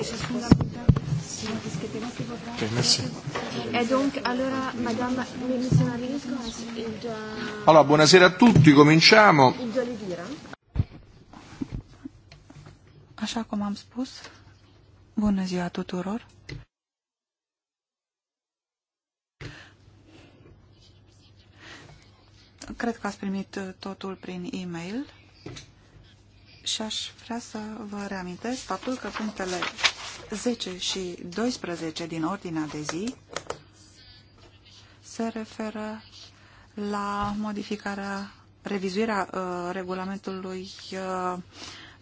eso merci. allora, Allora, buonasera a tutti, cominciamo. Așa cum am spus, bună ziua tuturor. Cred că ați primit totul prin e-mail și aș vrea să vă reamintesc faptul că punctele 10 și 12 din ordinea de zi se referă la modificarea, revizuirea uh, regulamentului uh,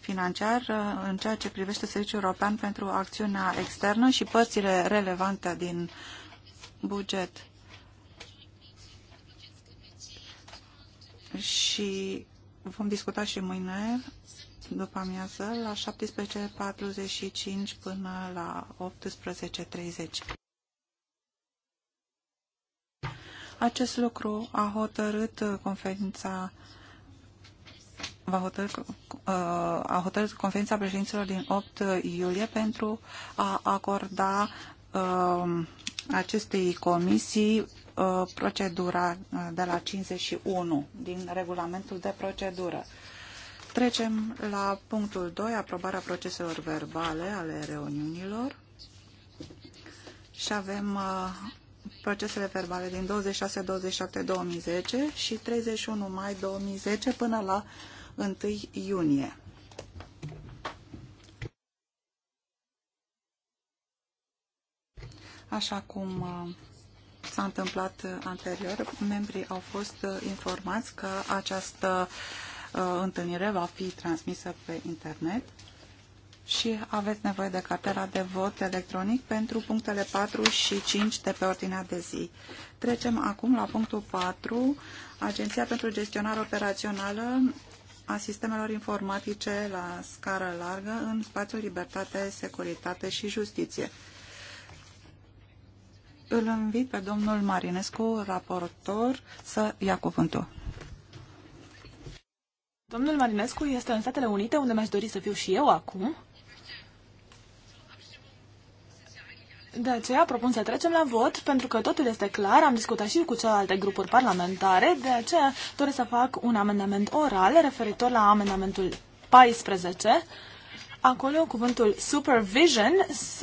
financiar uh, în ceea ce privește Serviciul European pentru Acțiunea Externă și părțile relevante din buget. Și vom discuta și mâine după amiază la 17.45 până la 18.30. Acest lucru a hotărât uh, conferința va hotărâ, uh, a hotărât conferința președinților din 8 iulie pentru a acorda um, acestei comisii uh, procedura de la 51 din regulamentul de procedură. Trecem la punctul 2, aprobarea proceselor verbale ale reuniunilor. Și avem uh, procesele verbale din 26-27-2010 și 31 mai 2010 până la 1 iunie. Așa cum uh, s-a întâmplat anterior, membrii au fost uh, informați că această uh, Uh, întâlnire va fi transmisă pe internet și aveți nevoie de cartela de vot electronic pentru punctele 4 și 5 de pe ordinea de zi. Trecem acum la punctul 4, Agenția pentru gestionare operațională a sistemelor informatice la scară largă în spațiul libertate, securitate și justiție. Îl invit pe domnul Marinescu, raportor, să ia cuvântul. Domnul Marinescu este în Statele Unite, unde mi-aș dori să fiu și eu acum. De aceea propun să trecem la vot, pentru că totul este clar, am discutat și cu celelalte grupuri parlamentare, de aceea doresc să fac un amendament oral referitor la amendamentul 14. Acolo cuvântul supervision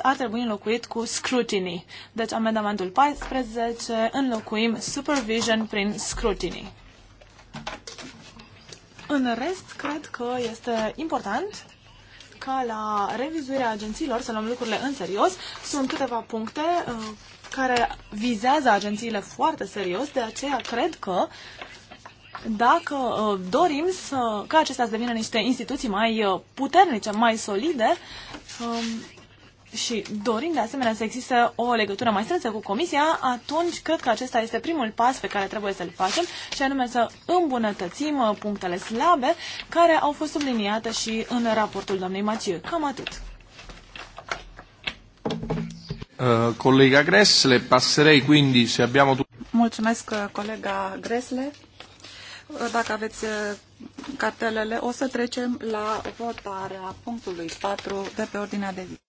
ar trebui înlocuit cu scrutiny. Deci amendamentul 14 înlocuim supervision prin scrutiny. În rest, cred că este important ca la revizuirea agențiilor să luăm lucrurile în serios. Sunt câteva puncte uh, care vizează agențiile foarte serios, de aceea cred că dacă uh, dorim să, ca acestea să devină niște instituții mai uh, puternice, mai solide, um, și dorind de asemenea să există o legătură mai strânsă cu Comisia, atunci cred că acesta este primul pas pe care trebuie să-l facem și anume să îmbunătățim uh, punctele slabe care au fost subliniate și în raportul doamnei Maciu. Cam atât. Uh, colega Gresle, passerei quindi se abbiamo... Mulțumesc, uh, colega Gresle. Dacă aveți cartelele, o să trecem la votarea punctului 4 de pe ordinea de zi.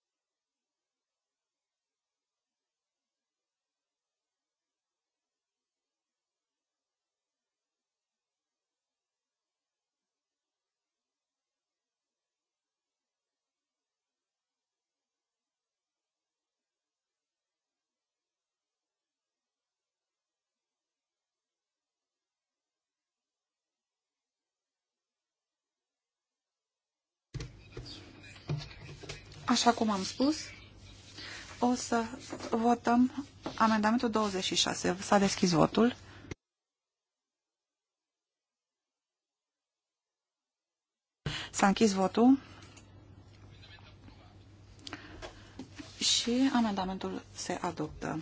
Așa cum am spus, o să votăm amendamentul 26. S-a deschis votul. S-a închis votul și amendamentul se adoptă.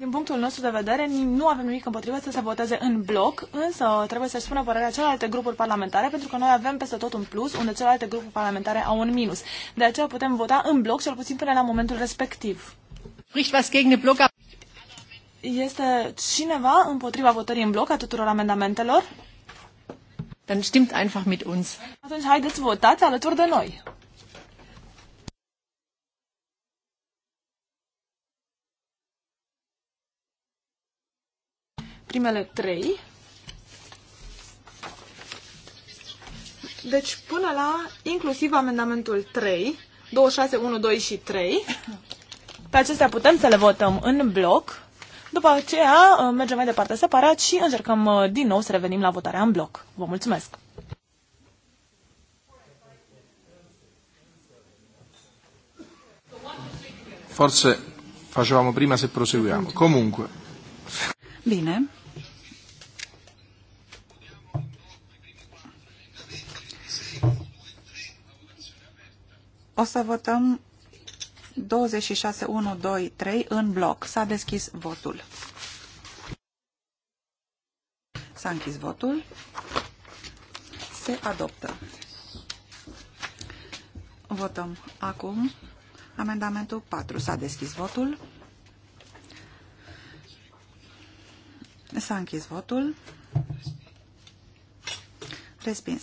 Din punctul nostru de vedere, nu avem nimic împotriva să se voteze în bloc, însă trebuie să-și spună părerea celelalte grupuri parlamentare, pentru că noi avem peste tot un plus, unde celelalte grupuri parlamentare au un minus. De aceea putem vota în bloc, cel puțin până la momentul respectiv. Este cineva împotriva votării în bloc a tuturor amendamentelor? Dann stimmt einfach mit uns. Atunci haideți votați alături de noi. primele trei. Deci până la inclusiv amendamentul 3, 26, 1, 2 și 3. Pe acestea putem să le votăm în bloc. După aceea uh, mergem mai departe separat și încercăm uh, din nou să revenim la votarea în bloc. Vă mulțumesc! Forse facevamo prima se proseguiamo. Comunque. Bine. O să votăm 26, 1, 2, 3 în bloc. S-a deschis votul. S-a închis votul. Se adoptă. Votăm acum amendamentul 4. S-a deschis votul. S-a închis votul. Respins.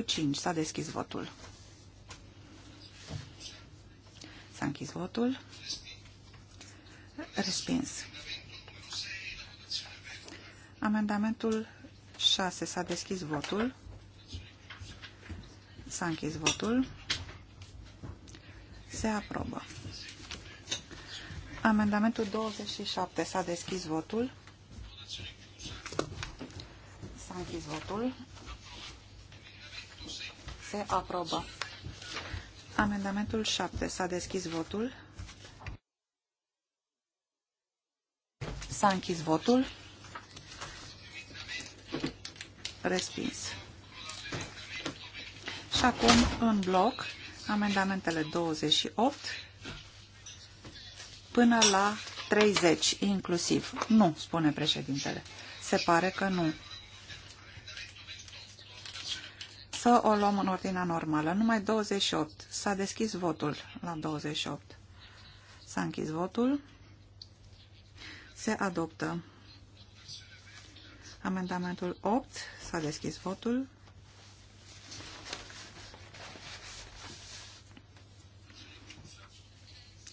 Amendamentul 5. S-a deschis votul. S-a închis votul. Respins. Amendamentul 6. S-a deschis votul. S-a închis votul. Se aprobă. Amendamentul 27. S-a deschis votul. S-a închis votul. Se aprobă. Amendamentul 7. S-a deschis votul. S-a închis votul. Respins. Și acum, în bloc, amendamentele 28 până la 30, inclusiv. Nu, spune președintele. Se pare că nu. să o luăm în ordinea normală. Numai 28. S-a deschis votul la 28. S-a închis votul. Se adoptă. Amendamentul 8. S-a deschis votul.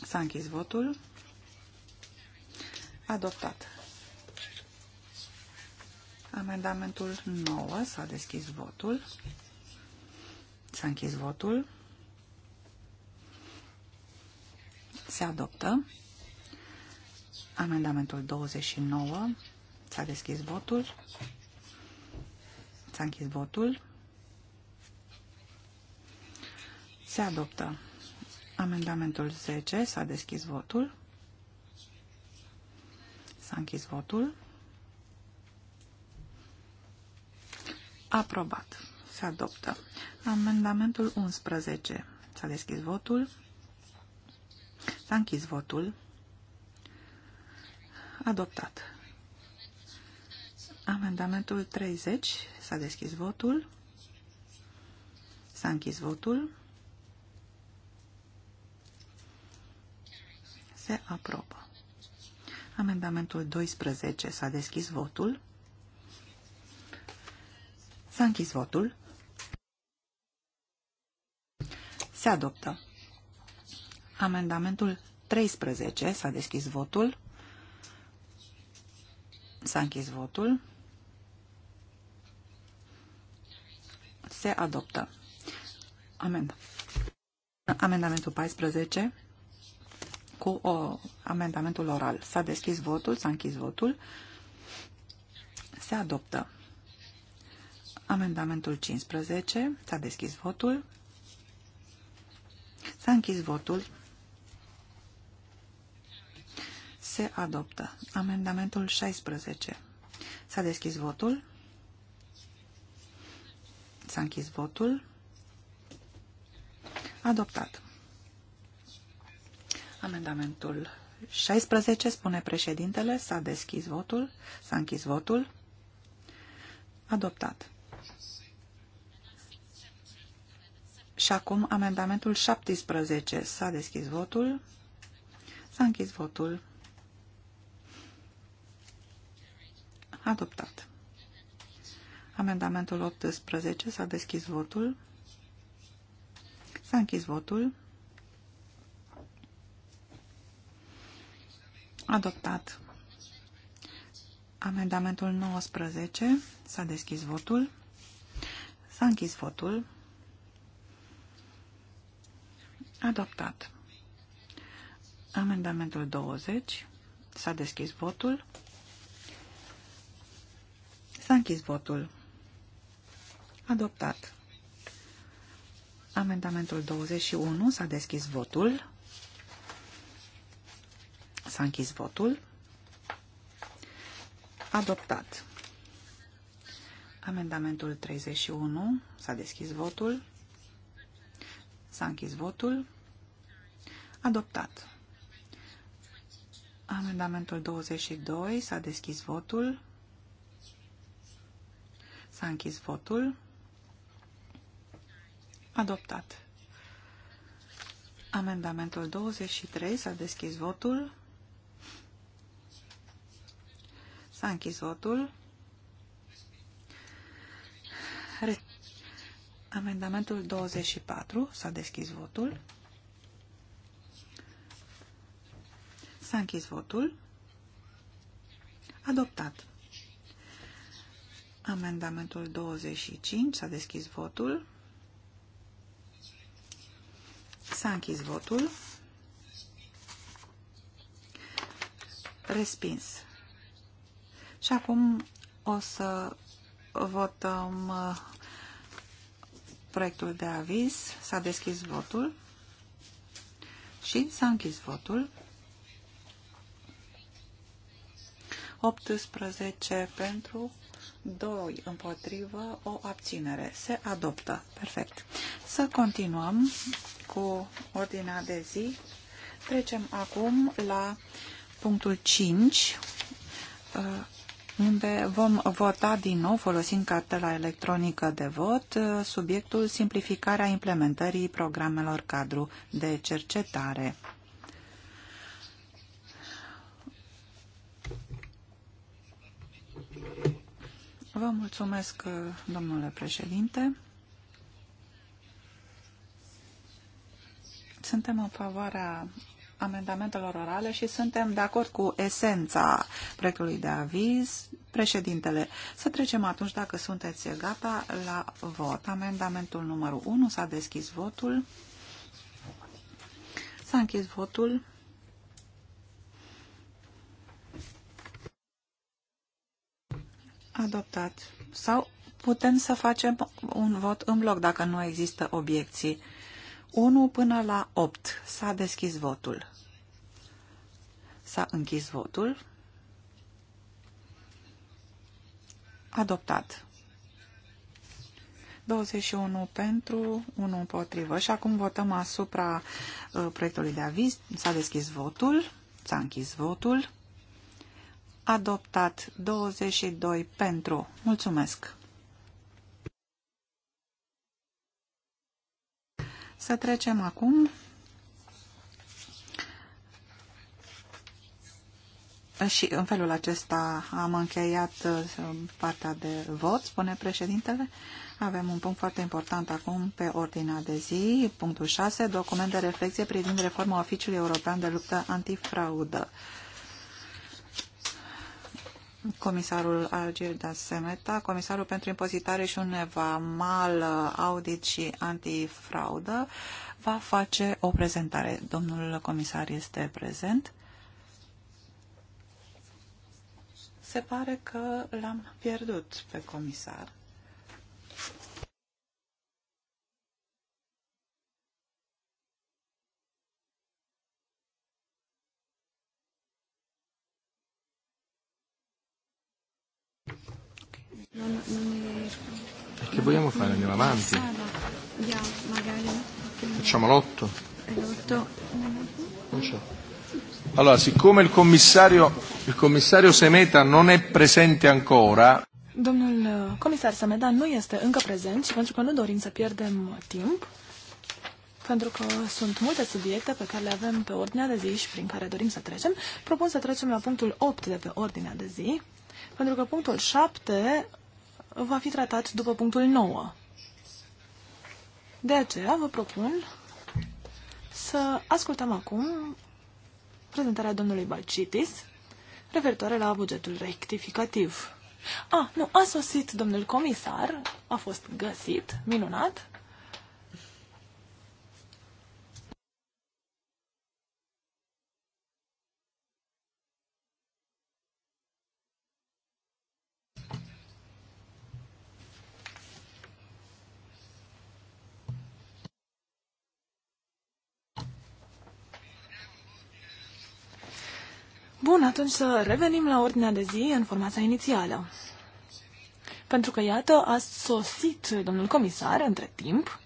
S-a închis votul. Adoptat. Amendamentul 9. S-a deschis votul. S-a închis votul. Se adoptă. Amendamentul 29. S-a deschis votul. S-a închis votul. Se adoptă. Amendamentul 10. S-a deschis votul. S-a închis votul. Aprobat. Se adoptă. Amendamentul 11. S-a deschis votul. S-a închis votul. Adoptat. Amendamentul 30. S-a deschis votul. S-a închis votul. Se aprobă. Amendamentul 12. S-a deschis votul. S-a închis votul. Se adoptă. Amendamentul 13. S-a deschis votul. S-a închis votul. Se adoptă. Amend. Amendamentul 14 cu o, amendamentul oral. S-a deschis votul, s-a închis votul. Se adoptă. Amendamentul 15. S-a deschis votul. S-a închis votul. Se adoptă. Amendamentul 16. S-a deschis votul. S-a închis votul. Adoptat. Amendamentul 16, spune președintele, s-a deschis votul, s-a închis votul. Adoptat. Și acum amendamentul 17. S-a deschis votul. S-a închis votul. Adoptat. Amendamentul 18. S-a deschis votul. S-a închis votul. Adoptat. Amendamentul 19. S-a deschis votul. S-a închis votul. Adoptat. Amendamentul 20. S-a deschis votul. S-a închis votul. Adoptat. Amendamentul 21. S-a deschis votul. S-a închis votul. Adoptat. Amendamentul 31. S-a deschis votul. S-a închis votul. Adoptat. Amendamentul 22. S-a deschis votul. S-a închis votul. Adoptat. Amendamentul 23. S-a deschis votul. S-a închis votul. Amendamentul 24. S-a deschis votul. S-a închis votul. Adoptat. Amendamentul 25. S-a deschis votul. S-a închis votul. Respins. Și acum o să votăm uh, proiectul de aviz, s-a deschis votul și s-a închis votul. 18 pentru, 2 împotrivă, o abținere. Se adoptă. Perfect. Să continuăm cu ordinea de zi. Trecem acum la punctul 5, unde vom vota din nou, folosind cartela electronică de vot, subiectul simplificarea implementării programelor cadru de cercetare. Vă mulțumesc, domnule președinte. Suntem în favoarea amendamentelor orale și suntem de acord cu esența proiectului de aviz. Președintele, să trecem atunci, dacă sunteți gata, la vot. Amendamentul numărul 1 s-a deschis votul. S-a închis votul. Adoptat. Sau putem să facem un vot în bloc dacă nu există obiecții. 1 până la 8. S-a deschis votul. S-a închis votul. Adoptat. 21 pentru, 1 împotrivă. Și acum votăm asupra uh, proiectului de aviz. S-a deschis votul. S-a închis votul. Adoptat 22 pentru. Mulțumesc! Să trecem acum Și în felul acesta am încheiat uh, partea de vot, spune președintele. Avem un punct foarte important acum pe ordinea de zi, punctul 6, document de reflexie privind reforma Oficiului European de Luptă Antifraudă comisarul Algirda Semeta, comisarul pentru impozitare și uneva mal uh, audit și antifraudă, va face o prezentare. Domnul comisar este prezent. Se pare că l-am pierdut pe comisar. Non, non ne riesco. Perché vogliamo fare? Andiamo avanti. Ah, magari. Facciamo l'otto. L'otto. Non c'è. Allora, siccome il commissario, il commissario Semeta non è presente ancora... Domnul eh, comisar Semeta nu este încă prezent și pentru că nu dorim să pierdem timp, pentru că sunt multe subiecte pe care le avem pe ordinea de zi și prin care dorim să trecem, propun să trecem la punctul 8 de pe ordinea de zi, pentru că punctul 7 va fi tratat după punctul 9. De aceea vă propun să ascultăm acum prezentarea domnului Balcitis referitoare la bugetul rectificativ. A, nu, a sosit domnul comisar, a fost găsit, minunat. Bun, atunci să revenim la ordinea de zi în formația inițială. Pentru că, iată, a sosit domnul comisar între timp.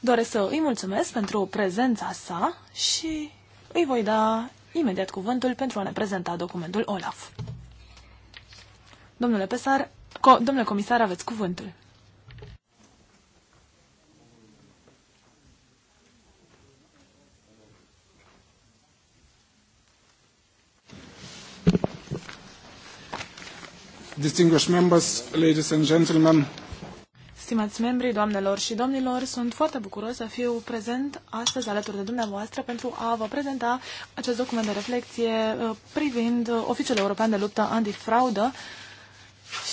Doresc să îi mulțumesc pentru prezența sa și îi voi da imediat cuvântul pentru a ne prezenta documentul OLAF. Domnule Pesar, co- domnule comisar, aveți cuvântul. distinguished members, ladies and gentlemen. Stimați membri, doamnelor și domnilor, sunt foarte bucuros să fiu prezent astăzi alături de dumneavoastră pentru a vă prezenta acest document de reflexie uh, privind Oficiul European de Luptă Antifraudă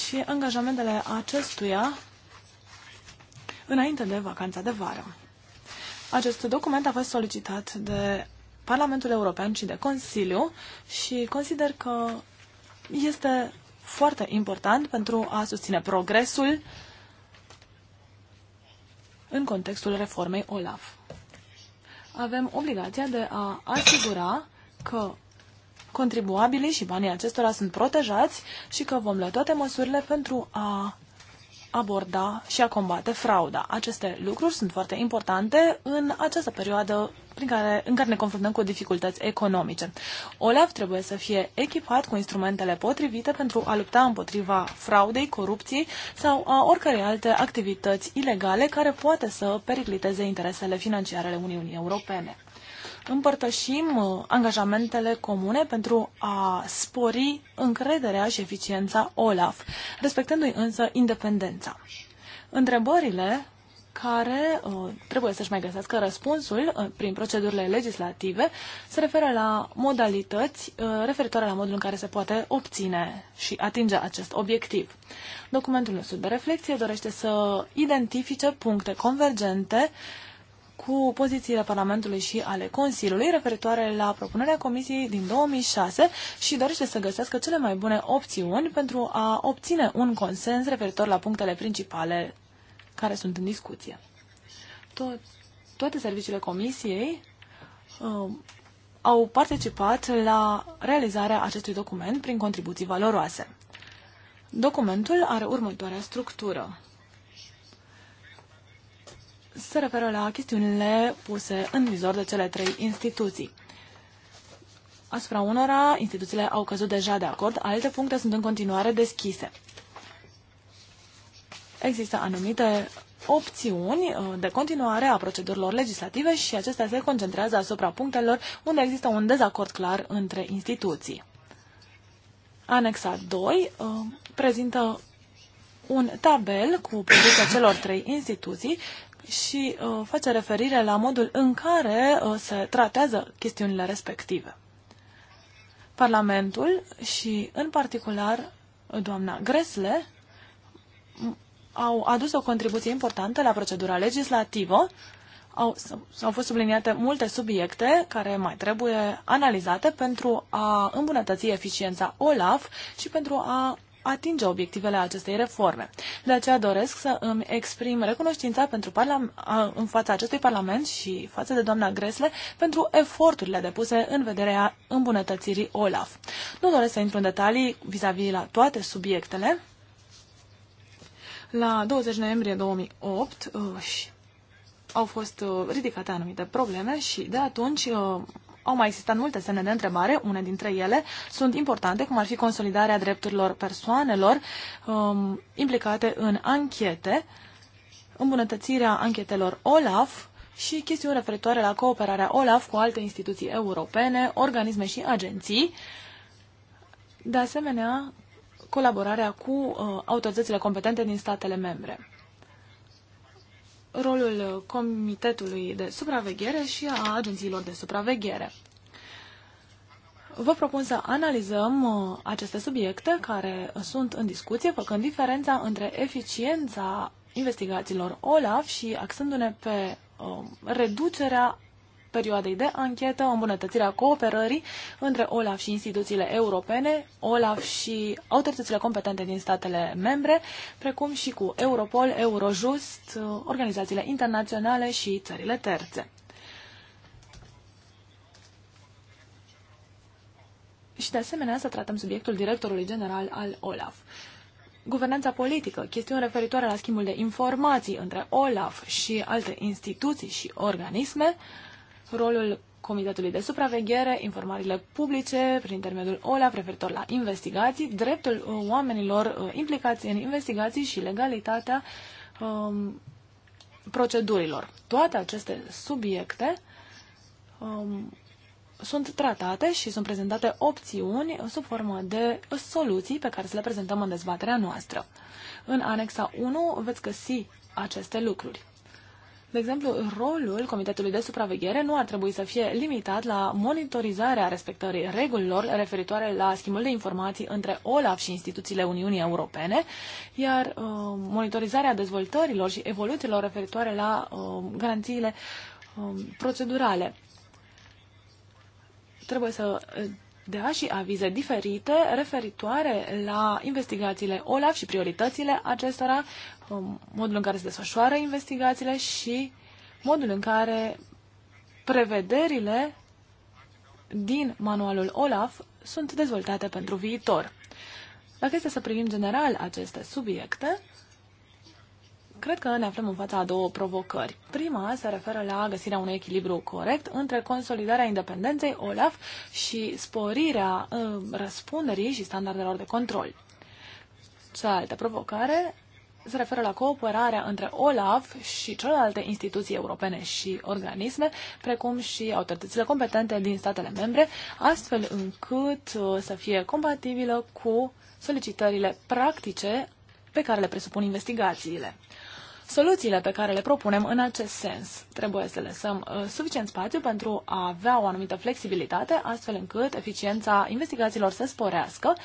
și angajamentele acestuia înainte de vacanța de vară. Acest document a fost solicitat de Parlamentul European și de Consiliu și consider că este foarte important pentru a susține progresul în contextul reformei OLAF. Avem obligația de a asigura că contribuabilii și banii acestora sunt protejați și că vom lua toate măsurile pentru a aborda și a combate frauda. Aceste lucruri sunt foarte importante în această perioadă prin care, în care ne confruntăm cu dificultăți economice. OLAF trebuie să fie echipat cu instrumentele potrivite pentru a lupta împotriva fraudei, corupției sau a oricărei alte activități ilegale care poate să pericliteze interesele financiare ale Uniunii Europene. Împărtășim uh, angajamentele comune pentru a spori încrederea și eficiența OLAF, respectându-i însă independența. Întrebările care uh, trebuie să-și mai găsească răspunsul uh, prin procedurile legislative, se referă la modalități uh, referitoare la modul în care se poate obține și atinge acest obiectiv. Documentul nostru de reflexie dorește să identifice puncte convergente cu pozițiile Parlamentului și ale Consiliului referitoare la propunerea Comisiei din 2006 și dorește să găsească cele mai bune opțiuni pentru a obține un consens referitor la punctele principale care sunt în discuție. Tot, toate serviciile comisiei uh, au participat la realizarea acestui document prin contribuții valoroase. Documentul are următoarea structură. Se referă la chestiunile puse în vizor de cele trei instituții. Asupra unora, instituțiile au căzut deja de acord, alte puncte sunt în continuare deschise există anumite opțiuni uh, de continuare a procedurilor legislative și acestea se concentrează asupra punctelor unde există un dezacord clar între instituții. Anexa 2 uh, prezintă un tabel cu poziția celor trei instituții și uh, face referire la modul în care se tratează chestiunile respective. Parlamentul și, în particular, doamna Gresle au adus o contribuție importantă la procedura legislativă. Au, au fost subliniate multe subiecte care mai trebuie analizate pentru a îmbunătăți eficiența OLAF și pentru a atinge obiectivele acestei reforme. De aceea doresc să îmi exprim recunoștința pentru în fața acestui Parlament și față de doamna Gresle pentru eforturile depuse în vederea îmbunătățirii OLAF. Nu doresc să intru în detalii vis-a-vis -vis la toate subiectele, la 20 noiembrie 2008 uh, au fost uh, ridicate anumite probleme și de atunci uh, au mai existat multe semne de întrebare, une dintre ele sunt importante, cum ar fi consolidarea drepturilor persoanelor um, implicate în anchete, îmbunătățirea anchetelor OLAF și chestiuni referitoare la cooperarea OLAF cu alte instituții europene, organisme și agenții, de asemenea, colaborarea cu uh, autoritățile competente din statele membre. Rolul uh, Comitetului de Supraveghere și a agențiilor de supraveghere. Vă propun să analizăm uh, aceste subiecte care sunt în discuție, făcând diferența între eficiența investigațiilor OLAF și axându-ne pe uh, reducerea perioadei de anchetă, îmbunătățirea cooperării între OLAF și instituțiile europene, OLAF și autoritățile competente din statele membre, precum și cu Europol, Eurojust, organizațiile internaționale și țările terțe. Și de asemenea să tratăm subiectul directorului general al OLAF guvernanța politică, chestiuni referitoare la schimbul de informații între OLAF și alte instituții și organisme, rolul Comitetului de Supraveghere, informările publice prin intermediul OLA referitor la investigații, dreptul uh, oamenilor uh, implicați în investigații și legalitatea um, procedurilor. Toate aceste subiecte um, sunt tratate și sunt prezentate opțiuni sub formă de soluții pe care să le prezentăm în dezbaterea noastră. În anexa 1 veți găsi aceste lucruri. De exemplu, rolul Comitetului de Supraveghere nu ar trebui să fie limitat la monitorizarea respectării regulilor referitoare la schimbul de informații între OLAF și instituțiile Uniunii Europene, iar uh, monitorizarea dezvoltărilor și evoluțiilor referitoare la uh, garanțiile uh, procedurale. Trebuie să uh, de a și avize diferite referitoare la investigațiile OLAF și prioritățile acestora, um, modul în care se desfășoară investigațiile și modul în care prevederile din manualul OLAF sunt dezvoltate pentru viitor. Dacă este să privim general aceste subiecte, cred că ne aflăm în fața a două provocări. Prima se referă la găsirea unui echilibru corect între consolidarea independenței OLAF și sporirea ă, răspunderii și standardelor de control. Cealaltă provocare se referă la cooperarea între OLAF și celelalte instituții europene și organisme, precum și autoritățile competente din statele membre, astfel încât ă, să fie compatibilă cu solicitările practice pe care le presupun investigațiile soluțiile pe care le propunem în acest sens. Trebuie să lăsăm uh, suficient spațiu pentru a avea o anumită flexibilitate, astfel încât eficiența investigațiilor să sporească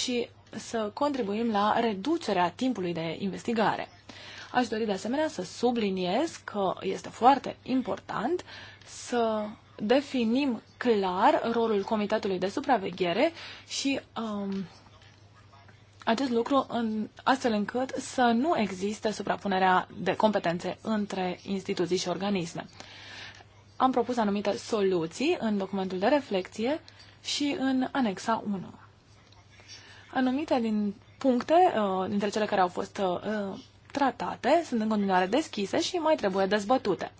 și să contribuim la reducerea timpului de investigare. Aș dori de asemenea să subliniez că este foarte important să definim clar rolul Comitetului de Supraveghere și um, acest lucru în, astfel încât să nu existe suprapunerea de competențe între instituții și organisme. Am propus anumite soluții în documentul de reflecție și în anexa 1. Anumite din puncte, uh, dintre cele care au fost uh, tratate, sunt în continuare deschise și mai trebuie dezbătute.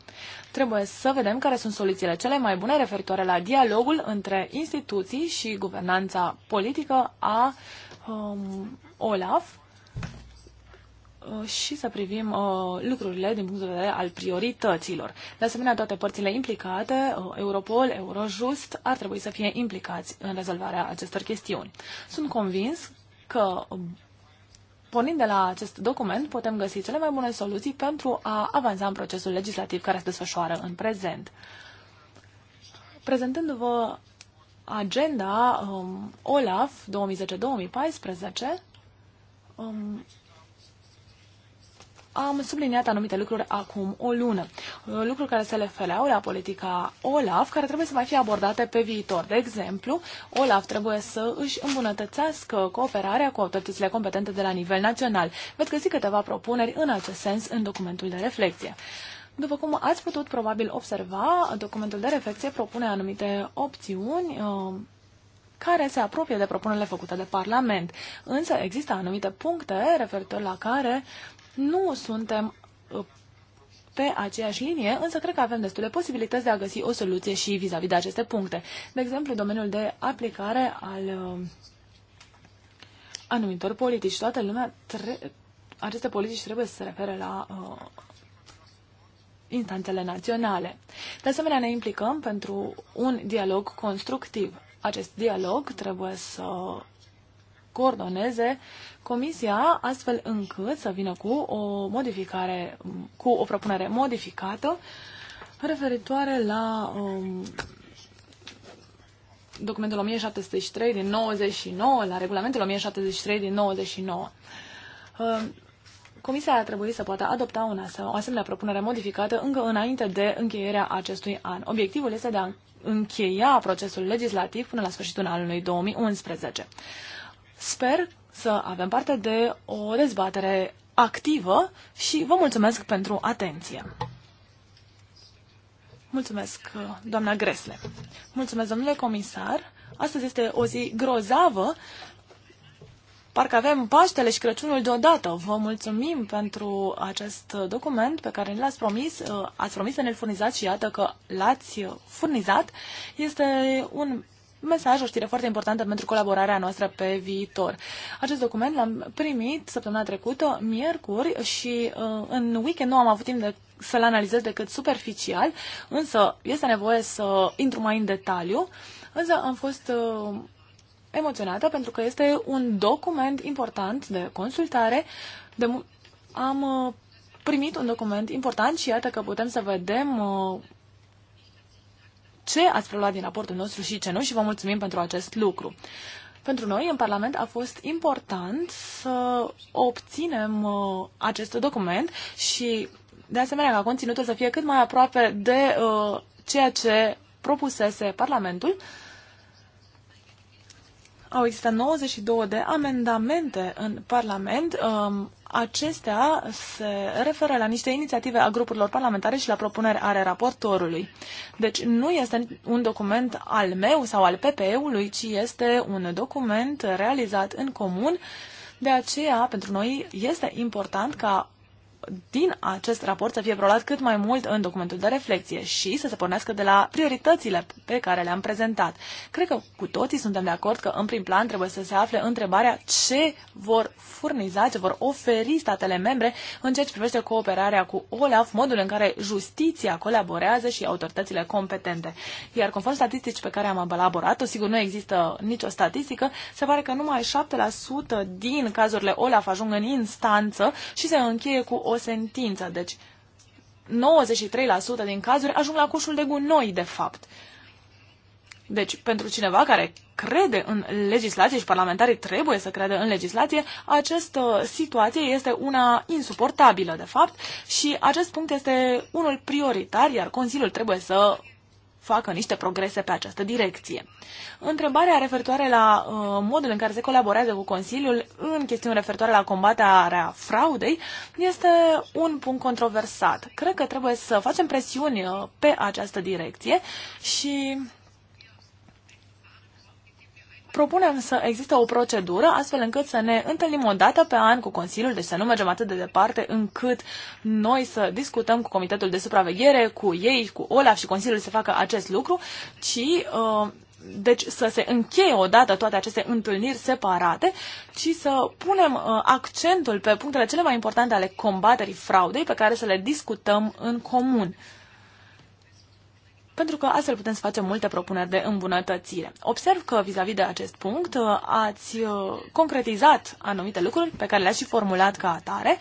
Trebuie să vedem care sunt soluțiile cele mai bune referitoare la dialogul între instituții și guvernanța politică a uh, um, OLAF uh, și să privim uh, lucrurile din punct de vedere al priorităților. De asemenea, toate părțile implicate, uh, Europol, Eurojust, ar trebui să fie implicați în rezolvarea acestor chestiuni. Sunt convins că, um, pornind de la acest document, putem găsi cele mai bune soluții pentru a avansa în procesul legislativ care se desfășoară în prezent. Prezentându-vă agenda um, OLAF 2010-2014 um, am subliniat anumite lucruri acum o lună. Uh, lucruri care se refereau la politica OLAF, care trebuie să mai fie abordate pe viitor. De exemplu, OLAF trebuie să își îmbunătățească cooperarea cu autoritățile competente de la nivel național. Veți găsi câteva propuneri în acest sens în documentul de reflecție. După cum ați putut probabil observa, documentul de reflexie propune anumite opțiuni uh, care se apropie de propunerile făcute de Parlament. Însă există anumite puncte referitor la care nu suntem uh, pe aceeași linie, însă cred că avem destule posibilități de a găsi o soluție și vis-a-vis -vis de aceste puncte. De exemplu, domeniul de aplicare al uh, anumitor politici. Toată lumea, aceste politici trebuie să se refere la uh, instanțele naționale. De asemenea, ne implicăm pentru un dialog constructiv. Acest dialog trebuie să coordoneze comisia astfel încât să vină cu o modificare, cu o propunere modificată referitoare la um, documentul 1073 din 99, la regulamentul 1073 din 99. Um, Comisia ar trebui să poată adopta un asa, o asemenea propunere modificată încă înainte de încheierea acestui an. Obiectivul este de a încheia procesul legislativ până la sfârșitul anului 2011. Sper să avem parte de o dezbatere activă și vă mulțumesc pentru atenție. Mulțumesc, doamna Gresle. Mulțumesc, domnule comisar. Astăzi este o zi grozavă Parcă avem Paștele și Crăciunul deodată. Vă mulțumim pentru acest document pe care l-ați promis. Uh, ați promis să ne-l furnizați și iată că l-ați furnizat. Este un mesaj, o știre foarte importantă pentru colaborarea noastră pe viitor. Acest document l-am primit săptămâna trecută, miercuri, și uh, în weekend nu am avut timp de, să-l analizez decât superficial, însă este nevoie să intru mai în detaliu. Însă am fost uh, emoționată pentru că este un document important de consultare. De, am uh, primit un document important și iată că putem să vedem uh, ce ați preluat din raportul nostru și ce nu și vă mulțumim pentru acest lucru. Pentru noi, în Parlament, a fost important să obținem uh, acest document și, de asemenea, ca conținutul să fie cât mai aproape de uh, ceea ce propusese Parlamentul uh, au existat 92 de amendamente în Parlament. Um, acestea se referă la niște inițiative a grupurilor parlamentare și la propuneri ale raportorului. Deci nu este un document al meu sau al PPE-ului, ci este un document realizat în comun. De aceea, pentru noi este important ca din acest raport să fie prolat cât mai mult în documentul de reflexie și să se pornească de la prioritățile pe care le-am prezentat. Cred că cu toții suntem de acord că în prim plan trebuie să se afle întrebarea ce vor furniza, ce vor oferi statele membre în ceea ce privește cooperarea cu OLAF, modul în care justiția colaborează și autoritățile competente. Iar conform statistici pe care am elaborat-o, sigur nu există nicio statistică, se pare că numai 7% din cazurile OLAF ajung în instanță și se încheie cu o sentință. Deci 93% din cazuri ajung la coșul de gunoi, de fapt. Deci, pentru cineva care crede în legislație și parlamentarii trebuie să creadă în legislație, această situație este una insuportabilă, de fapt, și acest punct este unul prioritar, iar Consiliul trebuie să facă niște progrese pe această direcție. Întrebarea referitoare la uh, modul în care se colaborează cu Consiliul în chestiuni referitoare la combaterea fraudei este un punct controversat. Cred că trebuie să facem presiuni uh, pe această direcție și propunem să existe o procedură astfel încât să ne întâlnim o dată pe an cu Consiliul, deci să nu mergem atât de departe încât noi să discutăm cu Comitetul de Supraveghere, cu ei, cu Olaf și Consiliul să facă acest lucru, ci uh, deci să se încheie odată toate aceste întâlniri separate, ci să punem uh, accentul pe punctele cele mai importante ale combaterii fraudei pe care să le discutăm în comun pentru că astfel putem să facem multe propuneri de îmbunătățire. Observ că vis-a-vis -vis de acest punct uh, ați uh, concretizat anumite lucruri pe care le-ați și formulat ca atare.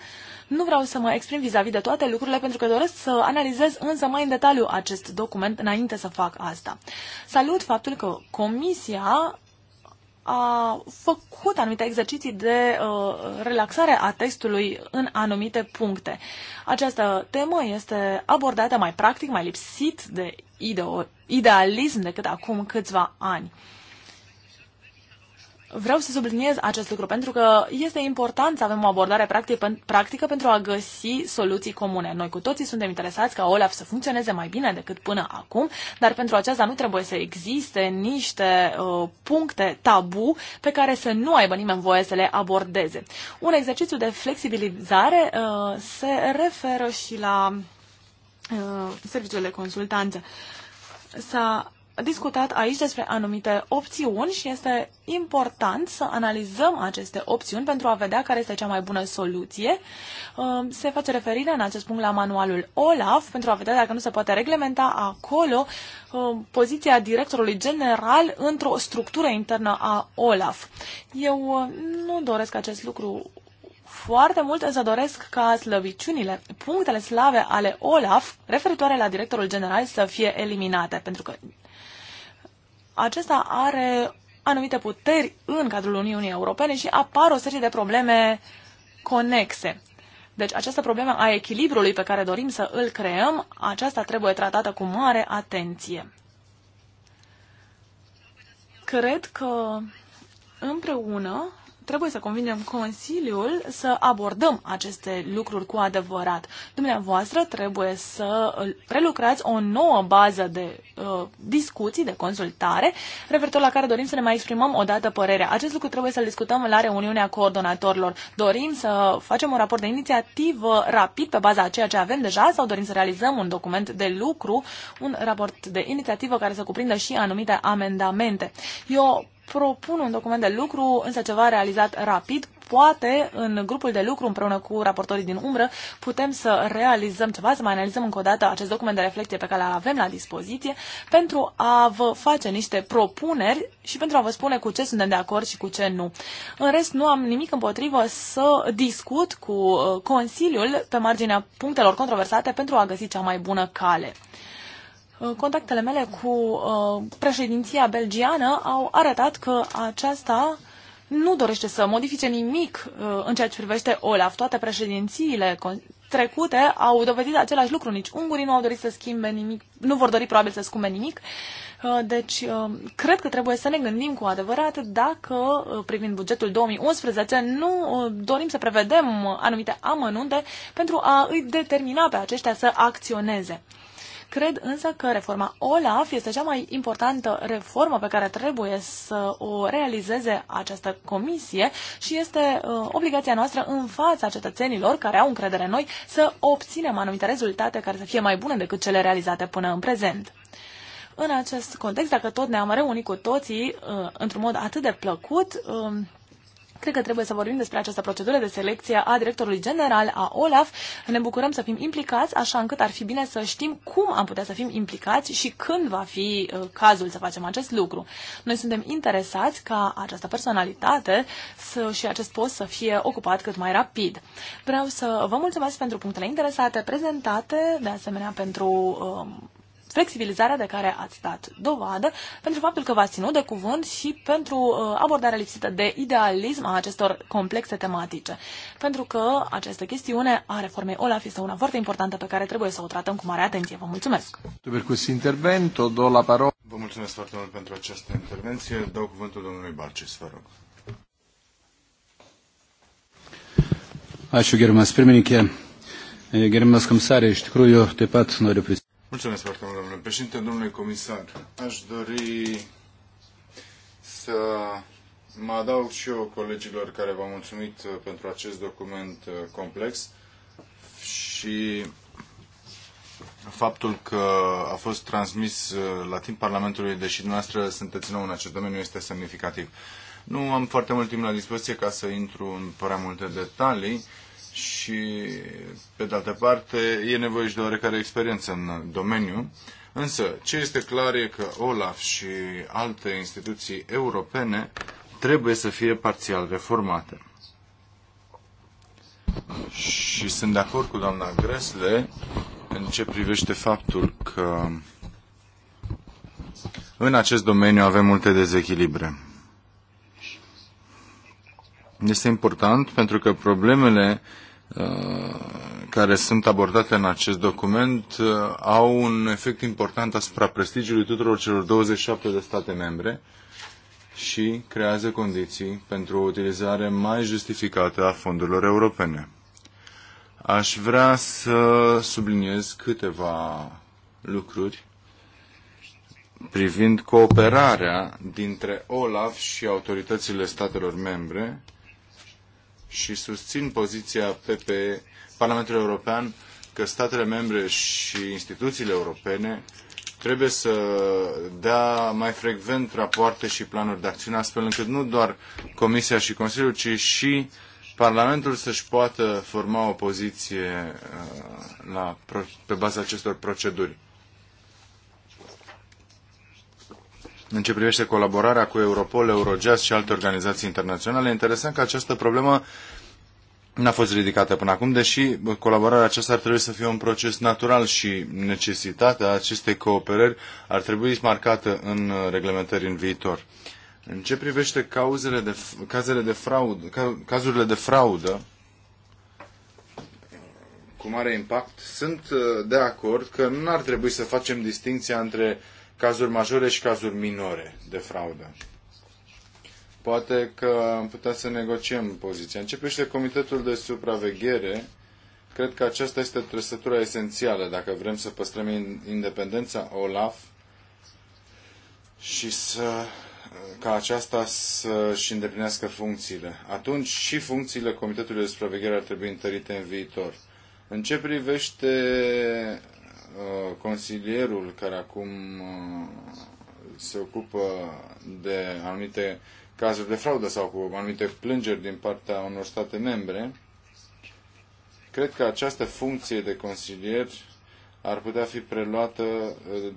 Nu vreau să mă exprim vis-a-vis -vis de toate lucrurile pentru că doresc să analizez însă mai în detaliu acest document înainte să fac asta. Salut faptul că Comisia a făcut anumite exerciții de uh, relaxare a textului în anumite puncte. Această temă este abordată mai practic, mai lipsit de ideo- idealism decât acum câțiva ani. Vreau să subliniez acest lucru pentru că este important să avem o abordare practic, practică pentru a găsi soluții comune. Noi cu toții suntem interesați ca OLAF să funcționeze mai bine decât până acum, dar pentru aceasta nu trebuie să existe niște uh, puncte tabu pe care să nu aibă nimeni voie să le abordeze. Un exercițiu de flexibilizare uh, se referă și la uh, serviciul de consultanță. S-a discutat aici despre anumite opțiuni și este important să analizăm aceste opțiuni pentru a vedea care este cea mai bună soluție. Um, se face referire în acest punct la manualul OLAF pentru a vedea dacă nu se poate reglementa acolo um, poziția directorului general într-o structură internă a OLAF. Eu uh, nu doresc acest lucru foarte mult, însă doresc ca slăbiciunile, punctele slave ale Olaf referitoare la directorul general să fie eliminate, pentru că acesta are anumite puteri în cadrul Uniunii Europene și apar o serie de probleme conexe. Deci această problemă a echilibrului pe care dorim să îl creăm, aceasta trebuie tratată cu mare atenție. Cred că împreună trebuie să convingem Consiliul să abordăm aceste lucruri cu adevărat. Dumneavoastră trebuie să prelucrați o nouă bază de uh, discuții, de consultare, referitor la care dorim să ne mai exprimăm o dată părerea. Acest lucru trebuie să-l discutăm la reuniunea coordonatorilor. Dorim să facem un raport de inițiativă rapid pe baza a ceea ce avem deja sau dorim să realizăm un document de lucru, un raport de inițiativă care să cuprindă și anumite amendamente. Eu propun un document de lucru, însă ceva realizat rapid. Poate în grupul de lucru împreună cu raportorii din umbră putem să realizăm ceva, să mai analizăm încă o dată acest document de reflecție pe care îl avem la dispoziție pentru a vă face niște propuneri și pentru a vă spune cu ce suntem de acord și cu ce nu. În rest, nu am nimic împotrivă să discut cu uh, Consiliul pe marginea punctelor controversate pentru a găsi cea mai bună cale. Uh, contactele mele cu uh, președinția belgiană au arătat că aceasta nu dorește să modifice nimic uh, în ceea ce privește OLAF. Toate președințiile trecute au dovedit același lucru. Nici ungurii nu au dorit să schimbe nimic, nu vor dori probabil să schimbe nimic. Deci, cred că trebuie să ne gândim cu adevărat dacă, privind bugetul 2011, nu dorim să prevedem anumite amănunte pentru a îi determina pe aceștia să acționeze. Cred însă că reforma OLAF este cea mai importantă reformă pe care trebuie să o realizeze această comisie și este uh, obligația noastră în fața cetățenilor care au încredere în noi să obținem anumite rezultate care să fie mai bune decât cele realizate până în prezent. În acest context, dacă tot ne-am reunit cu toții uh, într-un mod atât de plăcut, uh, Cred că trebuie să vorbim despre această procedură de selecție a directorului general a OLAF. Ne bucurăm să fim implicați, așa încât ar fi bine să știm cum am putea să fim implicați și când va fi uh, cazul să facem acest lucru. Noi suntem interesați ca această personalitate să, și acest post să fie ocupat cât mai rapid. Vreau să vă mulțumesc pentru punctele interesate prezentate, de asemenea pentru um, flexibilizarea de care ați dat dovadă, pentru faptul că v-ați ținut de cuvânt și pentru uh, abordarea lipsită de idealism a acestor complexe tematice. Pentru că această chestiune a reformei OLAF este una foarte importantă pe care trebuie să o tratăm cu mare atenție. Vă mulțumesc! Vă mulțumesc foarte mult pentru această intervenție. Dau cuvântul domnului Barcis, vă rog. Ačiū gerbiamas pirmininkė, gerbiamas komisarė, iš tikrųjų taip pat noriu pristatyti. Mulțumesc foarte mult, domnule președinte, domnule comisar. Aș dori să mă adaug și eu colegilor care v-au mulțumit uh, pentru acest document uh, complex și faptul că a fost transmis uh, la timp Parlamentului, deși dumneavoastră sunteți nou în acest domeniu, este semnificativ. Nu am foarte mult timp la dispoziție ca să intru în prea multe detalii și, pe de altă parte, e nevoie și de oarecare experiență în domeniu. Însă, ce este clar e că OLAF și alte instituții europene trebuie să fie parțial reformate. Și sunt de acord cu doamna Gresle în ce privește faptul că în acest domeniu avem multe dezechilibre. Este important pentru că problemele uh, Uh, care sunt abordate în acest document uh, au un efect important asupra prestigiului tuturor celor 27 de state membre și creează condiții pentru o utilizare mai justificată a fondurilor europene. Aș vrea să subliniez câteva lucruri privind cooperarea dintre OLAF și autoritățile statelor membre și susțin poziția PPE, Parlamentului European, că statele membre și instituțiile europene trebuie să dea mai frecvent rapoarte și planuri de acțiune, astfel încât nu doar Comisia și Consiliul, ci și Parlamentul să-și poată forma o poziție uh, la, pe baza acestor proceduri. în ce privește colaborarea cu Europol, Eurojust și alte organizații internaționale. Interesant că această problemă n-a fost ridicată până acum, deși colaborarea aceasta ar trebui să fie un proces natural și necesitatea acestei cooperări ar trebui marcată în reglementări în viitor. În ce privește cauzele de, cazele de fraud, ca, cazurile de fraudă, cu mare impact, sunt uh, de acord că nu ar trebui să facem distinția între uh, cazuri majore și cazuri minore de fraudă. Poate că am putea să negociem poziția. Începește Comitetul de Supraveghere. Cred că aceasta este trăsătura esențială dacă vrem să păstrăm independența OLAF și să ca aceasta să-și îndeplinească funcțiile. Atunci și funcțiile Comitetului de Supraveghere ar trebui întărite în viitor. În ce privește Uh, consilierul care acum uh, se ocupă de anumite cazuri de fraudă sau cu anumite plângeri din partea unor state membre, cred că această funcție de consilier ar putea fi preluată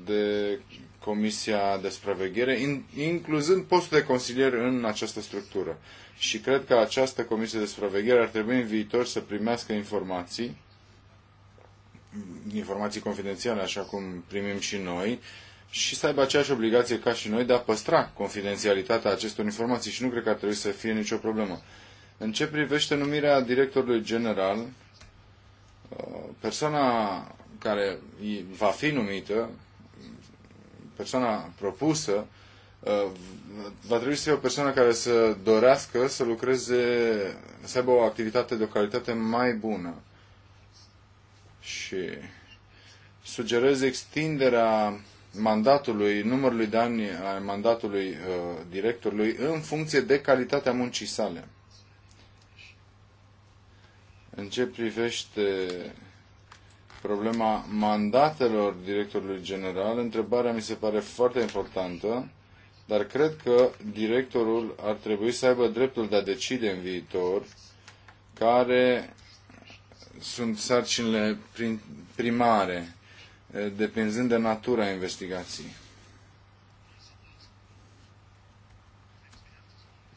de Comisia de Supraveghere, incluzând postul de consilier în această structură. Și cred că această Comisie de Supraveghere ar trebui în viitor să primească informații informații confidențiale, așa cum primim și noi, și să aibă aceeași obligație ca și noi de a păstra confidențialitatea acestor informații și nu cred că ar trebui să fie nicio problemă. În ce privește numirea directorului general, uh, persoana care va fi numită, persoana propusă, uh, va trebui să fie o persoană care să dorească să lucreze, să aibă o activitate de o calitate mai bună și sugerez extinderea mandatului, numărului de ani a mandatului uh, directorului în funcție de calitatea muncii sale. În ce privește problema mandatelor directorului general, întrebarea mi se pare foarte importantă, dar cred că directorul ar trebui să aibă dreptul de a decide în viitor care sunt sarcinile primare, eh, depinzând de natura investigației.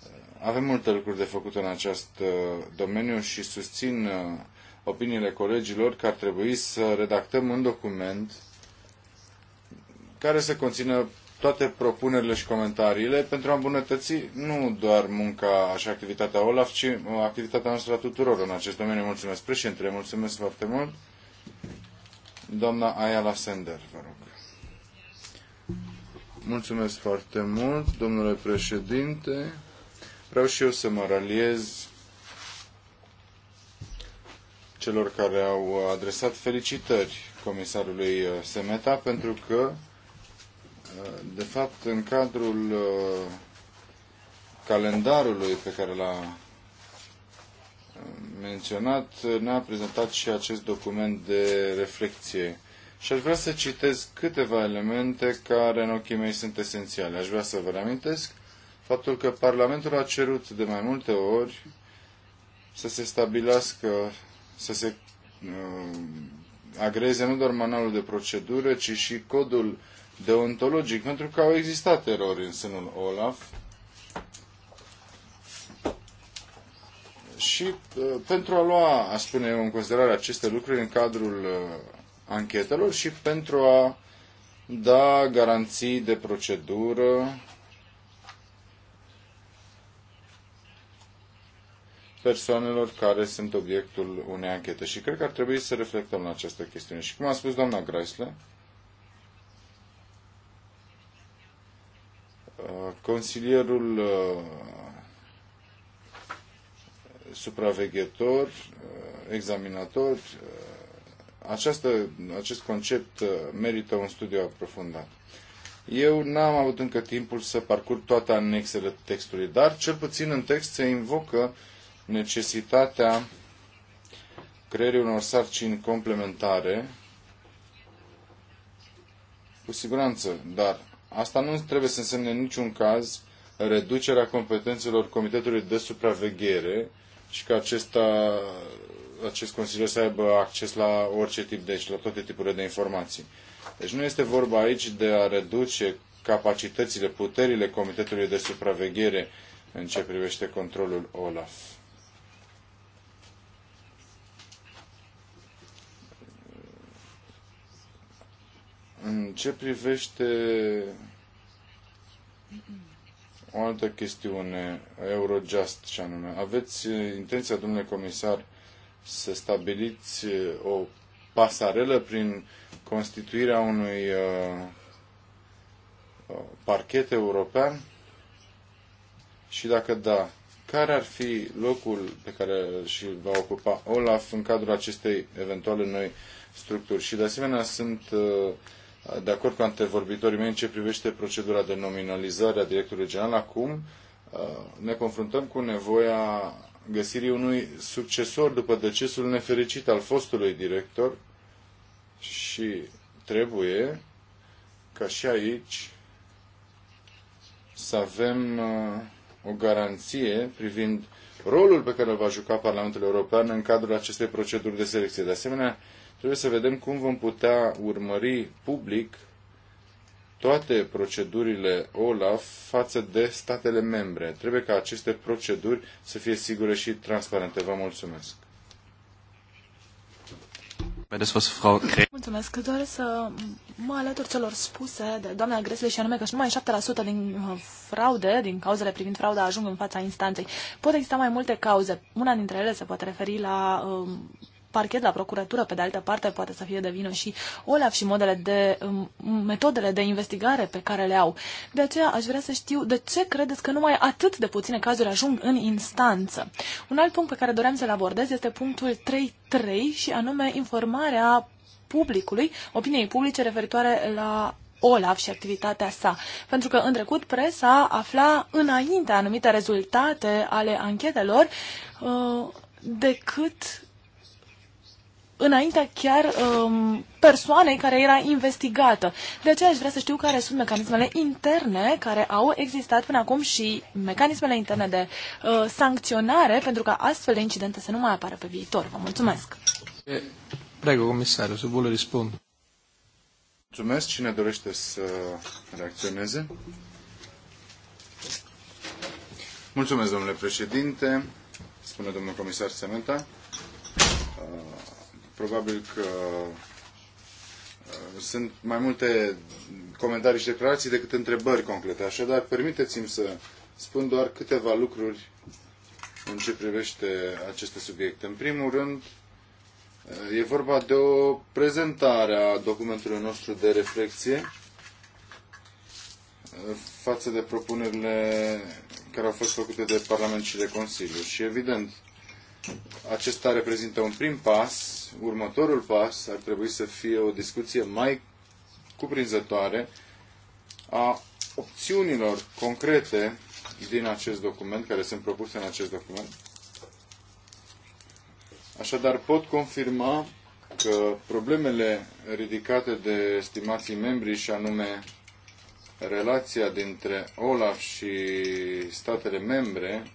Eh, avem multe lucruri de făcut în acest eh, domeniu și susțin opiniile colegilor că ar trebui să redactăm un document care să conțină toate propunerile și comentariile pentru a îmbunătăți nu doar munca și activitatea OLAF, ci uh, activitatea noastră a tuturor în acest domeniu. Mulțumesc președintele, mulțumesc foarte mult. Doamna Ayala Sender, vă rog. Mulțumesc foarte mult, domnule președinte. Vreau și eu să mă raliez celor care au adresat felicitări comisarului Semeta pentru că de fapt, în cadrul uh, calendarului pe care l-a uh, menționat, ne-a prezentat și acest document de reflexie. Și aș vrea să citez câteva elemente care, în ochii mei, sunt esențiale. Aș vrea să vă reamintesc faptul că Parlamentul a cerut de mai multe ori să se stabilească, să se uh, agreze nu doar manualul de procedură, ci și codul uh, deontologic, pentru că au existat erori în sânul OLAF și uh, pentru a lua, a spune eu, în considerare aceste lucruri în cadrul uh, anchetelor și pentru a da garanții de procedură persoanelor care sunt obiectul unei anchete. Și cred că ar trebui să reflectăm la această chestiune. Și cum a spus doamna Greisle, Uh, consilierul uh, supraveghetor, uh, examinator, această, acest concept merită un studiu aprofundat. Eu n-am avut încă timpul să parcurg toate anexele textului, dar cel puțin în text se invocă necesitatea creierii unor sarcini complementare, cu siguranță, dar Asta nu trebuie să însemne în niciun caz reducerea competențelor Comitetului de Supraveghere și că acesta, acest consiliu să aibă acces la orice tip de și la toate tipurile de informații. Deci nu este vorba aici de a reduce capacitățile, puterile Comitetului de Supraveghere în ce privește controlul OLAF. În ce privește o altă chestiune, Eurojust și anume, aveți intenția, domnule comisar, să stabiliți uh, o pasarelă prin constituirea unui uh, uh, parchet european? Și dacă da, care ar fi locul pe care și va ocupa Olaf în cadrul acestei eventuale noi structuri? Și de asemenea sunt de acord cu antevorbitorii mei în ce privește procedura de nominalizare a directorului general. Acum uh, ne confruntăm cu nevoia găsirii unui succesor după decesul nefericit al fostului director și trebuie ca și aici să avem uh, o garanție privind rolul pe care îl va juca Parlamentul European în cadrul acestei proceduri de selecție. De asemenea, Trebuie să vedem cum vom putea urmări public toate procedurile OLAF față de statele membre. Trebuie ca aceste proceduri să fie sigure și transparente. Vă mulțumesc. Mulțumesc. Doresc să mă alătur celor spuse de doamna Gresle și anume că numai 7% din uh, fraude, din cauzele privind frauda, ajung în fața instanței. Pot exista mai multe cauze. Una dintre ele se poate referi la um, parchet la procuratură, pe de altă parte poate să fie de vină și OLAF și modele de, um, metodele de investigare pe care le au. De aceea aș vrea să știu de ce credeți că numai atât de puține cazuri ajung în instanță. Un alt punct pe care doream să-l abordez este punctul 3.3 și anume informarea publicului, opiniei publice referitoare la Olaf și activitatea sa, pentru că în trecut presa afla înainte anumite rezultate ale anchetelor uh, decât înaintea chiar um, persoanei care era investigată. De aceea aș vrea să știu care sunt mecanismele interne care au existat până acum și mecanismele interne de uh, sancționare pentru ca astfel de incidente să nu mai apară pe viitor. Vă mulțumesc! Eh, prego, comisarul, să vă răspund. Mulțumesc. Cine dorește să reacționeze? Mulțumesc, domnule președinte. Spune domnul comisar Sementa. Ah, Probabil că uh, sunt mai multe comentarii și declarații decât întrebări concrete. Așadar, permiteți-mi să spun doar câteva lucruri în ce privește aceste subiecte. În primul rând, uh, e vorba de o prezentare a documentului nostru de reflexie uh, față de propunerile care au fost făcute de Parlament și de Consiliu. Și evident, acesta reprezintă un prim pas. Următorul pas ar trebui să fie o discuție mai cuprinzătoare a opțiunilor concrete din acest document, care sunt propuse în acest document. Așadar, pot confirma că problemele ridicate de estimații membri, și anume relația dintre OLAF și statele membre,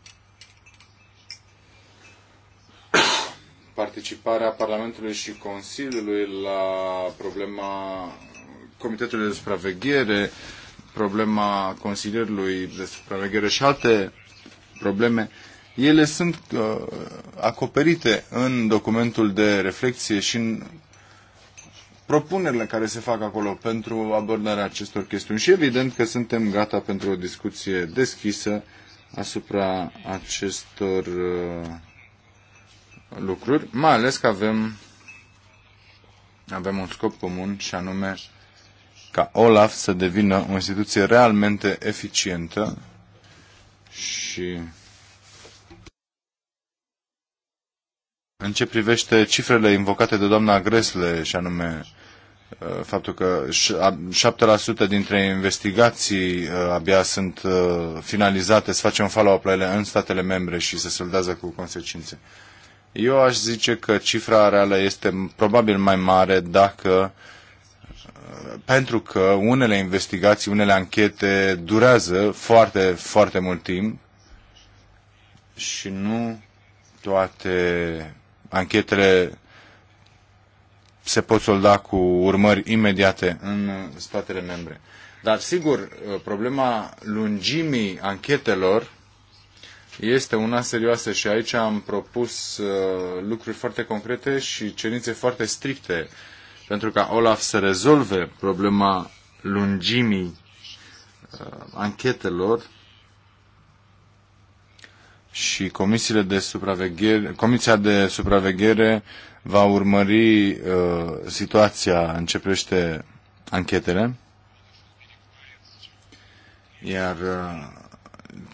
participarea Parlamentului și Consiliului la problema Comitetului de Supraveghere, problema Consilierului de Supraveghere și alte probleme, ele sunt uh, acoperite în documentul de reflexie și în propunerile care se fac acolo pentru abordarea acestor chestiuni și evident că suntem gata pentru o discuție deschisă asupra acestor uh, lucruri, mai ales că avem, avem un scop comun și anume ca OLAF să devină o instituție realmente eficientă și în ce privește cifrele invocate de doamna Gresle și anume uh, faptul că 7% dintre investigații uh, abia sunt uh, finalizate, să facem follow-up la ele în statele membre și se soldează cu consecințe. Eu aș zice că cifra reală este probabil mai mare dacă pentru că unele investigații, unele anchete durează foarte, foarte mult timp și nu toate anchetele se pot solda cu urmări imediate în statele membre. Dar, sigur, problema lungimii anchetelor este una serioasă și aici am propus uh, lucruri foarte concrete și cerințe foarte stricte pentru ca Olaf să rezolve problema lungimii uh, anchetelor și comisiile de supraveghere, comisia de supraveghere va urmări uh, situația în ce anchetele. Iar uh,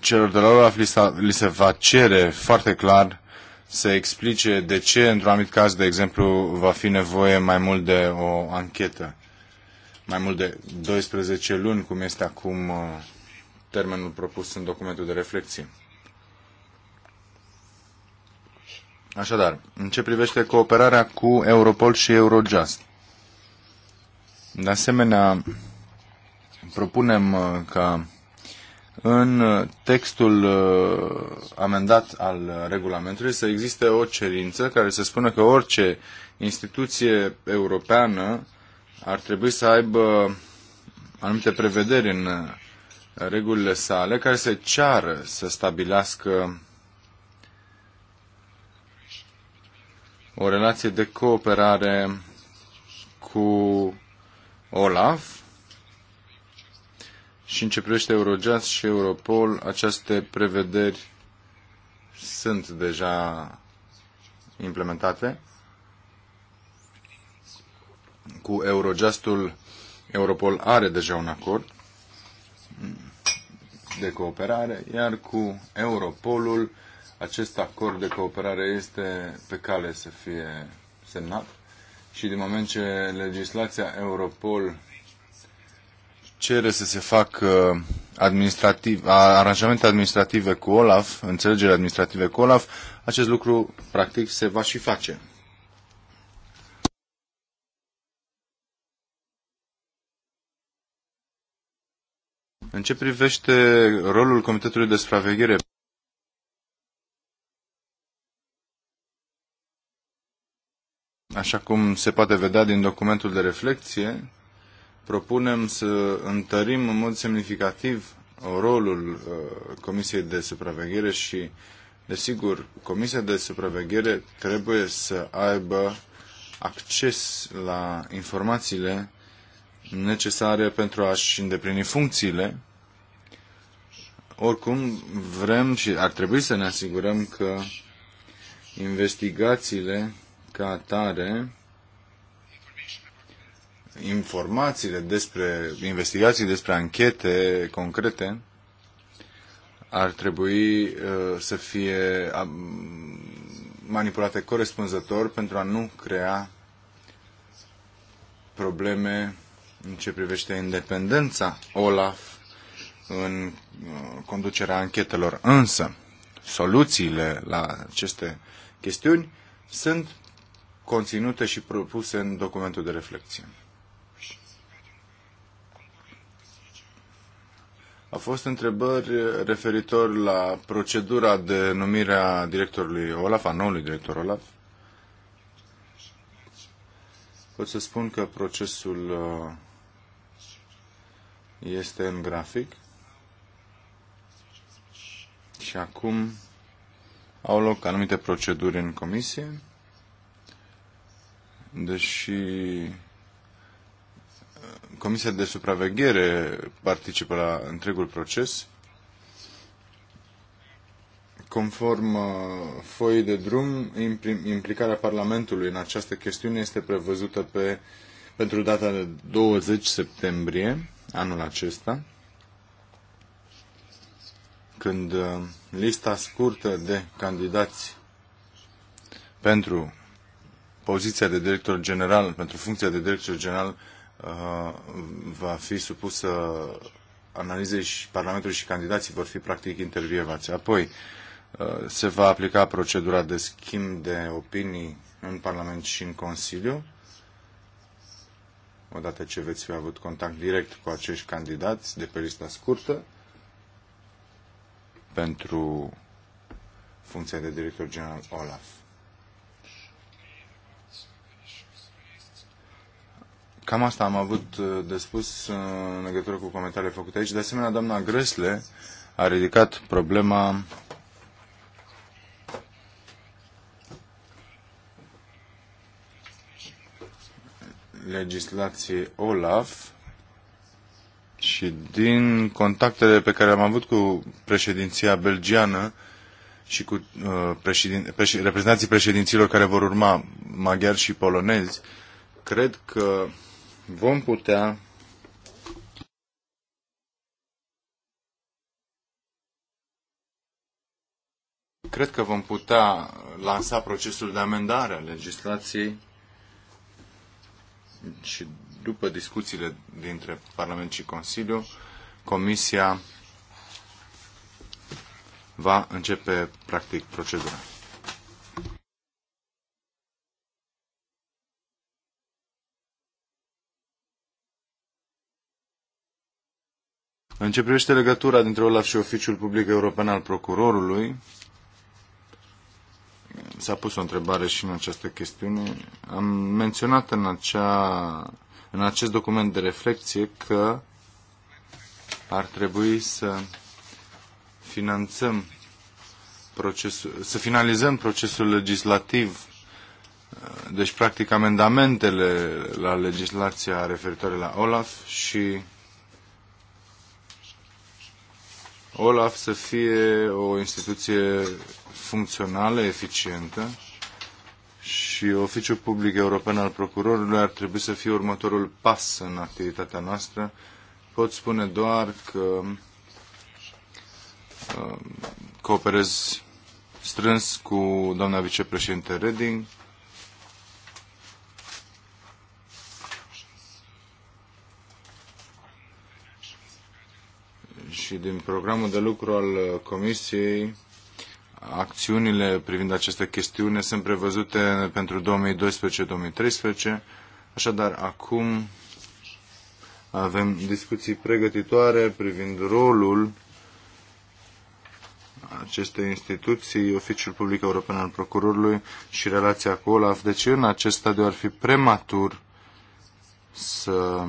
celor de la Olaf li, li se va cere foarte clar să explice de ce, într-un anumit caz, de exemplu, va fi nevoie mai mult de o anchetă. Mai mult de 12 luni, cum este acum uh, termenul propus în documentul de reflexie. Așadar, în ce privește cooperarea cu Europol și Eurojust. De asemenea, propunem uh, ca în uh, textul uh, amendat al uh, regulamentului să existe o cerință care să spună că orice instituție europeană ar trebui să aibă anumite prevederi în regulile sale care se ceară să stabilească o relație de cooperare cu Olaf și în ce privește Eurojust și Europol, aceste prevederi sunt deja implementate. Cu Eurojustul, Europol are deja un acord de cooperare, iar cu Europolul acest acord de cooperare este pe cale să fie semnat și din moment ce legislația Europol cere să se facă uh, administrativ, aranjamente administrative cu OLAF, înțelegere administrative cu OLAF, acest lucru practic se va și face. În ce privește rolul Comitetului de Supraveghere Așa cum se poate vedea din documentul de reflecție, propunem să întărim în mod semnificativ rolul uh, Comisiei de Supraveghere și, desigur, Comisia de Supraveghere trebuie să aibă acces la informațiile necesare pentru a-și îndeplini funcțiile. Oricum, vrem și ar trebui să ne asigurăm că investigațiile ca atare informațiile despre investigații, despre anchete concrete ar trebui uh, să fie manipulate corespunzător pentru a nu crea probleme în ce privește independența OLAF în uh, conducerea anchetelor. Însă, soluțiile la aceste chestiuni sunt conținute și propuse în documentul de reflexie. Au fost întrebări referitor la procedura de numire a directorului Olaf, a noului director Olaf. Pot să spun că procesul uh, este în grafic și acum au loc anumite proceduri în comisie, deși Comisia de Supraveghere participă la întregul proces. Conform uh, foii de drum, implicarea Parlamentului în această chestiune este prevăzută pe, pentru data de 20 septembrie anul acesta, când uh, lista scurtă de candidați pentru poziția de director general, pentru funcția de director general Uh, va fi supusă analizei și Parlamentul și candidații vor fi practic intervievați. Apoi uh, se va aplica procedura de schimb de opinii în Parlament și în Consiliu, odată ce veți fi avut contact direct cu acești candidați de pe lista scurtă pentru funcția de director general Olaf. Cam asta am avut uh, de spus uh, în legătură cu comentariile făcute aici. De asemenea, doamna Gresle a ridicat problema legislației OLAF și din contactele pe care am avut cu președinția belgiană și cu uh, președin, reprezentanții președinților care vor urma, maghiari și polonezi, cred că vom putea cred că vom putea lansa procesul de amendare a legislației și după discuțiile dintre Parlament și Consiliu, Comisia va începe practic procedura. În ce privește legătura dintre OLAF și Oficiul Public European al Procurorului, s-a pus o întrebare și în această chestiune. Am menționat în, acea, în acest document de reflexie că ar trebui să finanțăm procesul, să finalizăm procesul legislativ, deci practic amendamentele la legislația referitoare la OLAF și Olaf să fie o instituție funcțională, eficientă și Oficiul Public European al Procurorului ar trebui să fie următorul pas în activitatea noastră. Pot spune doar că um, cooperez strâns cu doamna vicepreședinte Reding și din programul de lucru al Comisiei, acțiunile privind această chestiune sunt prevăzute pentru 2012-2013. Așadar, acum avem discuții pregătitoare privind rolul acestei instituții, Oficiul Public European al Procurorului și relația cu OLAF. Deci în acest stadiu ar fi prematur să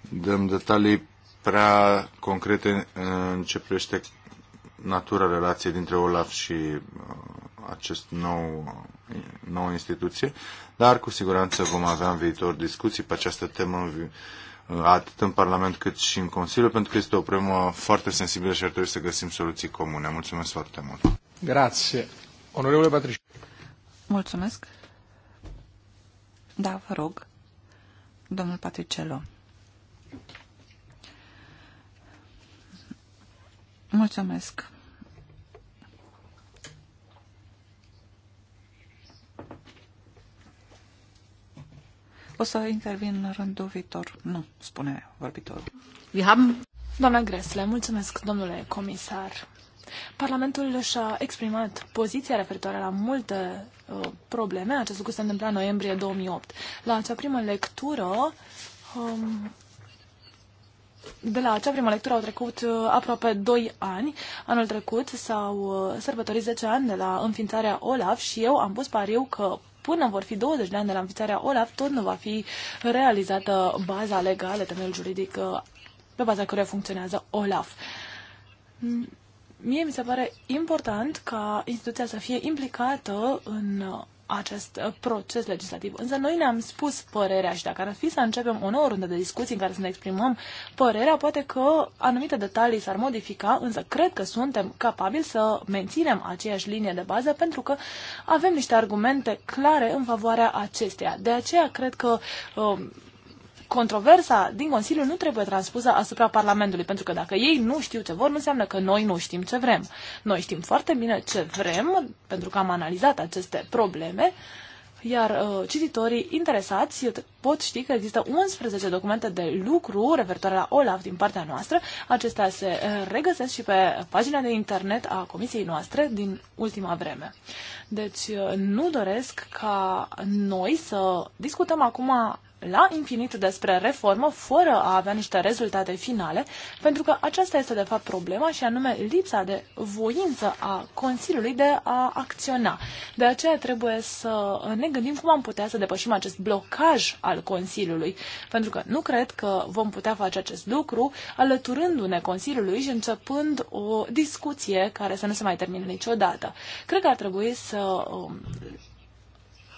dăm detalii prea concrete în ce privește natura relației dintre OLAF și uh, acest nou, nouă instituție, dar cu siguranță vom avea în viitor discuții pe această temă uh, atât în Parlament cât și în Consiliu, pentru că este o problemă foarte sensibilă și ar trebui să găsim soluții comune. Mulțumesc foarte mult. Grație! Onorevole Patrici! Mulțumesc. Da, vă rog, domnul Patricello. Mulțumesc. O să intervin în rândul viitor. Nu, spune vorbitorul. Vi am Doamna Gresle, mulțumesc, domnule comisar. Parlamentul și-a exprimat poziția referitoare la multe uh, probleme. Acest lucru se întâmpla în noiembrie 2008. La acea primă lectură, um, de la acea primă lectură au trecut uh, aproape 2 ani. Anul trecut s-au uh, sărbătorit 10 ani de la înființarea OLAF și eu am pus pariu că până vor fi 20 de ani de la înființarea OLAF, tot nu va fi realizată baza legală, temelul juridic uh, pe baza căruia funcționează OLAF. Mm, mie mi se pare important ca instituția să fie implicată în acest uh, proces legislativ. Însă noi ne-am spus părerea și dacă ar fi să începem o nouă rundă de discuții în care să ne exprimăm părerea, poate că anumite detalii s-ar modifica, însă cred că suntem capabili să menținem aceeași linie de bază pentru că avem niște argumente clare în favoarea acesteia. De aceea cred că uh, controversa din Consiliu nu trebuie transpusă asupra Parlamentului, pentru că dacă ei nu știu ce vor, nu înseamnă că noi nu știm ce vrem. Noi știm foarte bine ce vrem, pentru că am analizat aceste probleme, iar uh, cititorii interesați pot ști că există 11 documente de lucru referitoare la OLAF din partea noastră. Acestea se uh, regăsesc și pe pagina de internet a comisiei noastre din ultima vreme. Deci uh, nu doresc ca noi să discutăm acum la infinit despre reformă fără a avea niște rezultate finale, pentru că aceasta este de fapt problema și anume lipsa de voință a Consiliului de a acționa. De aceea trebuie să ne gândim cum am putea să depășim acest blocaj al Consiliului, pentru că nu cred că vom putea face acest lucru alăturându-ne Consiliului și începând o discuție care să nu se mai termine niciodată. Cred că ar trebui să um,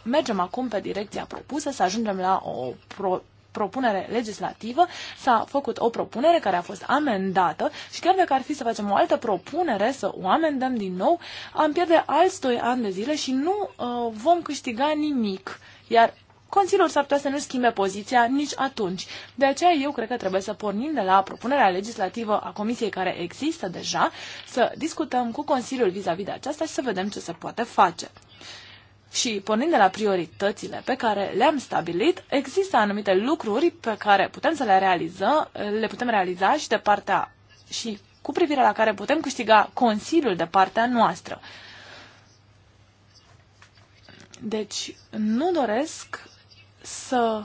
mergem acum pe direcția propusă, să ajungem la o pro- propunere legislativă, s-a făcut o propunere care a fost amendată și chiar dacă ar fi să facem o altă propunere, să o amendăm din nou, am pierde alți doi ani de zile și nu uh, vom câștiga nimic. Iar Consiliul s-ar putea să nu schimbe poziția nici atunci. De aceea eu cred că trebuie să pornim de la propunerea legislativă a Comisiei care există deja, să discutăm cu Consiliul vis-a-vis -vis de aceasta și să vedem ce se poate face. Și pornind de la prioritățile pe care le-am stabilit, există anumite lucruri pe care putem să le realizăm, le putem realiza și de partea și cu privire la care putem câștiga Consiliul de partea noastră. Deci, nu doresc să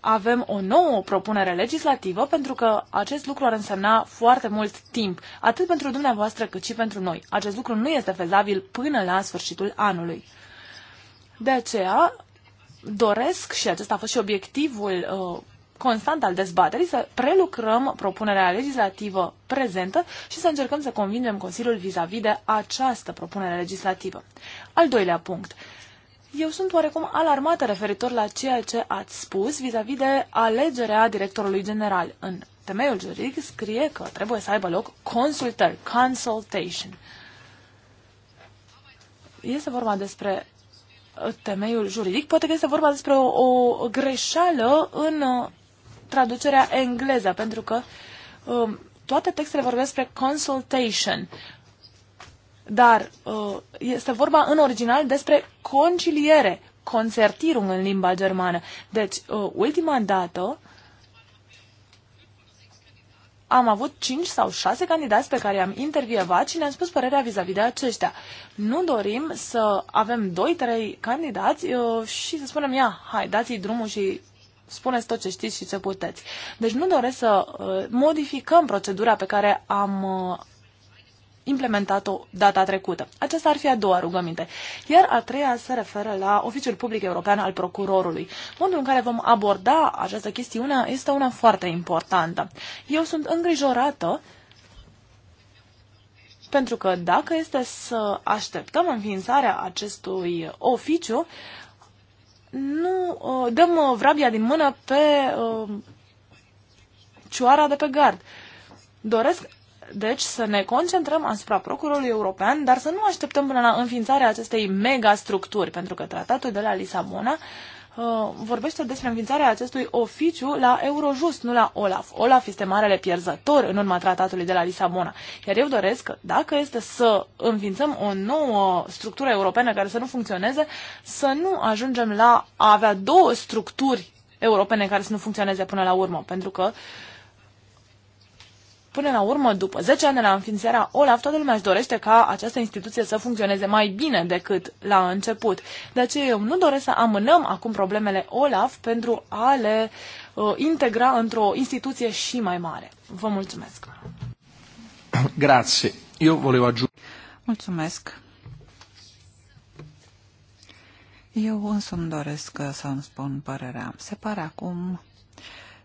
avem o nouă propunere legislativă, pentru că acest lucru ar însemna foarte mult timp, atât pentru dumneavoastră cât și pentru noi. Acest lucru nu este fezabil până la sfârșitul anului. De aceea doresc, și acesta a fost și obiectivul uh, constant al dezbaterii, să prelucrăm propunerea legislativă prezentă și să încercăm să convingem Consiliul vis-a-vis -vis de această propunere legislativă. Al doilea punct. Eu sunt oarecum alarmată referitor la ceea ce ați spus vis-a-vis -vis de alegerea directorului general. În temeiul juridic scrie că trebuie să aibă loc consultări, consultation. Este vorba despre temeiul juridic, poate că este vorba despre o, o greșeală în uh, traducerea engleză, pentru că um, toate textele vorbesc despre consultation, dar uh, este vorba în original despre conciliere, concertirung în limba germană. Deci, uh, ultima dată am avut 5 sau 6 candidați pe care i-am intervievat și ne-am spus părerea vis-a-vis -vis de aceștia. Nu dorim să avem 2-3 candidați uh, și să spunem, ia, hai, dați-i drumul și spuneți tot ce știți și ce puteți. Deci nu doresc să uh, modificăm procedura pe care am uh, implementat-o data trecută. Aceasta ar fi a doua rugăminte. Iar a treia se referă la Oficiul Public European al Procurorului. Modul în care vom aborda această chestiune este una foarte importantă. Eu sunt îngrijorată pentru că dacă este să așteptăm înființarea acestui oficiu, nu uh, dăm uh, vrabia din mână pe uh, cioara de pe gard. Doresc deci să ne concentrăm asupra procurorului european, dar să nu așteptăm până la înființarea acestei mega-structuri, pentru că tratatul de la Lisabona uh, vorbește despre înființarea acestui oficiu la Eurojust, nu la Olaf. Olaf este marele pierzător în urma tratatului de la Lisabona. Iar eu doresc, că, dacă este să înființăm o nouă structură europeană care să nu funcționeze, să nu ajungem la a avea două structuri europene care să nu funcționeze până la urmă, pentru că uh, Până la urmă, după 10 ani de la înființarea OLAF, toată lumea își dorește ca această instituție să funcționeze mai bine decât la început. De aceea eu nu doresc să amânăm acum problemele OLAF pentru a le uh, integra într-o instituție și mai mare. Vă mulțumesc! Grazie. Eu volevo aggiungere. Mulțumesc. Eu îmi doresc să îmi spun părerea. Se pare acum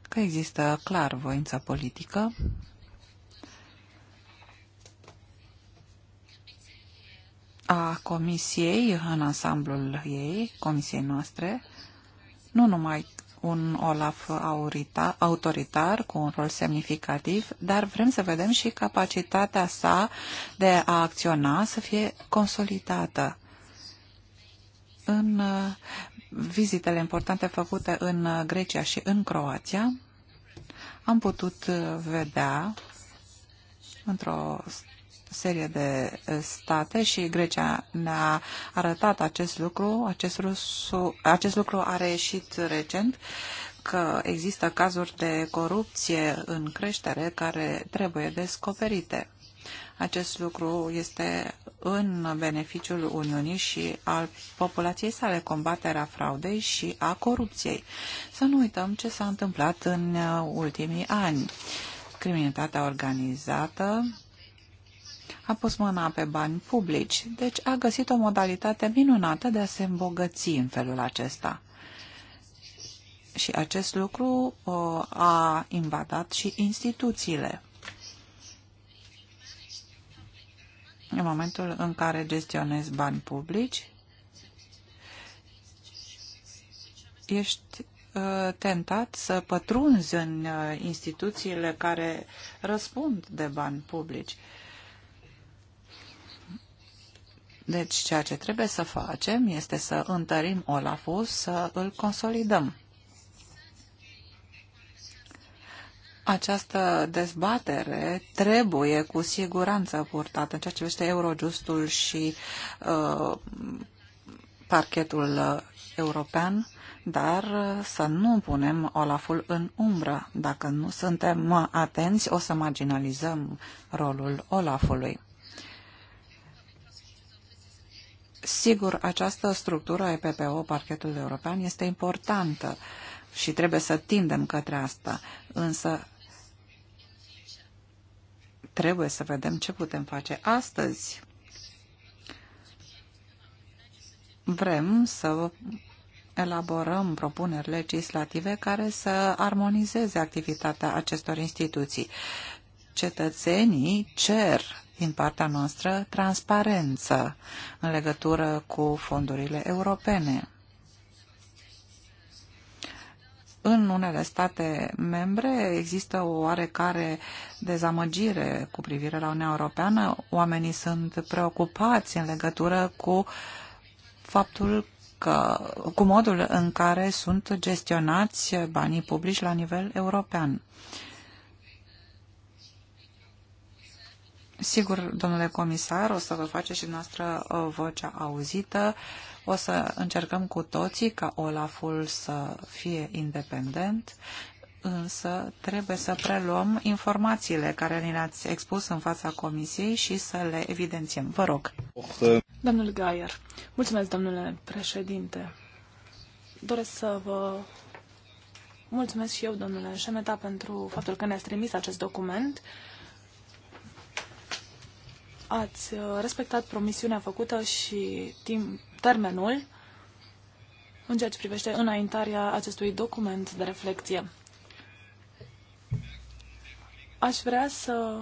că există clar voința politică a comisiei în ansamblul ei, comisiei noastre, nu numai un Olaf aurita, autoritar cu un rol semnificativ, dar vrem să vedem și capacitatea sa de a acționa să fie consolidată. În uh, vizitele importante făcute în Grecia și în Croația, am putut uh, vedea într-o serie de eh, state și Grecia ne-a arătat acest lucru. Acest, rusu, acest lucru a reieșit recent că există cazuri de corupție în creștere care trebuie descoperite. Acest lucru este în beneficiul Uniunii și al populației sale, combaterea fraudei și a corupției. Să nu uităm ce s-a întâmplat în uh, ultimii ani. Criminalitatea organizată a pus mâna pe bani publici, deci a găsit o modalitate minunată de a se îmbogăți în felul acesta. Și acest lucru uh, a invadat și instituțiile. În momentul în care gestionezi bani publici, ești uh, tentat să pătrunzi în uh, instituțiile care răspund de bani publici. Uh, deci ceea ce trebuie să facem este să întărim Olaful, să îl consolidăm. Această dezbatere trebuie cu siguranță purtată în ceea ce privește Eurojustul și uh, parchetul european, dar să nu punem Olaful în umbră. Dacă nu suntem atenți, o să marginalizăm rolul Olafului. Sigur, această structură EPPO, parchetul european, este importantă și trebuie să tindem către asta, însă trebuie să vedem ce putem face astăzi. Vrem să elaborăm propuneri legislative care să armonizeze activitatea acestor instituții. Cetățenii cer din partea noastră transparență în legătură cu fondurile europene. În unele state membre există o oarecare dezamăgire cu privire la Uniunea Europeană. Oamenii sunt preocupați în legătură cu faptul că, cu modul în care sunt gestionați banii publici la nivel european. Uh, Sigur, domnule comisar, o să vă face și noastră uh, vocea auzită. O să încercăm cu toții ca Olaful să fie independent, însă trebuie să preluăm informațiile care ni le-ați expus în fața comisiei și să le evidențiem. Vă rog. Domnul Gaier, mulțumesc, domnule președinte. Doresc să vă mulțumesc și eu, domnule Șemeta, pentru faptul că ne-ați trimis acest document. Uh, ați uh, respectat promisiunea făcută și timp, termenul în ceea ce privește înaintarea acestui document de reflecție. Aș vrea să...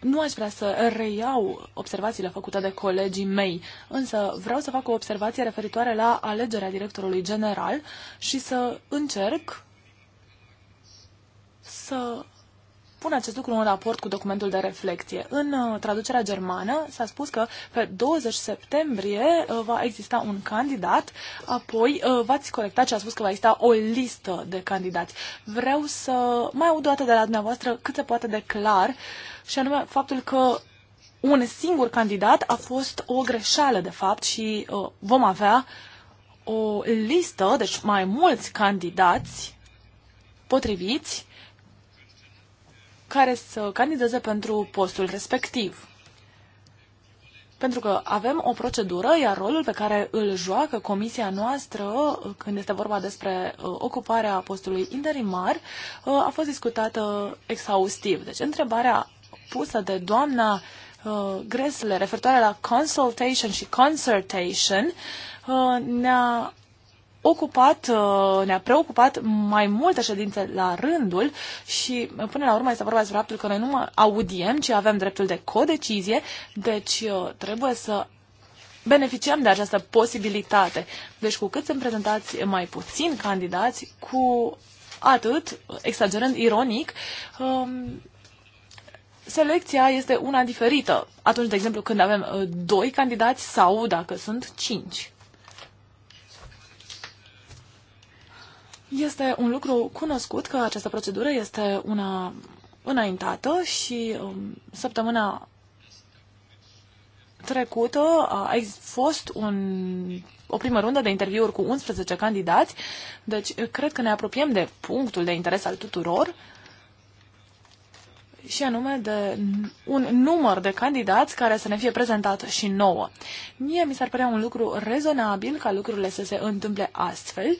Nu aș vrea să reiau observațiile făcute de colegii mei, însă vreau să fac o observație referitoare la alegerea directorului general și să încerc să pun acest lucru în raport cu documentul de reflecție. În uh, traducerea germană s-a spus că pe 20 septembrie uh, va exista un candidat, apoi uh, v-ați corectat și a spus că va exista o listă de candidați. Vreau să mai aud o dată de la dumneavoastră cât se poate de clar și anume faptul că un singur candidat a fost o greșeală de fapt și uh, vom avea o listă, deci mai mulți candidați potriviți care să candideze pentru postul respectiv. Pentru că avem o procedură, iar rolul pe care îl joacă comisia noastră când este vorba despre uh, ocuparea postului interimar uh, a fost discutată exhaustiv. Deci întrebarea pusă de doamna uh, Gresle referitoare la consultation și concertation ne-a ocupat, uh, ne-a preocupat mai multe ședințe la rândul și uh, până la urmă este vorba despre faptul că noi nu audiem, ci avem dreptul de codecizie, deci uh, trebuie să beneficiem de această posibilitate. Deci cu cât sunt prezentați mai puțin candidați, cu atât, exagerând ironic, um, selecția este una diferită atunci, de exemplu, când avem doi candidați sau dacă sunt cinci. Este un lucru cunoscut că această procedură este una înaintată și um, săptămâna trecută a fost un, o primă rundă de interviuri cu 11 candidați, deci cred că ne apropiem de punctul de interes al tuturor și anume de un număr de candidați care să ne fie prezentat și nouă. Mie mi s-ar părea un lucru rezonabil ca lucrurile să se întâmple astfel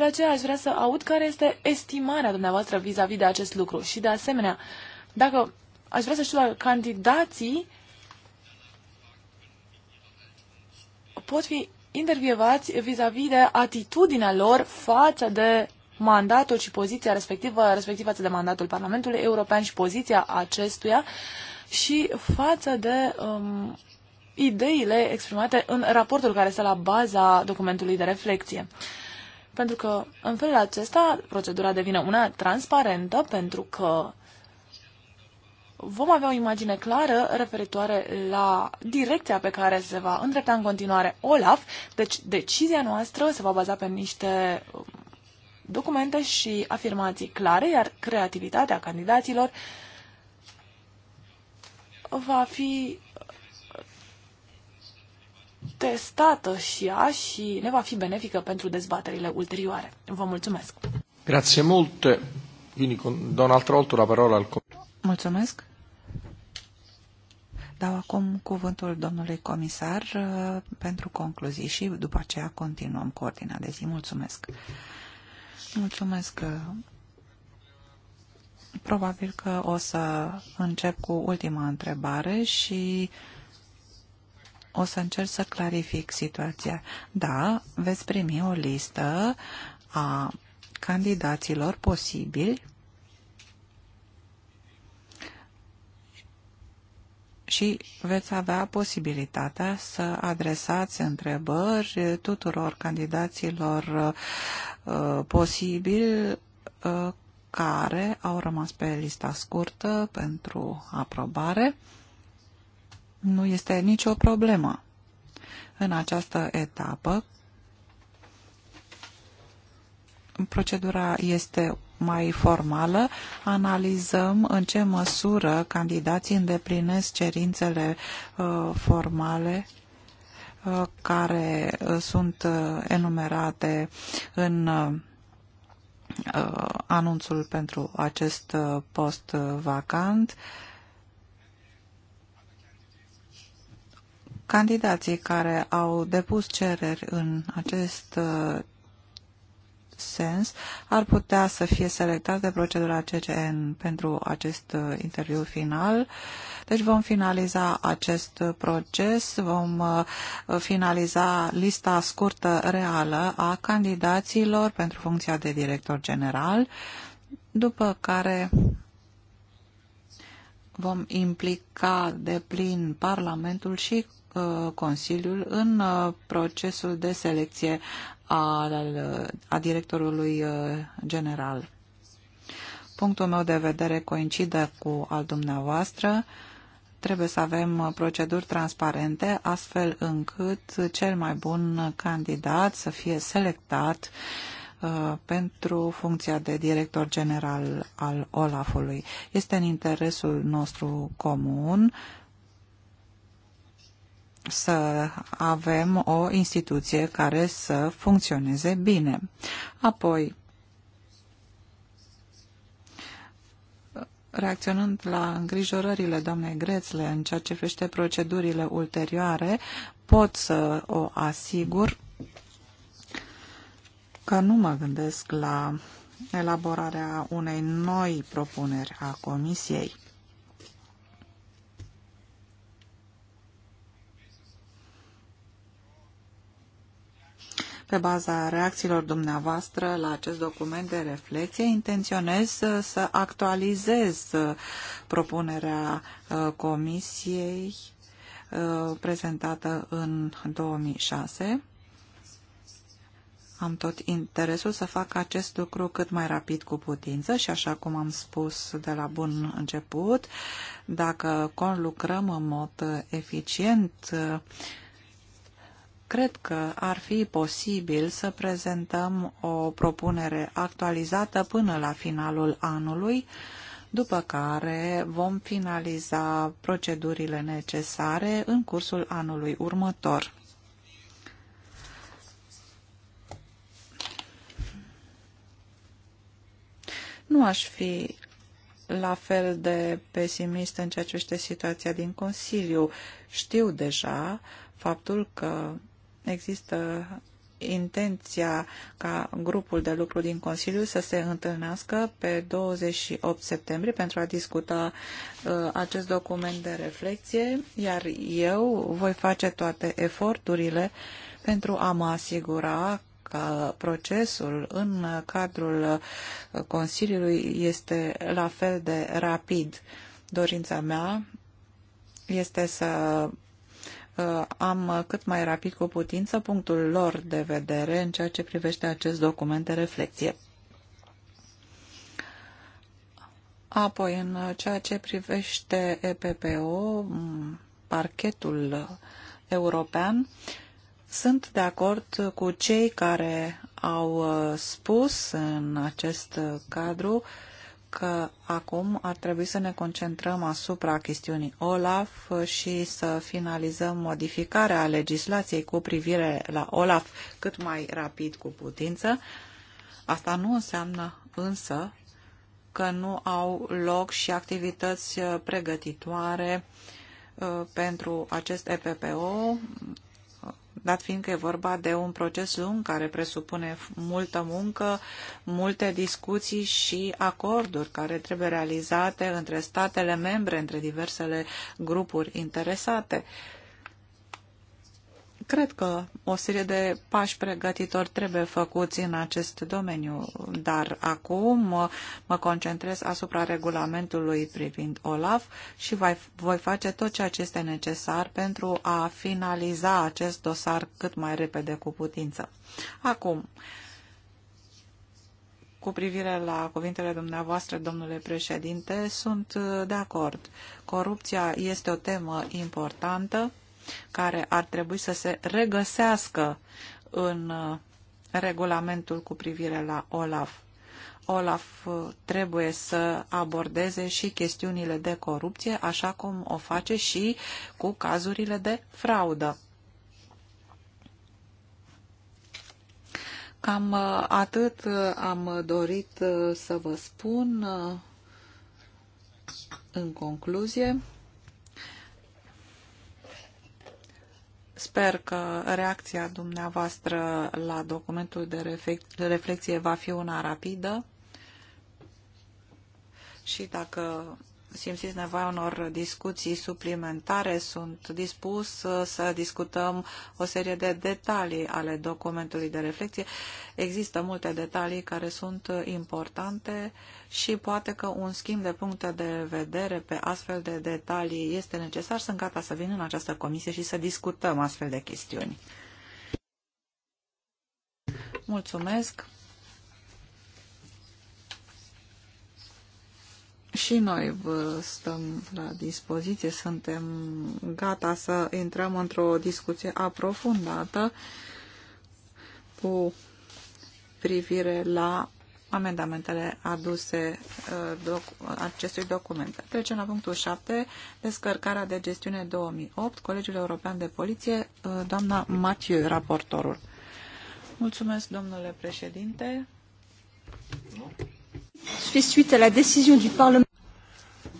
de aceea aș vrea să aud care este estimarea dumneavoastră vis-a-vis -vis de acest lucru. Și de asemenea, dacă aș vrea să știu dacă candidații pot fi intervievați vis-a-vis -vis de atitudinea lor față de mandatul și poziția respectivă, respectiv față de mandatul Parlamentului European și poziția acestuia și față de um, ideile exprimate în raportul care stă la baza documentului de reflexie. Uh, pentru că, în felul acesta, procedura devine una transparentă, pentru că vom avea o imagine clară referitoare la direcția pe care se va îndrepta în continuare OLAF. Deci, decizia noastră se va baza pe niște um, documente și afirmații clare, iar creativitatea candidaților va fi testată și ea și ne va fi benefică pentru dezbaterile ulterioare. Vă mulțumesc! Grazie la parola al Mulțumesc! Dau acum cuvântul domnului comisar uh, pentru concluzii și după aceea continuăm cu ordinea de zi. Mulțumesc! Mulțumesc! Probabil că o să încep cu ultima întrebare și uh, o să încerc să clarific situația. Da, veți primi o listă a candidaților posibili și veți avea posibilitatea să adresați întrebări tuturor candidaților uh, posibil uh, care au rămas pe lista scurtă pentru aprobare. Nu este nicio problemă. În această etapă, procedura este mai formală, analizăm în ce măsură candidații îndeplinesc cerințele uh, formale uh, care uh, sunt uh, enumerate în uh, anunțul pentru acest uh, post vacant. Uh, Candidații care au depus cereri în acest uh, sens ar putea să fie selectați de procedura CCN pentru acest uh, interviu final. Deci vom finaliza acest proces, vom uh, finaliza lista scurtă reală a candidaților pentru funcția de director general, după care vom implica de plin Parlamentul și Uh, Consiliul în uh, procesul de selecție al, a directorului uh, general. Punctul meu de vedere coincide cu al dumneavoastră. Trebuie să avem proceduri transparente, astfel încât cel mai bun candidat să fie selectat pentru funcția de director general al Olafului. Este în interesul nostru comun uh, să avem o instituție care să funcționeze bine. Apoi, reacționând la îngrijorările doamnei Grețle în ceea ce privește procedurile ulterioare, pot să o asigur că nu mă gândesc la elaborarea unei noi propuneri a Comisiei. Pe baza reacțiilor dumneavoastră la acest document de reflecție, intenționez să actualizez uh, propunerea uh, Comisiei uh, prezentată în 2006. Am tot interesul să fac acest lucru cât mai rapid cu putință și așa cum am spus de la bun început, dacă conlucrăm în mod eficient Cred că ar fi posibil să prezentăm o propunere actualizată până la finalul anului, după care vom finaliza procedurile necesare în cursul anului următor. Nu aș fi la fel de pesimist în ceea ce este situația din Consiliu. Știu deja faptul că există intenția ca grupul de lucru din Consiliu să se întâlnească pe 28 septembrie pentru a discuta uh, acest document de reflexie, iar eu voi face toate eforturile pentru a mă asigura că procesul în cadrul Consiliului este la fel de rapid. Dorința mea este să Uh, am uh, cât mai rapid cu putință punctul lor de vedere în ceea ce privește acest document de reflexie. Apoi, în uh, ceea ce privește EPPO, mm, parchetul european, sunt de acord cu cei care au spus în acest cadru uh, că acum ar trebui să ne concentrăm asupra chestiunii OLAF și să finalizăm modificarea legislației cu privire la OLAF cât mai rapid cu putință. Asta nu înseamnă însă că nu au loc și activități pregătitoare uh, pentru acest EPPO dat fiind că e vorba de un proces lung care presupune multă muncă, multe discuții și acorduri care trebuie realizate între statele membre, între diversele grupuri interesate. Uh, Cred că o serie de pași pregătitori trebuie făcuți în acest domeniu, dar acum mă concentrez asupra regulamentului privind OLAF și voi face tot ceea ce este necesar pentru a finaliza acest dosar cât mai repede cu putință. Acum, cu privire la cuvintele dumneavoastră, domnule președinte, sunt de acord. Corupția este o temă importantă care ar trebui să se regăsească în uh, regulamentul cu privire la OLAF. OLAF uh, trebuie să abordeze și chestiunile de corupție, așa cum o face și cu cazurile de fraudă. Cam uh, atât am dorit să vă spun în concluzie. Sper că reacția dumneavoastră la documentul de reflecție va fi una rapidă și dacă simțiți nevoia unor discuții suplimentare, sunt dispus uh, să discutăm o serie de detalii ale documentului de reflexie. Există multe detalii care sunt importante și poate că un schimb de puncte de vedere pe astfel de detalii este necesar. Sunt gata să vin în această comisie și să discutăm astfel de chestiuni. Mulțumesc! Și noi vă stăm la dispoziție, suntem gata să intrăm într-o discuție aprofundată cu privire la amendamentele aduse uh, doc, acestui document. Trecem la punctul 7, descărcarea de gestiune 2008, Colegiul European de Poliție, uh, doamna Matiu, raportorul. Mulțumesc, domnule președinte. Suite à la décision du Parlement.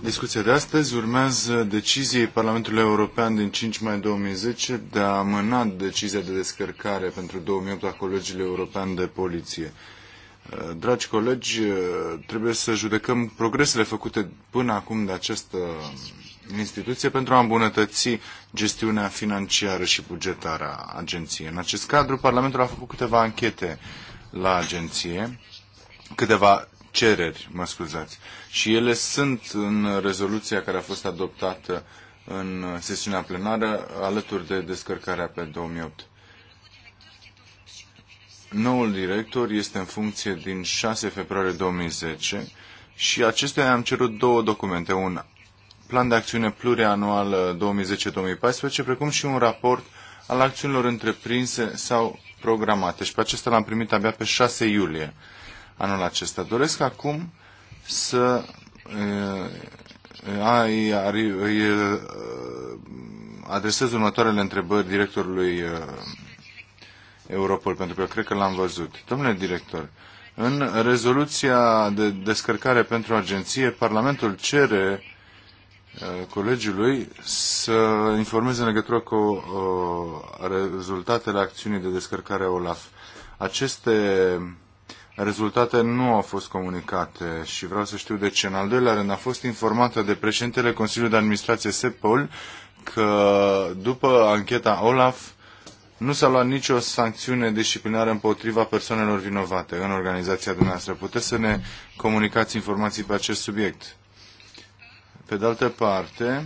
Discuția de astăzi urmează deciziei Parlamentului European din 5 mai 2010 de a amâna decizia de descărcare pentru 2008 a Colegiului European de Poliție. Uh, dragi colegi, uh, trebuie să judecăm progresele făcute până acum de această um, instituție pentru a îmbunătăți gestiunea financiară și bugetară a agenției. În acest cadru, Parlamentul a făcut câteva anchete la agenție, câteva cereri, mă scuzați. Și ele sunt în rezoluția care a fost adoptată în sesiunea plenară alături de descărcarea pe 2008. Noul director este în funcție din 6 februarie 2010 și acestea am cerut două documente, un plan de acțiune plurianual 2010-2014, precum și un raport al acțiunilor întreprinse sau programate. Și pe acesta l-am primit abia pe 6 iulie anul acesta. Doresc acum să îi, îi adresez următoarele întrebări directorului Europol, pentru că cred că l-am văzut. Domnule director, în rezoluția de descărcare pentru agenție, Parlamentul cere colegiului să informeze în legătură cu uh, rezultatele acțiunii de descărcare a OLAF. Aceste Rezultatele nu au fost comunicate și vreau să știu de ce. În al doilea rând, a fost informată de președintele Consiliului de Administrație SEPOL că după ancheta OLAF nu s-a luat nicio sancțiune disciplinară împotriva persoanelor vinovate în organizația dumneavoastră. Puteți să ne comunicați informații pe acest subiect? Pe de altă parte,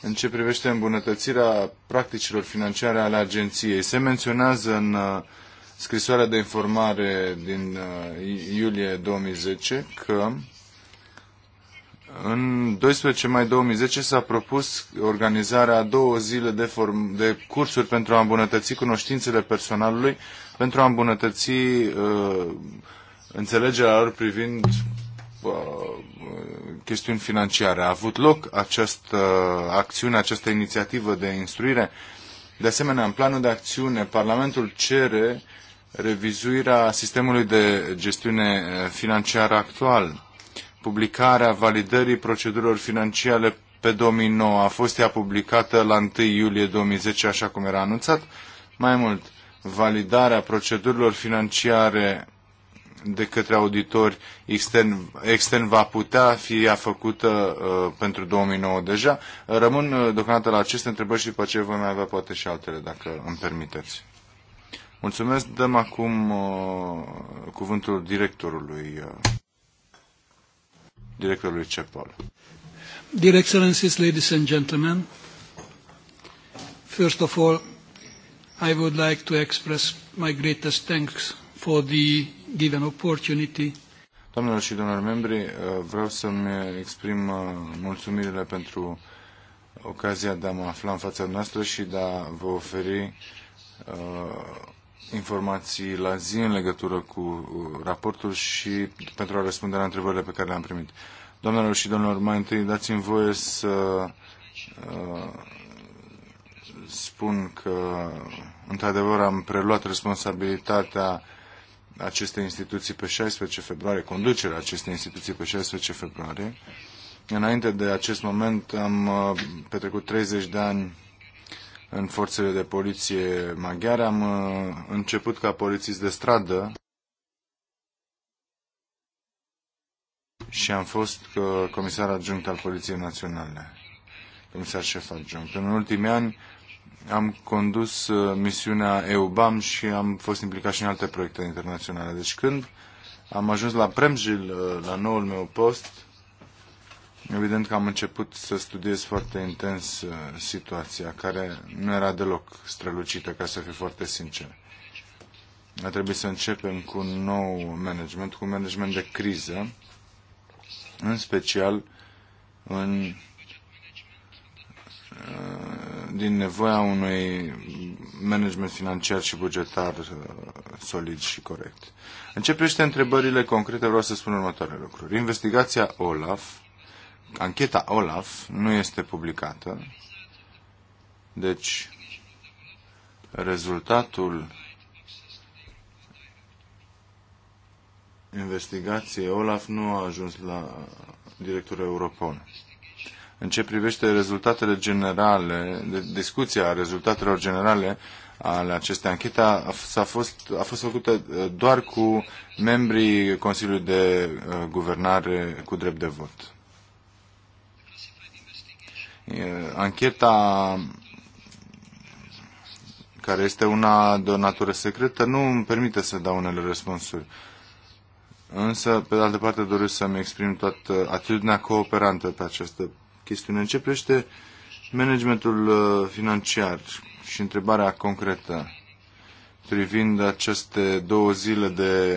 în ce privește îmbunătățirea practicilor financiare ale agenției, se menționează în uh, scrisoarea de informare din uh, iulie 2010 că în 12 mai 2010 s-a propus organizarea a două zile de, form- de cursuri pentru a îmbunătăți cunoștințele personalului, pentru a îmbunătăți uh, înțelegerea lor privind uh, chestiuni financiare. A avut loc această acțiune, această inițiativă de instruire. De asemenea, în planul de acțiune, Parlamentul cere uh, revizuirea sistemului de gestiune eh, financiară actual, publicarea validării procedurilor financiare pe 2009 a fost ea publicată la 1 iulie 2010, așa cum era anunțat. Mai mult, validarea procedurilor financiare de către auditori extern, extern va putea fi ea făcută uh, pentru 2009 deja. Rămân uh, deocamdată la aceste întrebări și după ce voi mai avea poate și altele, dacă îmi permiteți. Mulțumesc. Dăm acum uh, cuvântul directorului, uh, directorului CEPOL. Dear Excellencies, ladies and gentlemen, first of all, I would like to express my greatest thanks for the given opportunity Doamnelor și domnilor membri, uh, vreau să-mi exprim mulțumirile pentru ocazia de a mă afla în fața noastră și de a vă oferi uh, informații la zi în legătură cu uh, raportul și pentru a răspunde la întrebările pe care le-am primit. Doamnelor și domnilor, mai întâi dați-mi voie să uh, spun că, într-adevăr, am preluat responsabilitatea acestei instituții pe 16 februarie, conducerea acestei instituții pe 16 februarie. Înainte de acest moment am uh, petrecut 30 de ani în forțele de poliție maghiare. Am uh, început ca polițist de stradă și am fost uh, comisar adjunct al Poliției Naționale, comisar șef adjunct. În ultimii ani am condus uh, misiunea EUBAM și am fost implicat și în alte proiecte internaționale. Deci când am ajuns la Premjil, la noul meu post, Evident că am început să studiez foarte intens uh, situația, care nu era deloc strălucită, ca să fiu foarte sincer. A trebuit să începem cu un nou management, cu un management de criză, în special în, uh, din nevoia unui management financiar și bugetar uh, solid și corect. În ce privește întrebările concrete, vreau să spun următoarele lucruri. Investigația OLAF ancheta Olaf nu este publicată, deci rezultatul investigației Olaf nu a ajuns la directorul Europol. În ce privește rezultatele generale, de, discuția rezultatelor generale ale acestei anchete a, a, fost, a fost făcută uh, doar cu membrii Consiliului de uh, Guvernare cu drept de vot. Ancheta care este una de o natură secretă, nu îmi permite să dau unele răspunsuri. Însă, pe de altă parte, doresc să-mi exprim toată atitudinea cooperantă pe această chestiune. În ce privește managementul uh, financiar și întrebarea concretă privind aceste două zile de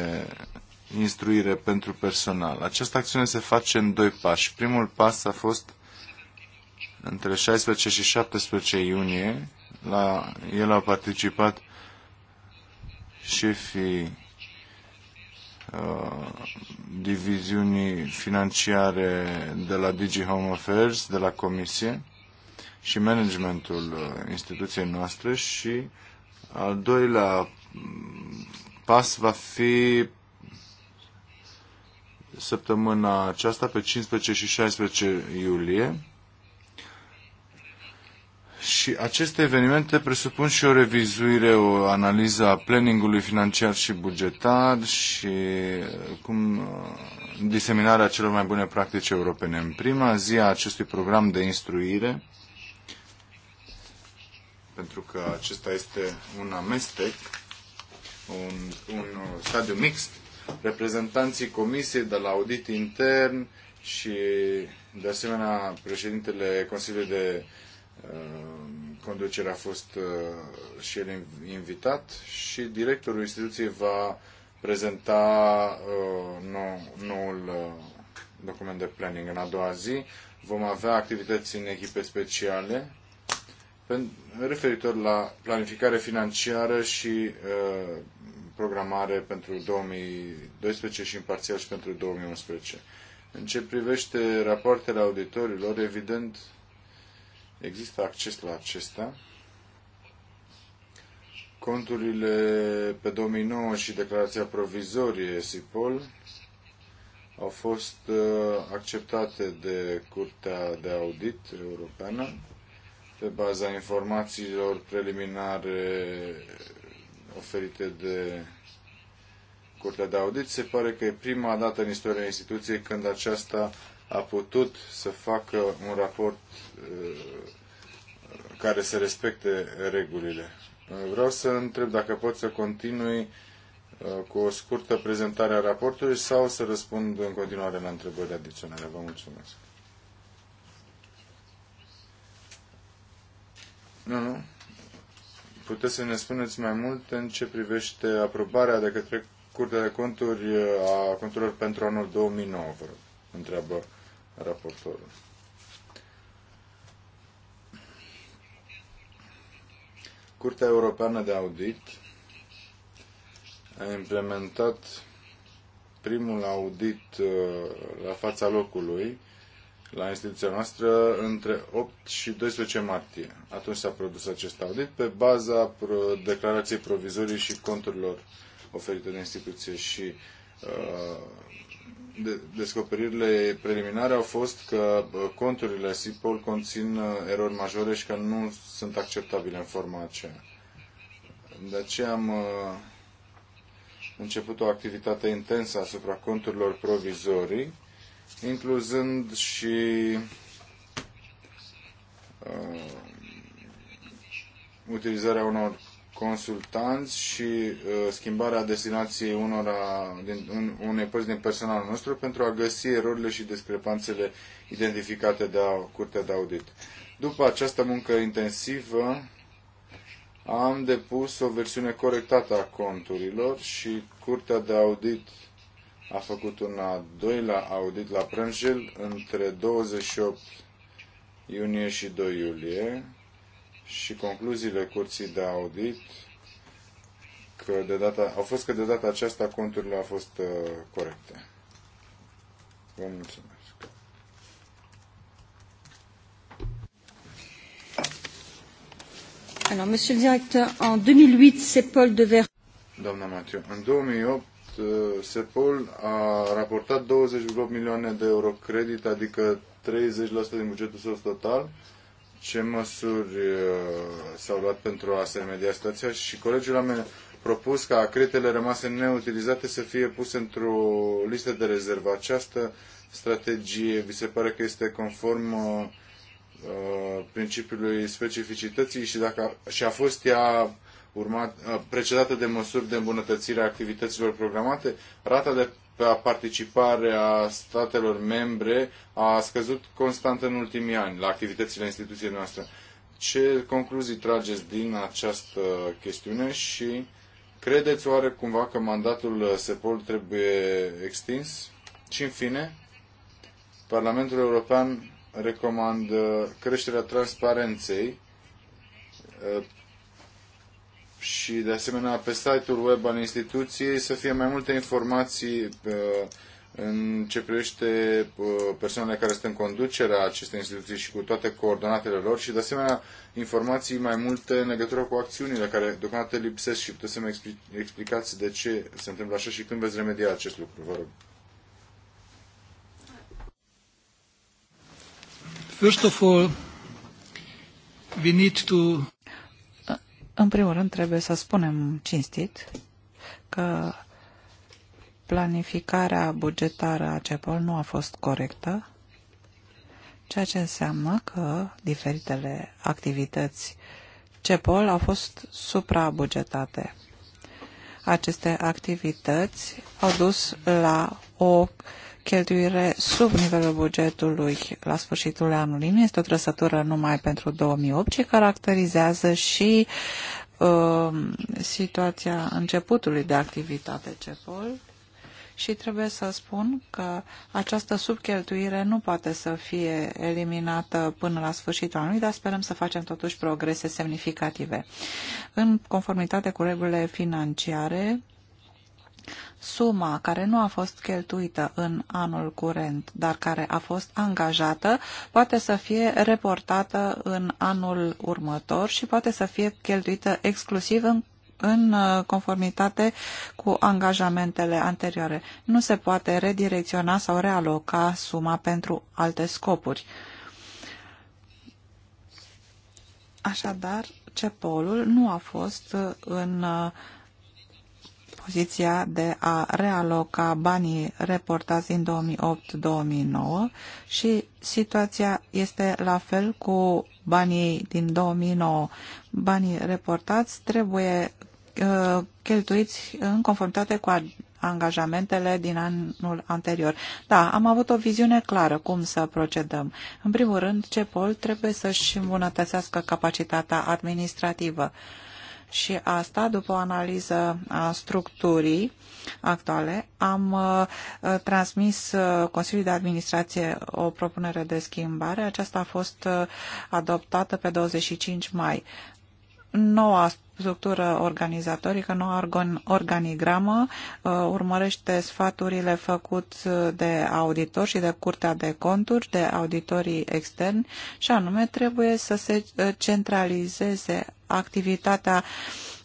instruire pentru personal. Această acțiune se face în doi pași. Primul pas a fost între 16 și 17 iunie. La, el a participat șefii uh, diviziunii financiare de la Digi Home Affairs, de la Comisie și managementul uh, instituției noastre și al doilea mm, pas va fi săptămâna aceasta, pe 15 și 16 iulie, și aceste evenimente presupun și o revizuire, o analiză a planningului financiar și bugetar și uh, cum uh, diseminarea celor mai bune practici europene. În prima zi a acestui program de instruire, pentru că acesta este un amestec, un, un stadiu mixt, reprezentanții comisiei de la audit intern și, de asemenea, președintele Consiliului de Conducerea a fost uh, și el invitat și directorul instituției va prezenta uh, noul uh, document de planning în a doua zi. Vom avea activități în echipe speciale referitor la planificare financiară și programare pentru 2012 și în parțial și pentru 2011. În ce privește rapoartele auditorilor, evident, există acces la acestea. Conturile pe 2009 și declarația provizorie SIPOL au fost uh, acceptate de Curtea de Audit Europeană pe baza informațiilor preliminare oferite de Curtea de Audit. Se pare că e prima dată în istoria instituției când aceasta a putut să facă un raport uh, care să respecte regulile. Vreau să întreb dacă pot să continui uh, cu o scurtă prezentare a raportului sau să răspund în continuare la întrebări adiționale. Vă mulțumesc. Nu, nu. Puteți să ne spuneți mai mult în ce privește aprobarea de către Curtea de Conturi a conturilor pentru anul 2009, vă rog. Întreabă raportorul. Curtea Europeană de Audit a implementat primul audit uh, la fața locului la instituția noastră între 8 și 12 martie. Atunci s-a produs acest audit pe baza declarației provizorii și conturilor oferite de instituție și uh, descoperirile preliminare au fost că conturile SIPOL conțin uh, erori majore și că nu sunt acceptabile în forma aceea. De aceea am uh, început o activitate intensă asupra conturilor provizorii, incluzând și uh, utilizarea unor consultanți și uh, schimbarea destinației unora din, un, unei părți din personalul nostru pentru a găsi erorile și discrepanțele identificate de a, Curtea de Audit. După această muncă intensivă, am depus o versiune corectată a conturilor și Curtea de Audit a făcut un al doilea audit la Prânjel între 28 iunie și 2 iulie și concluziile curții de audit că de data, au fost că de data aceasta conturile au fost uh, corecte. Vă mulțumesc. Alors, Monsieur le Directeur, en 2008, CEPOL devait... Doamna Mathieu, în 2008, CEPOL uh, a raportat 28 milioane de euro credit, adică 30% din bugetul său total, ce măsuri uh, s-au luat pentru a se remedia situația și colegiul a propus ca acretele rămase neutilizate să fie puse într-o listă de rezervă. Această strategie vi se pare că este conform uh, uh, principiului specificității și, dacă, și a fost ea urmat, precedată de măsuri de îmbunătățire a activităților programate, rata de participarea statelor membre a scăzut constant în ultimii ani la activitățile instituției noastre. Ce concluzii trageți din această chestiune și credeți oare cumva că mandatul SEPOL trebuie extins? Și în fine, Parlamentul European recomandă creșterea transparenței și de asemenea pe site-ul web al instituției să fie mai multe informații uh, în ce privește uh, persoanele care sunt în conducerea acestei instituții și cu toate coordonatele lor și de asemenea informații mai multe în legătură cu acțiunile care deocamdată lipsesc și puteți să-mi explicați de ce se întâmplă așa și când veți remedia acest lucru, vă rog. First of all, we need to în primul rând, trebuie să spunem cinstit că planificarea bugetară a CEPOL nu a fost corectă, ceea ce înseamnă că diferitele activități CEPOL au fost suprabugetate. Aceste activități au dus la o uh, cheltuire sub nivelul bugetului la sfârșitul anului. Nu este o trăsătură numai pentru 2008, ci caracterizează și uh, situația începutului de activitate CEPOL și trebuie să spun că această subcheltuire nu poate să fie eliminată până la sfârșitul anului, dar sperăm să facem totuși progrese semnificative. În conformitate cu regulile financiare, suma care nu a fost cheltuită în anul curent, dar care a fost angajată, poate să fie reportată în anul următor și poate să fie cheltuită exclusiv în în uh, conformitate cu angajamentele anterioare. Nu se poate redirecționa sau realoca suma pentru alte scopuri. Așadar, CEPOL-ul nu a fost uh, în uh, poziția de a realoca banii reportați din 2008-2009 și situația este la fel cu banii din 2009. Banii reportați trebuie uh, cheltuiți în conformitate cu angajamentele din anul anterior. Da, am avut o viziune clară cum să procedăm. În primul rând, CEPOL trebuie să-și îmbunătățească capacitatea administrativă. Uh, și asta după o analiză a structurii actuale. Am uh, uh, transmis uh, Consiliului de Administrație o propunere de schimbare. Aceasta a fost adoptată pe 25 mai noua structură organizatorică, noua organigramă uh, urmărește sfaturile făcute de auditor și de Curtea de Conturi, de auditorii externi și anume trebuie să se uh, centralizeze activitatea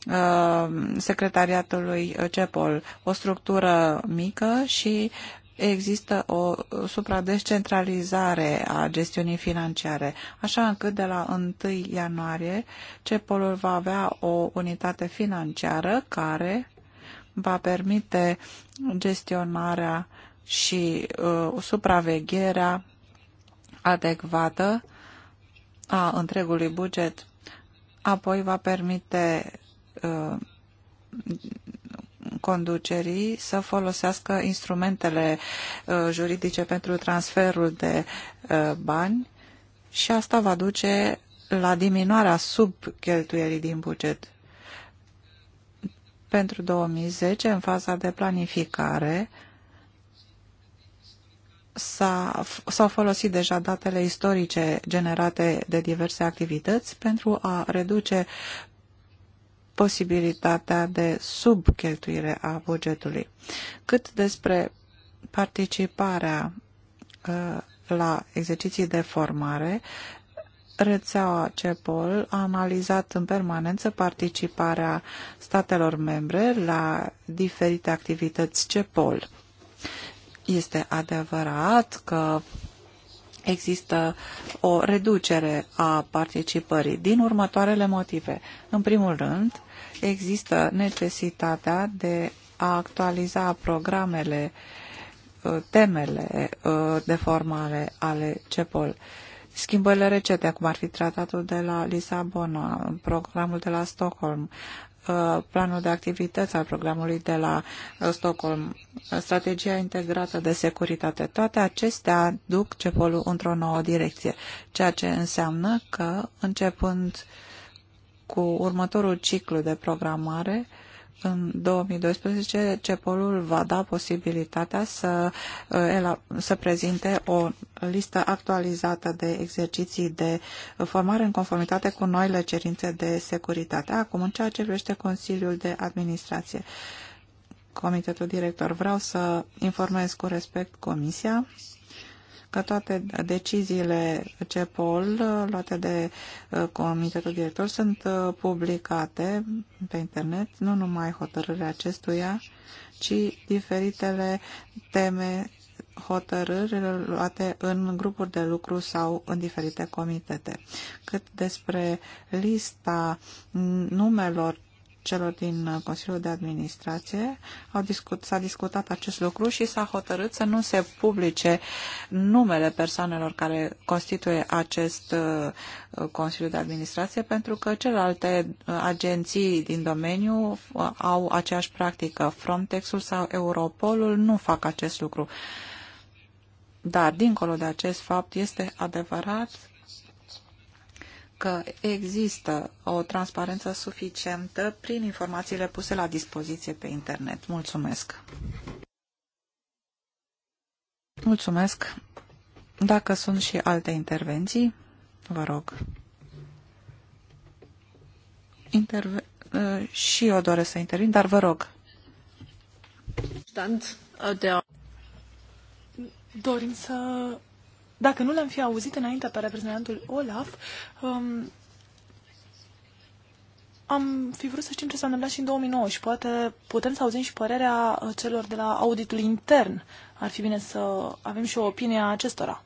uh, secretariatului CEPOL, o structură mică și există o supradescentralizare a gestiunii financiare, așa încât de la 1 ianuarie CEPOL-ul va avea o unitate financiară care va permite gestionarea și uh, supravegherea adecvată a întregului buget. Apoi va permite uh, conducerii să folosească instrumentele uh, juridice pentru transferul de uh, bani și asta va duce la diminuarea subcheltuierii din buget. Pentru 2010, în faza de planificare, s-au folosit deja datele istorice generate de diverse activități pentru a reduce posibilitatea de subcheltuire a bugetului. Cât despre participarea uh, la exerciții de formare, rețeaua CEPOL a analizat în permanență participarea statelor membre la diferite activități CEPOL. Este adevărat că există o reducere a participării din următoarele motive. În primul rând, există necesitatea de a actualiza programele, uh, temele uh, de formare ale CEPOL. Schimbările recente, cum ar fi tratatul de la Lisabona, programul de la Stockholm, uh, planul de activități al programului de la Stockholm, strategia integrată de securitate, toate acestea duc CEPOL-ul într-o nouă direcție, ceea ce înseamnă că începând cu următorul ciclu de programare, în 2012 CEPOL-ul va da posibilitatea să, uh, să prezinte o listă actualizată de exerciții de formare în conformitate cu noile cerințe de securitate. Acum, în ceea ce privește Consiliul de Administrație, Comitetul Director, vreau să informez cu respect Comisia că toate deciziile CEPOL uh, luate de uh, Comitetul Director sunt uh, publicate pe internet, nu numai hotărârea acestuia, ci diferitele teme hotărâri luate în grupuri de lucru sau în diferite comitete. Cât despre lista numelor celor din uh, Consiliul de Administrație. Au s-a discutat acest lucru și s-a hotărât să nu se publice numele persoanelor care constituie acest uh, Consiliu de Administrație, pentru că celelalte uh, agenții din domeniu au aceeași practică. Frontexul sau Europolul nu fac acest lucru. Dar, dincolo de acest fapt, este adevărat că există o transparență suficientă prin informațiile puse la dispoziție pe internet. Mulțumesc! Mulțumesc! Dacă sunt și alte intervenții, vă rog. Interve eh, și eu doresc să intervin, dar vă rog. Eh, de Dorim să dacă nu l-am fi auzit înainte pe reprezentantul Olaf, um, am fi vrut să știm ce s-a întâmplat și în 2009 și poate putem să auzim și părerea uh, celor de la auditul intern. Ar fi bine să avem și o opinie a acestora.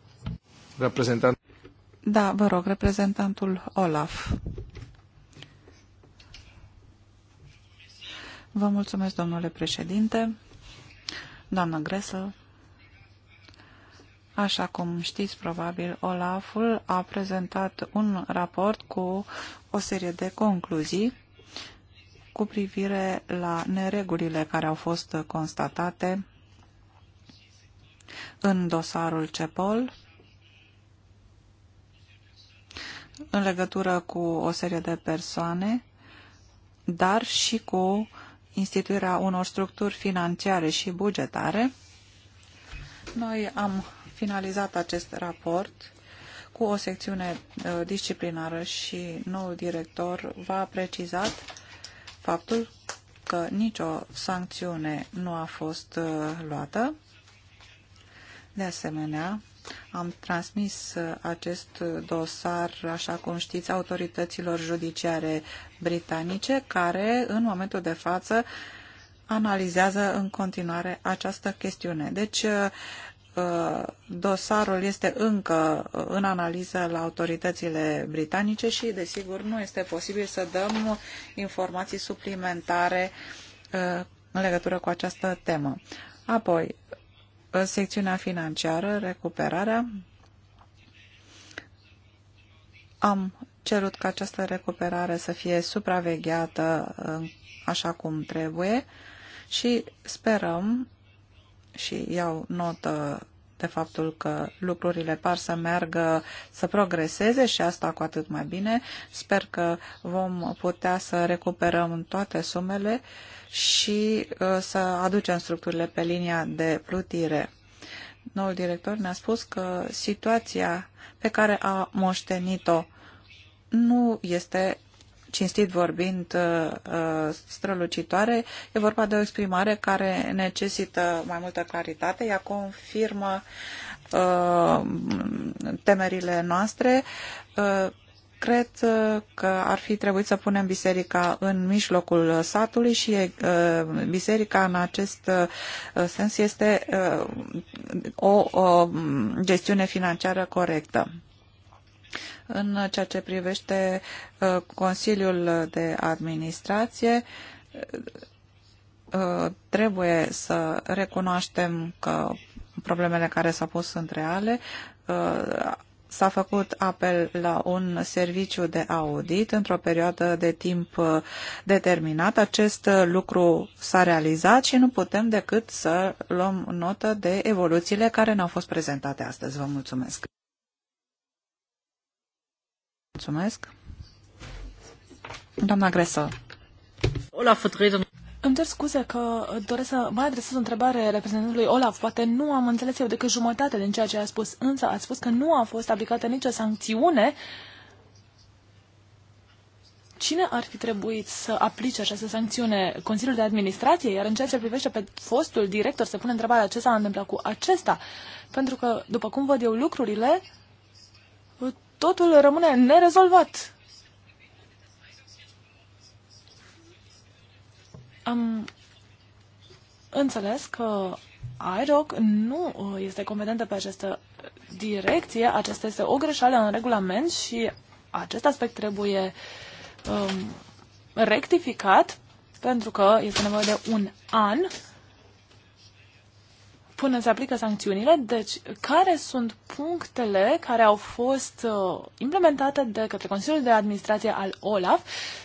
Reprezentant. Da, vă rog, reprezentantul Olaf. Vă mulțumesc, domnule președinte. Doamna Gresă, Așa cum știți, probabil, Olaful a prezentat un raport cu o serie de concluzii cu privire la neregulile care au fost constatate în dosarul CEPOL în legătură cu o serie de persoane, dar și cu instituirea unor structuri financiare și bugetare. Noi am finalizat acest raport cu o secțiune uh, disciplinară și noul director va precizat faptul că nicio sancțiune nu a fost uh, luată. De asemenea, am transmis uh, acest dosar, așa cum știți, autorităților judiciare britanice, care în momentul de față analizează în continuare această chestiune. Deci, dosarul este încă în analiză la autoritățile britanice și, desigur, nu este posibil să dăm informații suplimentare uh, în legătură cu această temă. Apoi, secțiunea financiară, recuperarea. Am cerut ca această recuperare să fie supravegheată uh, așa cum trebuie și sperăm și iau notă de faptul că lucrurile par să meargă, să progreseze și asta cu atât mai bine. Sper că vom putea să recuperăm toate sumele și uh, să aducem structurile pe linia de plutire. Noul director ne-a spus că situația pe care a moștenit-o nu este cinstit vorbind, uh, uh, strălucitoare. E vorba de o exprimare care necesită mai multă claritate. Ea confirmă uh, temerile noastre. Cred că ar fi trebuit să punem biserica în mijlocul satului și biserica în acest sens este o, o gestiune financiară corectă. În ceea ce privește uh, Consiliul de Administrație, uh, trebuie să recunoaștem că problemele care s-au pus sunt reale. Uh, s-a făcut apel la un serviciu de audit într-o perioadă de timp determinat. Acest lucru s-a realizat și nu putem decât să luăm notă de evoluțiile care ne-au fost prezentate astăzi. Vă mulțumesc! Mulțumesc. Doamna Gresă. Olaf, îmi cer scuze că doresc să mai adresez o întrebare reprezentantului Olaf. Poate nu am înțeles eu decât jumătate din ceea ce a spus, însă ați spus că nu a fost aplicată nicio sancțiune. Cine ar fi trebuit să aplice această sancțiune? Consiliul de Administrație? Iar în ceea ce privește pe fostul director, se pune întrebarea ce s-a întâmplat cu acesta. Pentru că, după cum văd eu lucrurile, totul rămâne nerezolvat. Am înțeles că IROC nu uh, este competentă pe această direcție. Acesta este o greșeală în regulament și acest aspect trebuie um, rectificat pentru că este nevoie de un an până se aplică sancțiunile. Deci, care sunt punctele care au fost uh, implementate de către Consiliul de Administrație al OLAF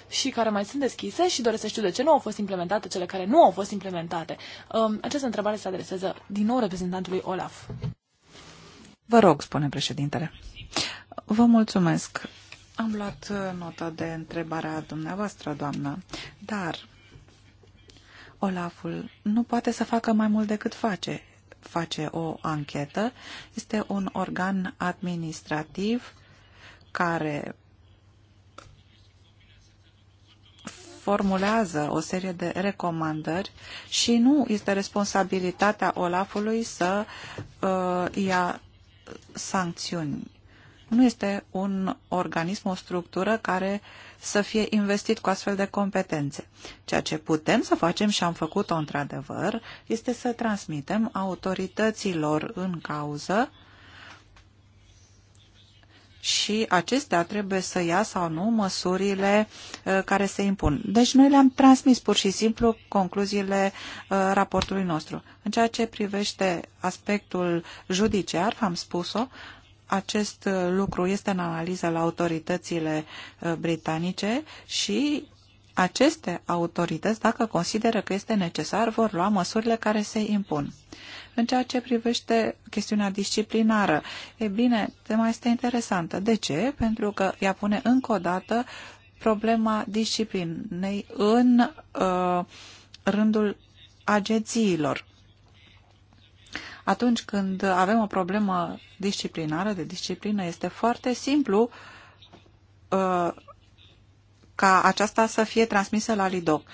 și care mai sunt deschise și doresc să știu de ce nu au fost implementate cele care nu au fost implementate. Uh, această întrebare se adresează din nou reprezentantului OLAF. Vă rog, spune președintele. Vă mulțumesc. Am luat uh, notă de întrebarea dumneavoastră, doamnă, dar Olaful nu poate să facă mai mult decât face face o anchetă. Este un organ administrativ care formulează o serie de recomandări și nu este responsabilitatea Olafului să uh, ia sancțiuni. Nu este un organism, o structură care uh, să fie investit cu astfel de competențe. Ceea ce putem să facem și am făcut-o într-adevăr este să transmitem autorităților în cauză și acestea trebuie să ia sau nu măsurile uh, care se impun. Deci noi le-am transmis pur și simplu concluziile uh, raportului nostru. În ceea ce privește aspectul judiciar, am spus-o, acest uh, lucru este în analiză la autoritățile uh, britanice și aceste autorități, dacă consideră că este necesar, vor lua măsurile care se impun. În ceea ce privește chestiunea disciplinară, e bine, tema este interesantă. De ce? Pentru că ea pune încă o dată problema disciplinei în uh, rândul agențiilor. Atunci când avem o problemă disciplinară, de disciplină, este foarte simplu uh, ca aceasta să fie transmisă la LIDOC.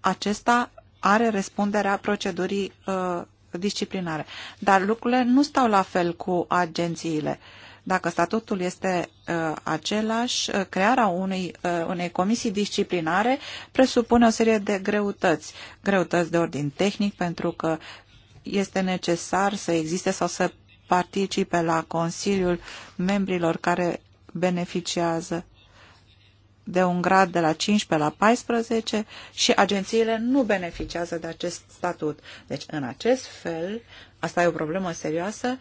Acesta are răspunderea procedurii uh, disciplinare. Dar lucrurile nu stau la fel cu agențiile. Dacă statutul este uh, același, uh, crearea unui, uh, unei comisii disciplinare presupune o serie de greutăți. Greutăți de ordin tehnic, pentru că este necesar să existe sau să participe la Consiliul membrilor care beneficiază de un grad de la 15 la 14 și agențiile nu beneficiază de acest statut. Deci, în acest fel, asta e o problemă serioasă,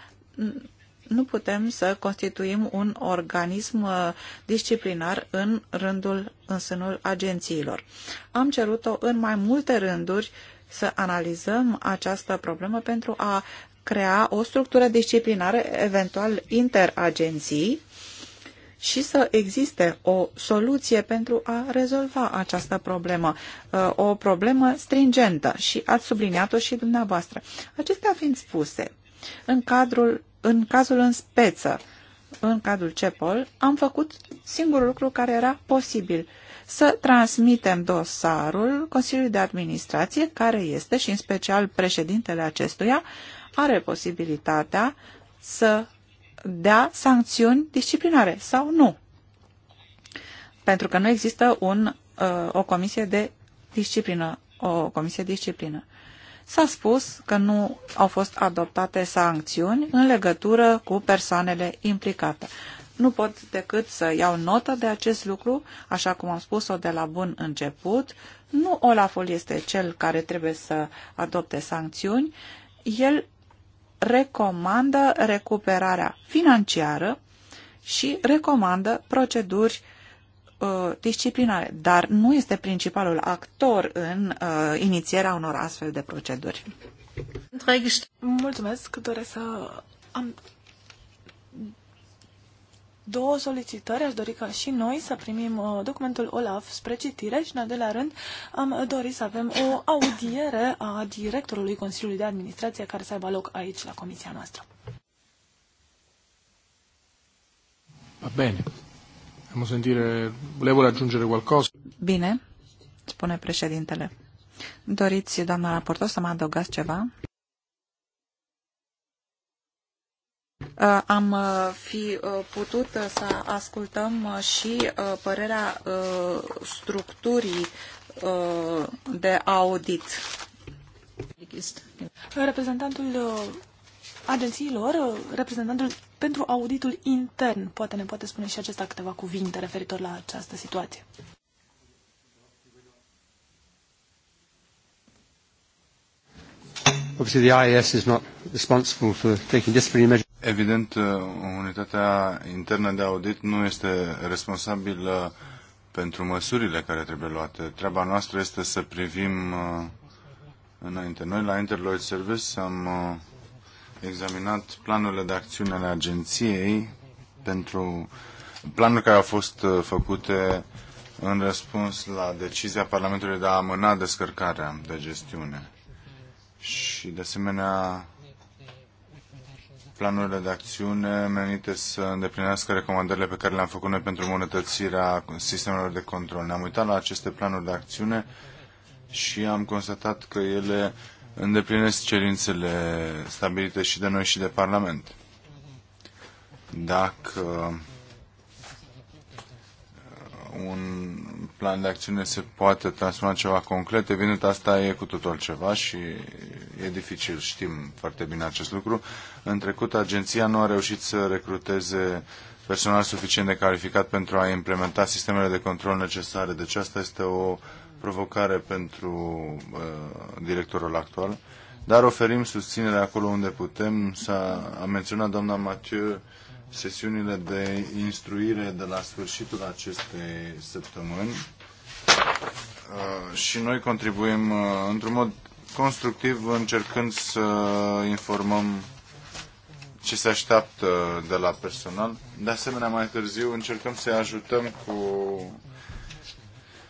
nu putem să constituim un organism uh, disciplinar în rândul, în sânul agențiilor. Am cerut-o în mai multe rânduri să analizăm această problemă pentru a crea o structură disciplinară, eventual interagenții, și să existe o soluție pentru a rezolva această problemă, uh, o problemă stringentă și ați subliniat-o și dumneavoastră. Acestea fiind spuse, în, cadrul, în cazul în speță, în cadrul CEPOL, am făcut singurul lucru care era posibil – să transmitem dosarul Consiliului de Administrație, care este și în special președintele acestuia, are posibilitatea să dea sancțiuni disciplinare sau nu. Pentru că nu există un, uh, o comisie de disciplină, o comisie de disciplină. S-a spus că nu au fost adoptate sancțiuni în legătură cu persoanele implicate. Nu pot decât să iau notă de acest lucru, așa cum am spus-o de la bun început. Nu Olaful este cel care trebuie să adopte sancțiuni. El recomandă recuperarea financiară și recomandă proceduri uh, disciplinare, dar nu este principalul actor în uh, inițierea unor astfel de proceduri. Mulțumesc, doresc să am două solicitări. Aș dori ca și noi să primim uh, documentul OLAF spre citire și, în al doilea rând, am dori să avem o audiere a directorului Consiliului de Administrație care să aibă loc aici, la comisia noastră. Va bene. Am sentire... Le vor aggiungere qualcosa? Bine, spune președintele. Doriți, doamna raportor, să mă adăugați ceva? Uh, am uh, fi uh, putut să ascultăm și părerea structurii de audit. Reprezentantul agențiilor, reprezentantul pentru auditul intern, poate ne poate spune și acesta câteva cuvinte referitor la această situație. Obviously, the IAS is not responsible for taking disciplinary measures. Evident, uh, unitatea internă de audit nu este responsabilă pentru măsurile care trebuie luate. Treaba noastră este să privim uh, înainte. Noi la Interloid Service am uh, examinat planurile de acțiune ale agenției pentru planurile care au fost făcute în răspuns la decizia Parlamentului de a amâna descărcarea de gestiune. Și de asemenea planurile de acțiune menite să îndeplinească recomandările pe care le-am făcut noi pentru îmbunătățirea sistemelor de control. Ne-am uitat la aceste planuri de acțiune și am constatat că ele îndeplinesc cerințele stabilite și de noi și de Parlament. Dacă un plan de acțiune se poate transforma în ceva concret, evident asta e cu totul ceva și e dificil, știm foarte bine acest lucru. În trecut, agenția nu a reușit să recruteze personal suficient de calificat pentru a implementa sistemele de control necesare, deci asta este o provocare pentru uh, directorul actual. Dar oferim susținere acolo unde putem. S-a menționat doamna Mathieu uh, sesiunile de instruire de la sfârșitul acestei săptămâni uh, și noi contribuim uh, într-un mod constructiv încercând să informăm ce se așteaptă de la personal. De asemenea, mai târziu încercăm să ajutăm cu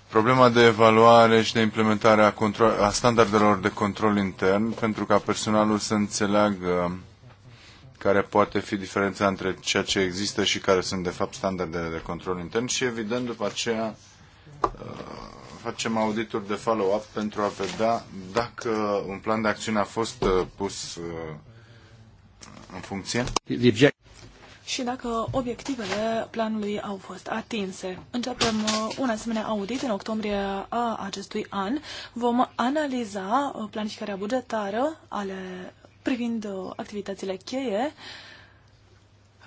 problema de evaluare și de implementare a, control, a standardelor de control intern pentru ca personalul să înțeleagă care poate fi diferența între ceea ce există și care sunt de fapt standardele de control intern și evident după aceea uh, facem audituri de follow-up pentru a vedea dacă un plan de acțiune a fost uh, pus uh, în funcție. Și dacă obiectivele planului au fost atinse. Începem un asemenea audit în octombrie a acestui an. Vom analiza planificarea bugetară ale privind uh, activitățile cheie,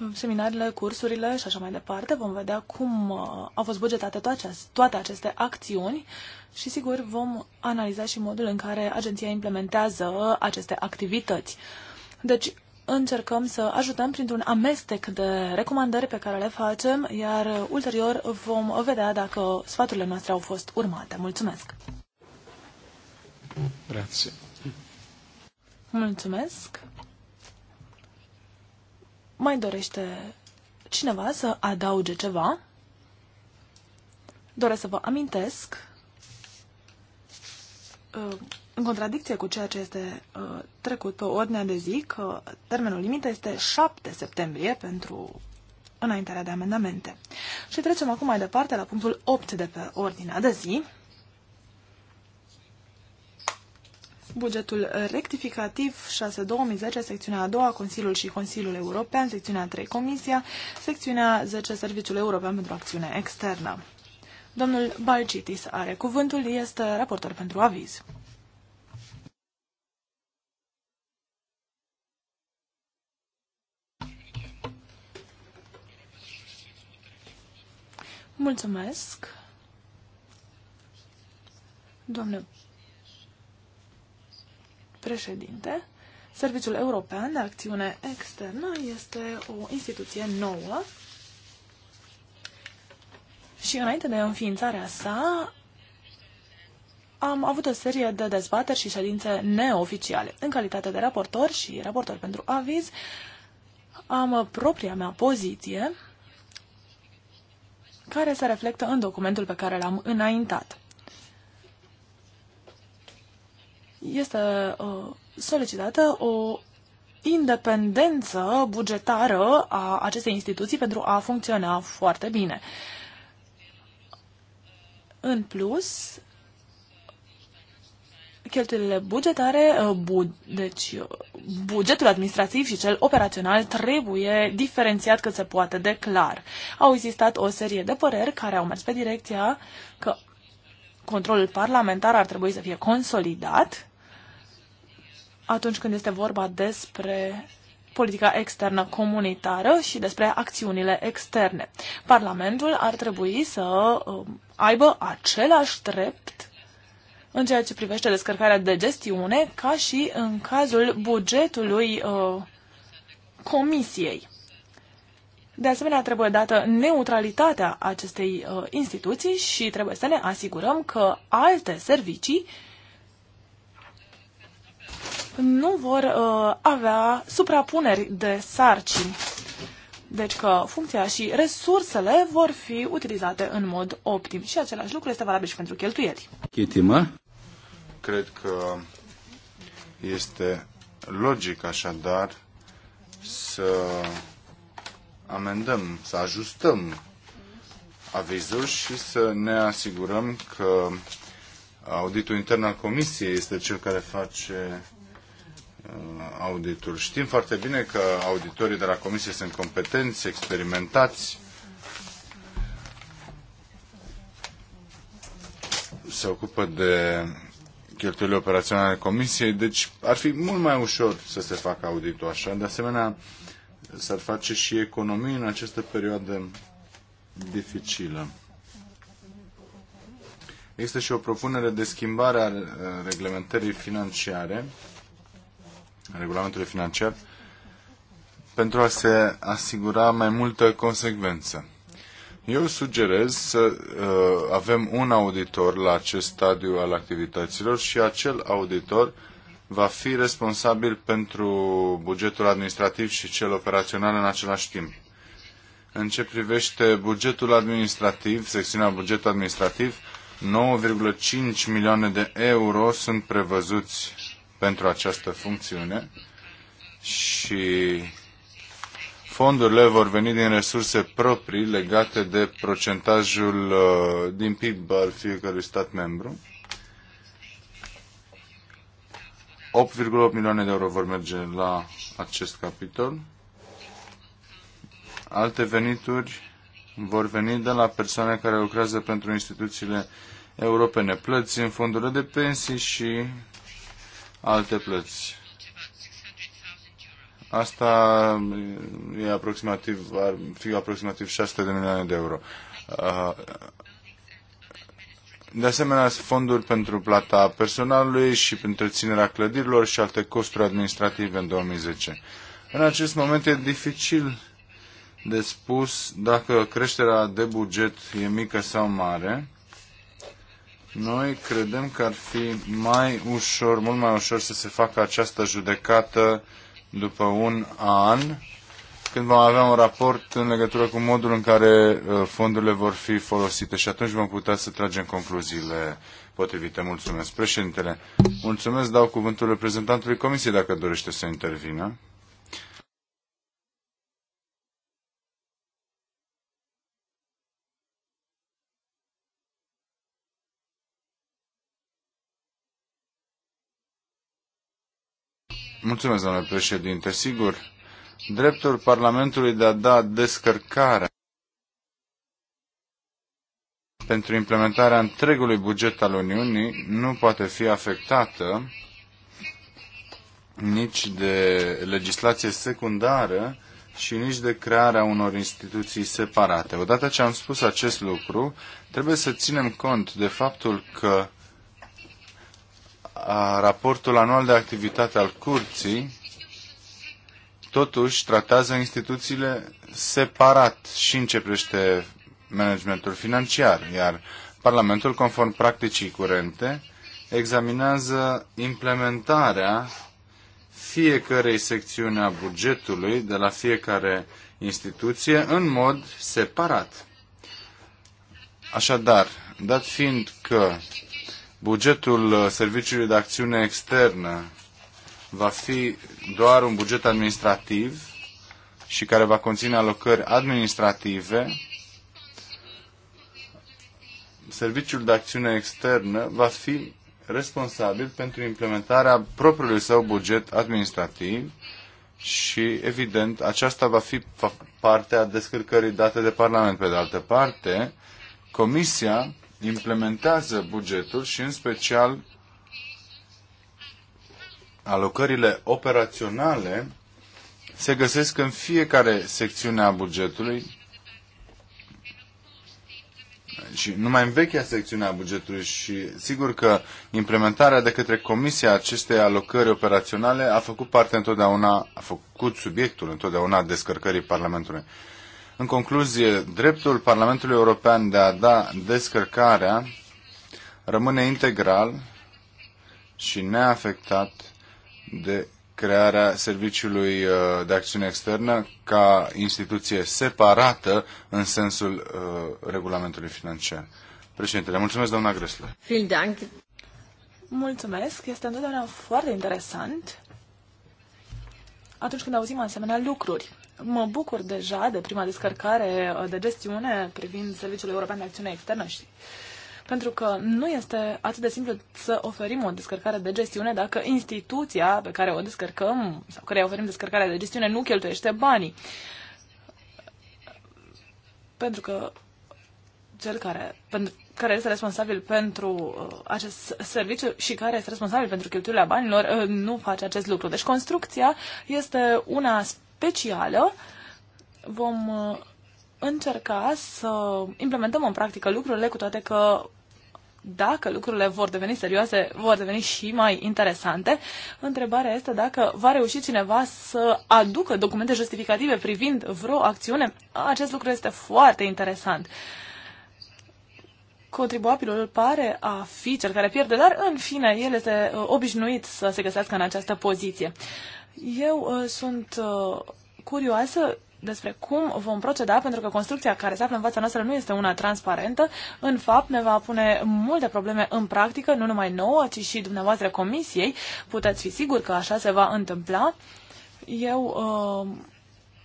uh, seminarele, cursurile și așa mai departe. Vom vedea cum uh, au fost bugetate toate aceste acțiuni și, sigur, vom analiza și modul în care agenția implementează aceste activități. Deci, încercăm să ajutăm printr-un amestec de recomandări pe care le facem, iar ulterior vom vedea dacă sfaturile noastre au fost urmate. Mulțumesc! Grazie. Mulțumesc. Mai dorește cineva să adauge ceva? Doresc să vă amintesc, uh, în contradicție cu ceea ce este uh, trecut pe ordinea de zi, că termenul limită este 7 septembrie pentru înaintarea de amendamente. Și trecem acum mai departe la punctul 8 de pe ordinea de zi, bugetul rectificativ 6 2010, secțiunea a doua, Consiliul și Consiliul European, secțiunea 3, Comisia, secțiunea 10, Serviciul European pentru Acțiune Externă. Domnul Balcitis are cuvântul, este raportor pentru aviz. Mulțumesc, Domnule președinte, Serviciul European de Acțiune Externă este o instituție nouă și înainte de înființarea sa am avut o serie de dezbateri și ședințe neoficiale. În calitate de raportor și raportor pentru aviz, am propria mea poziție care se reflectă în documentul pe care l-am înaintat. este uh, solicitată o independență bugetară a acestei instituții pentru a funcționa foarte bine. În plus, cheltuielile bugetare, uh, bu- deci uh, bugetul administrativ și cel operațional trebuie diferențiat cât se poate de clar. Au existat o serie de păreri care au mers pe direcția că controlul parlamentar ar trebui să fie consolidat atunci când este vorba despre politica externă comunitară și despre acțiunile externe. Parlamentul ar trebui să um, aibă același drept în ceea ce privește descărcarea de gestiune ca și în cazul bugetului uh, comisiei. De asemenea, trebuie dată neutralitatea acestei uh, instituții și trebuie să ne asigurăm că alte servicii nu vor uh, avea suprapuneri de sarcini. Deci că funcția și resursele vor fi utilizate în mod optim și același lucru este valabil și pentru cheltuieli. Chitima? Cred că este logic așadar să amendăm, să ajustăm avizul și să ne asigurăm că auditul intern al Comisiei este cel care face Uh, auditul. Știm foarte bine că auditorii de la Comisie sunt competenți, experimentați, se ocupă de cheltuielile operaționale ale Comisiei, deci ar fi mult mai ușor să se facă auditul așa. De asemenea, s-ar face și economii în această perioadă dificilă. Există și o propunere de schimbare a uh, reglementării financiare regulamentului financiar pentru a se asigura mai multă consecvență. Eu sugerez să uh, avem un auditor la acest stadiu al activităților și acel auditor va fi responsabil pentru bugetul administrativ și cel operațional în același timp. În ce privește bugetul administrativ, secțiunea bugetul administrativ, 9,5 milioane de euro sunt prevăzuți pentru această funcțiune și fondurile vor veni din resurse proprii legate de procentajul uh, din PIB al fiecărui stat membru. 8,8 milioane de euro vor merge la acest capitol. Alte venituri vor veni de la persoane care lucrează pentru instituțiile europene, plăți în fondurile de pensii și alte plăți. Asta e aproximativ, ar fi aproximativ 600 de milioane de euro. De asemenea, fonduri pentru plata personalului și pentru ținerea clădirilor și alte costuri administrative în 2010. În acest moment e dificil de spus dacă creșterea de buget e mică sau mare, noi credem că ar fi mai ușor, mult mai ușor să se facă această judecată după un an, când vom avea un raport în legătură cu modul în care uh, fondurile vor fi folosite și atunci vom putea să tragem concluziile potrivite. Mulțumesc, președintele. Mulțumesc, dau cuvântul reprezentantului Comisiei dacă dorește să intervină. Mulțumesc, domnule președinte. Sigur, dreptul Parlamentului de a da descărcare pentru implementarea întregului buget al Uniunii nu poate fi afectată nici de legislație secundară și nici de crearea unor instituții separate. Odată ce am spus acest lucru, trebuie să ținem cont de faptul că raportul anual de activitate al curții totuși tratează instituțiile separat și începește managementul financiar, iar Parlamentul, conform practicii curente, examinează implementarea fiecarei secțiuni a bugetului de la fiecare instituție în mod separat. Așadar, dat fiind că bugetul uh, Serviciului de Acțiune Externă va fi doar un buget administrativ și care va conține alocări administrative, Serviciul de Acțiune Externă va fi responsabil pentru implementarea propriului său buget administrativ și, evident, aceasta va fi partea descărcării date de Parlament. Pe de altă parte, Comisia implementează bugetul și în special alocările operaționale se găsesc în fiecare secțiune a bugetului și numai în vechea secțiune a bugetului și sigur că implementarea de către Comisia acestei alocări operaționale a făcut parte întotdeauna, a făcut subiectul întotdeauna descărcării Parlamentului. În concluzie, dreptul Parlamentului European de a da descărcarea rămâne integral și neafectat de crearea Serviciului uh, de Acțiune Externă ca instituție separată în sensul uh, regulamentului financiar. Președintele, mulțumesc, doamna Gresle. Mulțumesc, este întotdeauna foarte interesant atunci când auzim asemenea lucruri. Mă bucur deja de prima descărcare uh, de gestiune privind Serviciul European de Acțiune Externă și pentru că nu este atât de simplu să oferim o descărcare de gestiune dacă instituția pe care o descărcăm sau care oferim descărcarea de gestiune nu cheltuiește banii. Pentru că cel care, pentru, care este responsabil pentru uh, acest serviciu și care este responsabil pentru cheltuirea banilor uh, nu face acest lucru. Deci construcția este una specială. Vom uh, încerca să implementăm în practică lucrurile, cu toate că dacă lucrurile vor deveni serioase, vor deveni și mai interesante. Întrebarea este dacă va reuși cineva să aducă documente justificative privind vreo acțiune. Acest lucru este foarte interesant. Contribuabilul pare a fi cel care pierde, dar în fine, el este uh, obișnuit să se găsească în această poziție. Uh, eu uh, sunt uh, curioasă despre cum vom proceda, pentru că construcția care se află în fața noastră nu este una transparentă. În fapt, ne va pune multe probleme în practică, nu numai nouă, ci și dumneavoastră comisiei. Puteți fi siguri că așa se va întâmpla. Eu uh,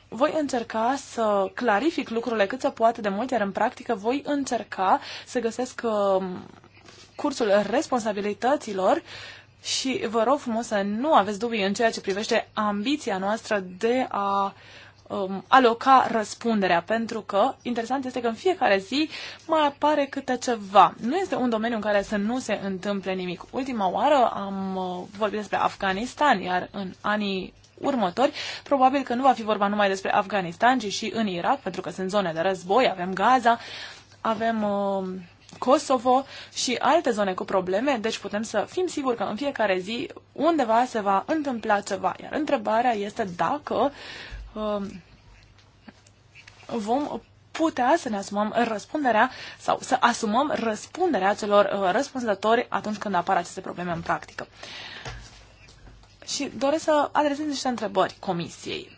voi încerca să clarific lucrurile cât se poate de mult, iar în practică voi încerca să găsesc uh, cursul responsabilităților uh, și vă rog frumos să nu aveți dubii în ceea ce privește ambiția noastră de a um, aloca răspunderea, pentru că interesant este că în fiecare zi mai apare câte ceva. Nu este un domeniu în care să nu se întâmple nimic. Ultima oară am uh, vorbit despre Afganistan, iar în anii următori, probabil că nu va fi vorba numai despre Afganistan, ci și în Irak, pentru că sunt zone de război, avem Gaza, avem uh, Kosovo și alte zone cu probleme, deci putem să fim siguri că în fiecare zi undeva se va întâmpla ceva. Iar întrebarea este dacă um, vom putea să ne asumăm răspunderea sau să asumăm răspunderea celor uh, răspunzători atunci când apar aceste probleme în practică. Și doresc să adresez niște întrebări comisiei.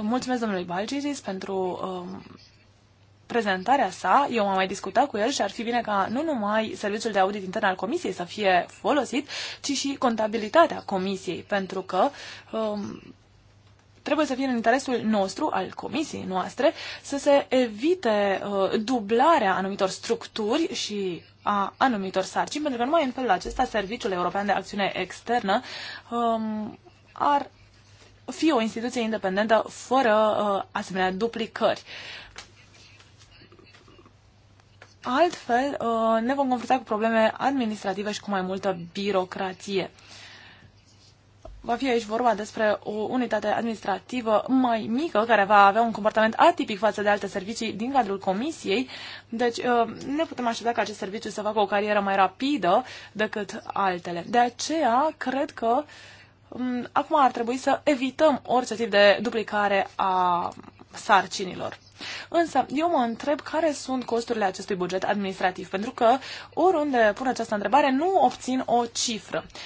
Mulțumesc domnului Balgiris pentru um, prezentarea sa, eu am mai discutat cu el și ar fi bine ca nu numai serviciul de audit intern al comisiei să fie folosit, ci și contabilitatea comisiei, pentru că um, trebuie să fie în interesul nostru, al comisiei noastre, să se evite uh, dublarea anumitor structuri și a anumitor sarcini, pentru că numai în felul acesta Serviciul European de Acțiune Externă um, ar fi o instituție independentă fără uh, asemenea duplicări. Altfel, uh, ne vom confrunta cu probleme administrative și cu mai multă birocratie. Va fi aici vorba despre o unitate administrativă mai mică, care va avea un comportament atipic față de alte servicii din cadrul comisiei. Deci uh, ne putem aștepta ca acest serviciu să facă o carieră mai rapidă decât altele. De aceea, cred că um, acum ar trebui să evităm orice tip de duplicare a sarcinilor. Însă, eu mă întreb care sunt costurile acestui buget administrativ, pentru că oriunde pun această întrebare nu obțin o cifră. Uh,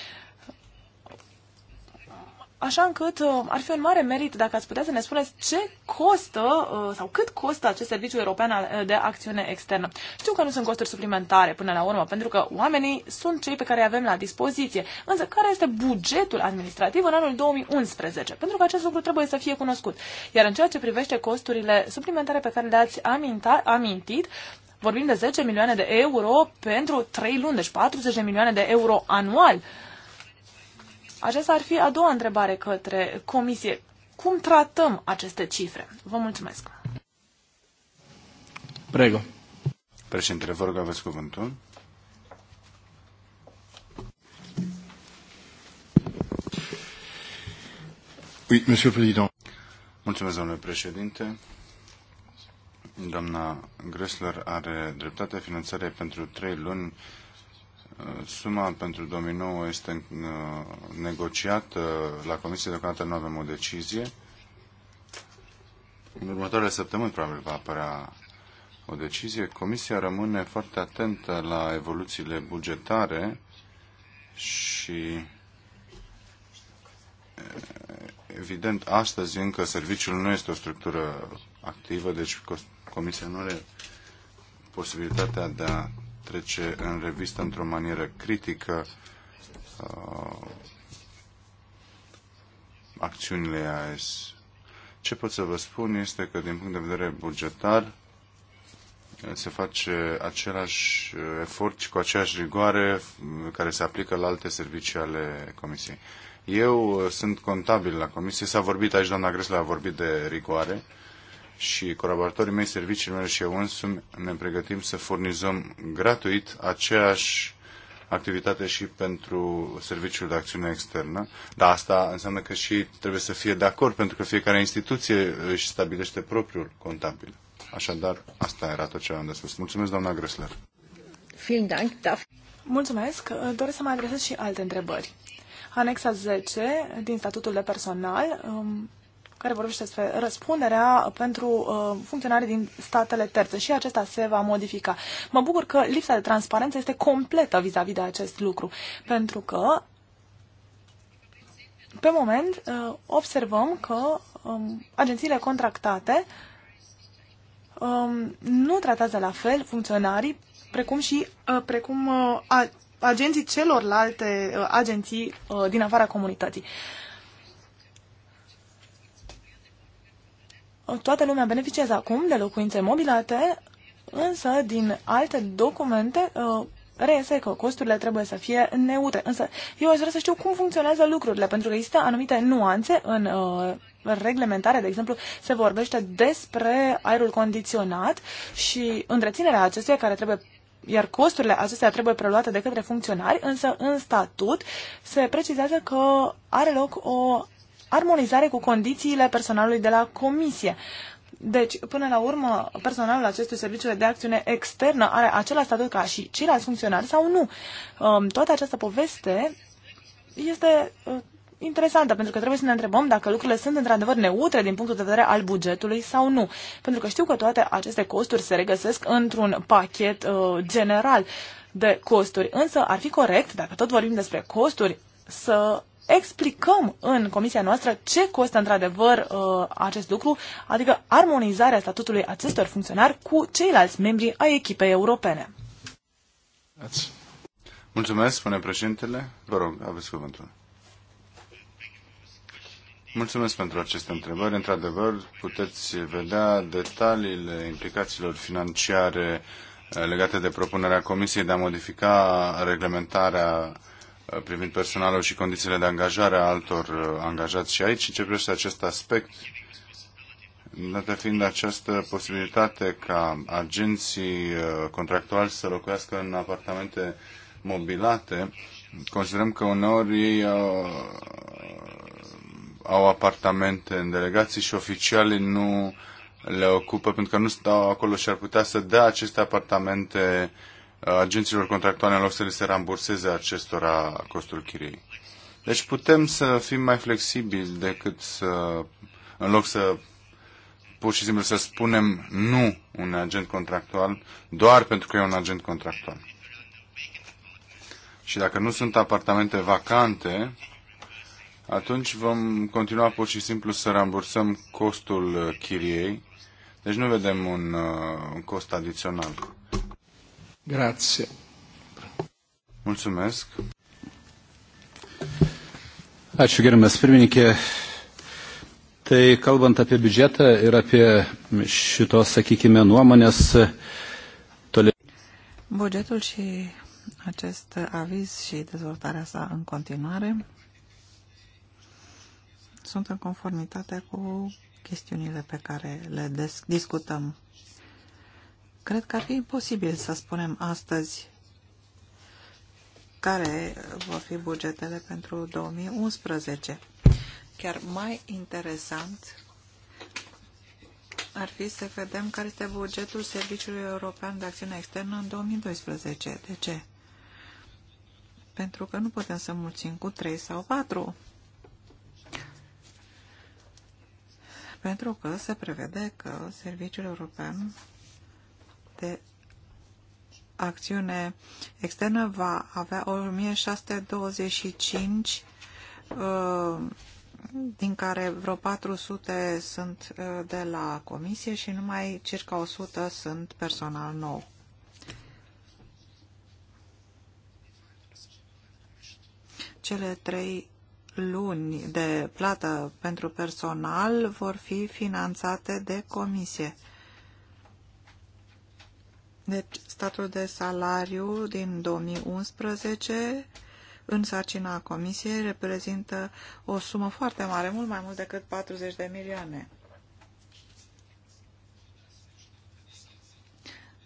așa încât uh, ar fi un mare merit dacă ați putea să ne spuneți ce costă uh, sau cât costă acest serviciu european uh, de acțiune externă. Știu că nu sunt costuri suplimentare până la urmă, pentru că oamenii sunt cei pe care îi avem la dispoziție. Însă, care este bugetul administrativ în anul 2011? Pentru că acest lucru trebuie să fie cunoscut. Iar în ceea ce privește costurile suplimentare pe care le-ați amintit, vorbim de 10 milioane de euro pentru 3 luni, deci 40 de milioane de euro anual. Aceasta ar fi a doua întrebare către Comisie. Cum tratăm aceste cifre? Vă mulțumesc. Prego. Președintele, vă rog, aveți cuvântul. Oui, monsieur le président. Mulțumesc, domnule președinte. Doamna Gressler are dreptate. finanțare pentru trei luni Uh, suma pentru 2009 este uh, negociată la Comisie, deocamdată nu avem o decizie. În următoarele săptămâni probabil va apărea o decizie. Comisia rămâne foarte atentă la evoluțiile bugetare și uh, evident astăzi încă serviciul nu este o structură activă, deci Comisia nu are posibilitatea de a trece în revistă într-o manieră critică uh, acțiunile AS. Ce pot să vă spun este că din punct de vedere bugetar se face același uh, efort și cu aceeași rigoare uh, care se aplică la alte servicii ale Comisiei. Eu uh, sunt contabil la Comisie, s-a vorbit aici, doamna Gresla a vorbit de rigoare, și colaboratorii mei, serviciile mele și eu însumi ne pregătim să furnizăm gratuit aceeași activitate și pentru serviciul de acțiune externă. Dar asta înseamnă că și trebuie să fie de acord, pentru că fiecare instituție își stabilește propriul contabil. Așadar, asta era tot ce am de spus. Mulțumesc, doamna Grăsler. Mulțumesc. Doresc să mai adresez și alte întrebări. Anexa 10 din statutul de personal um, care vorbește despre răspunderea pentru uh, funcționarii din statele terțe și acesta se va modifica. Mă bucur că lipsa de transparență este completă vis-a-vis -vis de acest lucru, pentru că pe moment uh, observăm că um, agențiile contractate um, nu tratează la fel funcționarii precum și uh, precum uh, a, agenții celorlalte uh, agenții uh, din afara comunității. Uh, toată lumea beneficiază acum de locuințe mobilate, însă din alte documente uh, reiese că costurile trebuie să fie neutre. Însă eu aș vrea să știu cum funcționează lucrurile, pentru că există anumite nuanțe în uh, reglementare, de exemplu, se vorbește despre aerul condiționat și întreținerea acestuia care trebuie iar costurile acestea trebuie preluate de către funcționari, însă în statut se precizează că are loc o armonizare cu condițiile personalului de la comisie. Deci, până la urmă, personalul acestui serviciu de acțiune externă are același statut ca și ceilalți funcționari sau nu? Um, toată această poveste este uh, interesantă, pentru că trebuie să ne întrebăm dacă lucrurile sunt într-adevăr neutre din punctul de vedere al bugetului sau nu. Pentru că știu că toate aceste costuri se regăsesc într-un pachet uh, general de costuri, însă ar fi corect, dacă tot vorbim despre costuri, să explicăm în comisia noastră ce costă într-adevăr uh, acest lucru, adică armonizarea statutului acestor funcționari cu ceilalți membri ai echipei europene. Mulțumesc, spune președintele. Vă rog, aveți cuvântul. Mulțumesc pentru aceste întrebări. Într-adevăr, puteți vedea detaliile implicațiilor financiare uh, legate de propunerea Comisiei de a modifica reglementarea Uh, privind personalul și condițiile de angajare a altor uh, angajați și aici privește acest aspect, dată fiind această posibilitate ca agenții uh, contractuali să locuiască în apartamente mobilate, considerăm că uneori ei au, au apartamente în delegații și oficialii nu le ocupă pentru că nu stau acolo și ar putea să dea aceste apartamente uh, agenților contractuale în loc să le se ramburseze acestora costul chiriei. Deci putem să fim mai flexibili decât să, în loc să pur și simplu să spunem nu un agent contractual doar pentru că e un agent contractual. Și dacă nu sunt apartamente vacante, atunci vom continua pur și simplu să rambursăm costul chiriei. Deci nu vedem un, uh, un cost adițional. Grazie. Mulțumesc. Ačiū gerimas pirmininkė. Tai kalbant apie biudžetą ir apie šitos, sakykime, nuomonės toliau. Bugetul și acest aviz și dezvoltarea sa în continuare sunt în conformitate cu chestiunile pe care le discutăm Cred că ar fi imposibil să spunem astăzi care vor fi bugetele pentru 2011. Chiar mai interesant ar fi să vedem care este bugetul Serviciului European de Acțiune Externă în 2012. De ce? Pentru că nu putem să mulțim cu 3 sau 4. Pentru că se prevede că Serviciul European de acțiune externă va avea 1625 uh, din care vreo 400 sunt uh, de la comisie și numai circa 100 sunt personal nou. Cele trei luni de plată pentru personal vor fi finanțate de comisie. Deci, statul de salariu din 2011 în sarcina comisiei reprezintă o sumă foarte mare, mult mai mult decât 40 de milioane.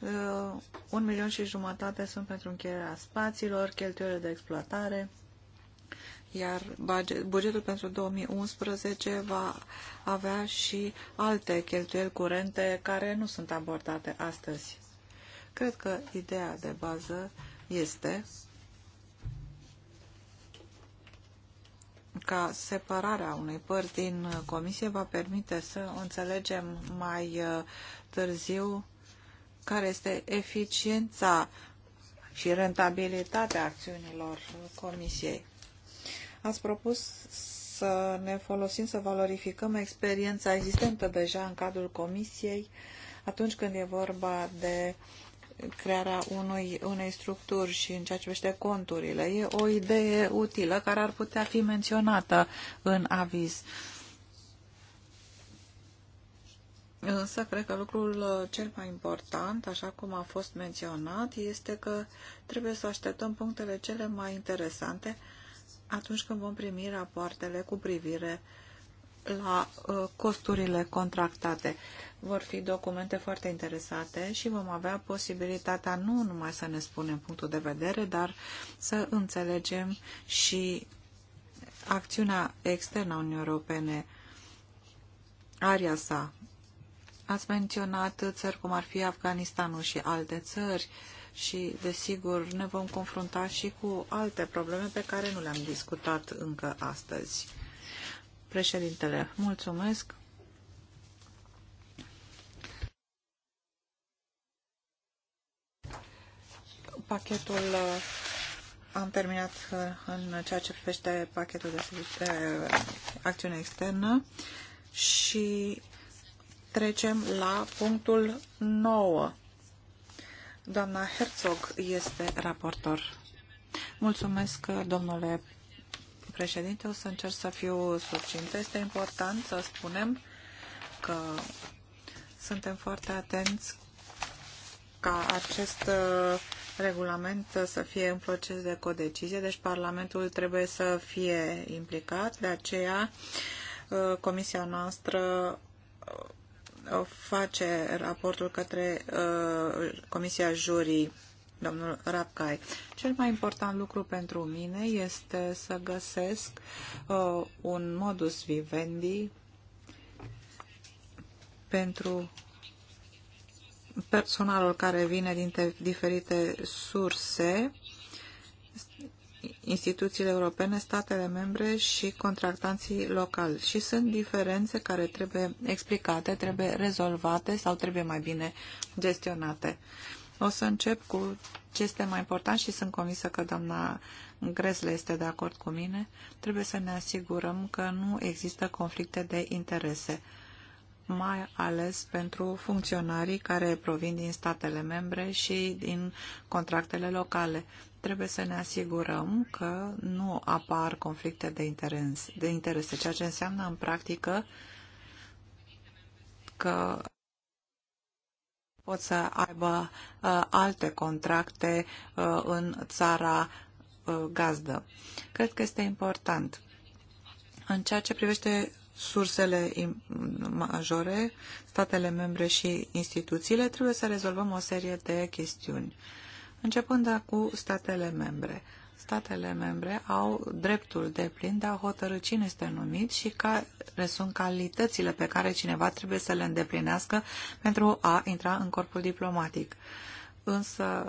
Uh, un milion și jumătate sunt pentru încheierea spațiilor, cheltuielile de exploatare, iar bugetul pentru 2011 va avea și alte cheltuieli curente care nu sunt abordate astăzi. Cred că ideea de bază este ca separarea unei părți din comisie va permite să înțelegem mai uh, târziu care este eficiența și rentabilitatea acțiunilor comisiei. Ați propus să ne folosim, să valorificăm experiența existentă deja în cadrul comisiei atunci când e vorba de crearea unui, unei structuri și în ceea ce vește conturile. E o idee utilă care ar putea fi menționată în aviz. Însă, cred că lucrul uh, cel mai important, așa cum a fost menționat, este că trebuie să așteptăm punctele cele mai interesante atunci când vom primi rapoartele cu privire uh, la uh, costurile contractate. Vor fi documente foarte interesate și vom avea posibilitatea nu numai să ne spunem punctul de vedere, dar să înțelegem și acțiunea externă a Uniunii Europene, aria sa. Ați menționat țări cum ar fi Afganistanul și alte țări și, desigur, ne vom confrunta și cu alte probleme pe care nu le-am discutat încă astăzi. Președintele, mulțumesc. Pachetul uh, am terminat uh, în ceea ce privește pachetul de, uh, acțiune externă și trecem la punctul 9. Doamna Herzog este raportor. Mulțumesc, domnule președinte. O să încerc să fiu succintă. Este important să spunem că suntem foarte atenți ca acest uh, regulament să fie în proces de codecizie, deci Parlamentul trebuie să fie implicat, de aceea uh, comisia noastră uh, face raportul către Comisia Jurii domnul Rapcai. Cel mai important lucru pentru mine este să găsesc uh, un modus vivendi pentru personalul care vine din diferite surse, instituțiile europene, statele membre și contractanții locali. Și sunt diferențe care trebuie explicate, trebuie rezolvate sau trebuie mai bine gestionate. O să încep cu ce este mai important și sunt convinsă că doamna Gresle este de acord cu mine. Trebuie să ne asigurăm că nu există conflicte de interese, mai ales pentru funcționarii care provin din statele membre și din contractele locale. Trebuie să ne asigurăm că nu apar conflicte de, interes, de interese, ceea ce înseamnă în practică că pot să aibă uh, alte contracte uh, în țara uh, gazdă. Cred că este important. În ceea ce privește sursele majore, statele membre și instituțiile, trebuie să rezolvăm o serie de chestiuni. Începând cu statele membre statele membre au dreptul de plin de a hotărâ cine este numit și care sunt calitățile pe care cineva trebuie să le îndeplinească pentru a intra în corpul diplomatic. Însă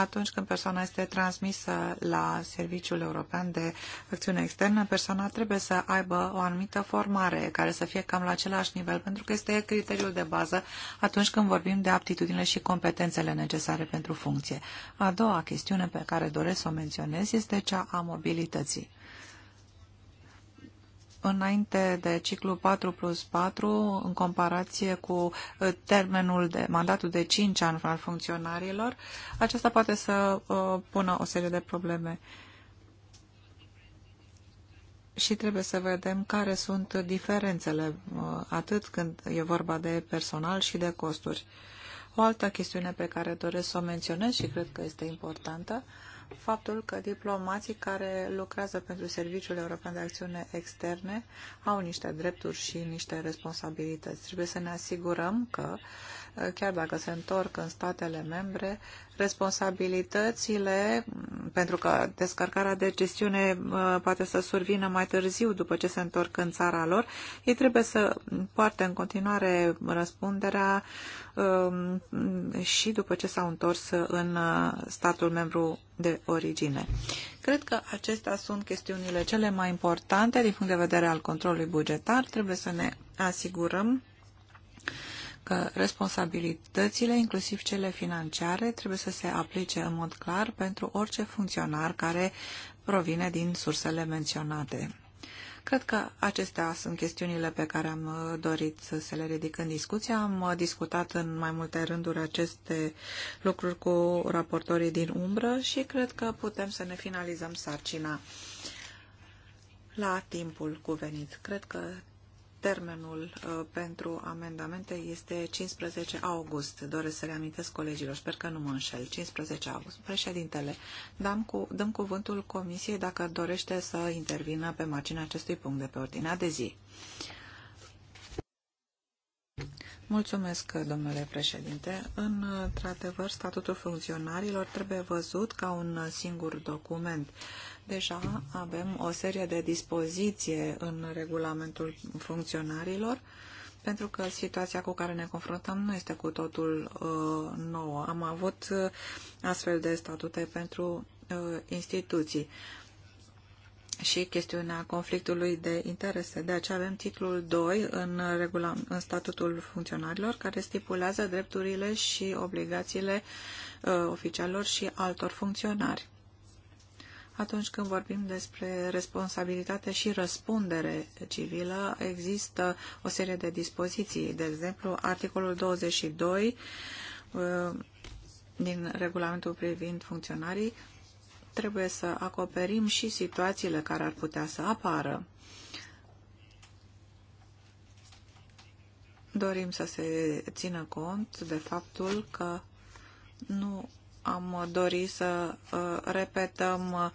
atunci când persoana este transmisă la Serviciul European de Acțiune Externă, persoana trebuie să aibă o anumită formare care să fie cam la același nivel, pentru că este criteriul de bază atunci când vorbim de aptitudinile și competențele necesare pentru funcție. A doua chestiune pe care doresc să o menționez este cea a mobilității înainte de ciclu 4 plus 4, în comparație cu uh, termenul de mandatul de 5 ani al funcționarilor, aceasta poate să uh, pună o serie de probleme. Și trebuie să vedem care sunt diferențele, uh, atât când e vorba de personal și de costuri. O altă chestiune pe care doresc să o menționez și cred că este importantă, uh, faptul că diplomații care lucrează pentru Serviciul European de Acțiune Externe au niște drepturi și niște responsabilități. Trebuie să ne asigurăm că, chiar dacă se întorc în statele membre, responsabilitățile, pentru că descărcarea de gestiune uh, poate să survină mai târziu după ce se întorc în țara lor, ei trebuie să poartă în continuare răspunderea um, și după ce s-au întors în uh, statul membru de origine. Cred că acestea sunt chestiunile cele mai importante din punct de vedere al controlului bugetar. Trebuie să ne asigurăm că responsabilitățile, inclusiv cele financiare, trebuie să se aplice în mod clar pentru orice funcționar care provine din sursele menționate. Cred că acestea sunt chestiunile pe care am uh, dorit să le ridic în discuție. Am uh, discutat în mai multe rânduri aceste lucruri cu raportorii din umbră și cred că putem să ne finalizăm sarcina la timpul cuvenit. Cred că Termenul uh, pentru amendamente este 15 august. Doresc să reamintesc colegilor, sper că nu mă înșel. 15 august. Președintele, dăm, cu, dăm cuvântul comisiei dacă dorește să intervină pe marginea acestui punct de pe ordinea de zi. Mulțumesc, domnule președinte. Într-adevăr, statutul funcționarilor trebuie văzut ca un singur document. Uh, Deja avem o serie de dispoziție în regulamentul funcționarilor, pentru că situația cu care ne confruntăm nu este cu totul uh, nouă. Am avut uh, astfel de statute pentru uh, instituții și chestiunea conflictului de interese. De aceea avem titlul 2 în, regula, în statutul funcționarilor care stipulează drepturile și obligațiile uh, oficialilor și altor funcționari. Atunci când vorbim despre responsabilitate și răspundere civilă, există o serie de dispoziții. De exemplu, articolul 22 uh, din regulamentul privind funcționarii trebuie să acoperim și situațiile care ar putea să apară. Dorim să se țină cont de faptul că nu am dori să uh, repetăm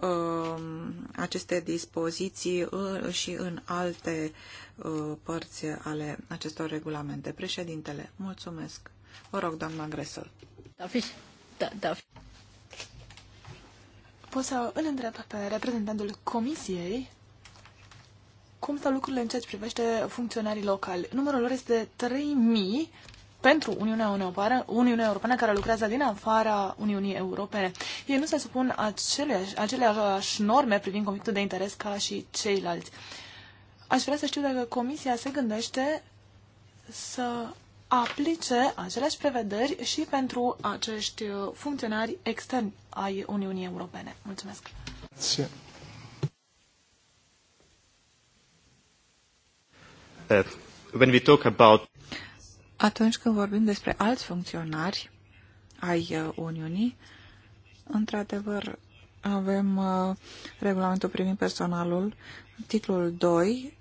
uh, aceste dispoziții uh, și în alte părți ale acestor regulamente. Președintele, mulțumesc. Vă rog, doamna Gresel. Da, fi. Da, da. Pot să îl întreb pe reprezentantul Comisiei cum stau lucrurile în ceea ce privește funcționarii locali. Numărul lor este 3000 pentru Uniunea Europeană, Uniunea Europeană care lucrează din afara Uniunii Europene. Ei nu se supun aceleași, norme privind conflictul de interes ca și ceilalți. Aș vrea să știu dacă Comisia se gândește să aplice aceleași prevederi și pentru acești uh, funcționari externi ai Uniunii Europene. Mulțumesc! Grazie. Uh, when we talk about atunci când vorbim despre alți funcționari ai uh, Uniunii, într-adevăr, avem uh, regulamentul privind personalul, titlul 2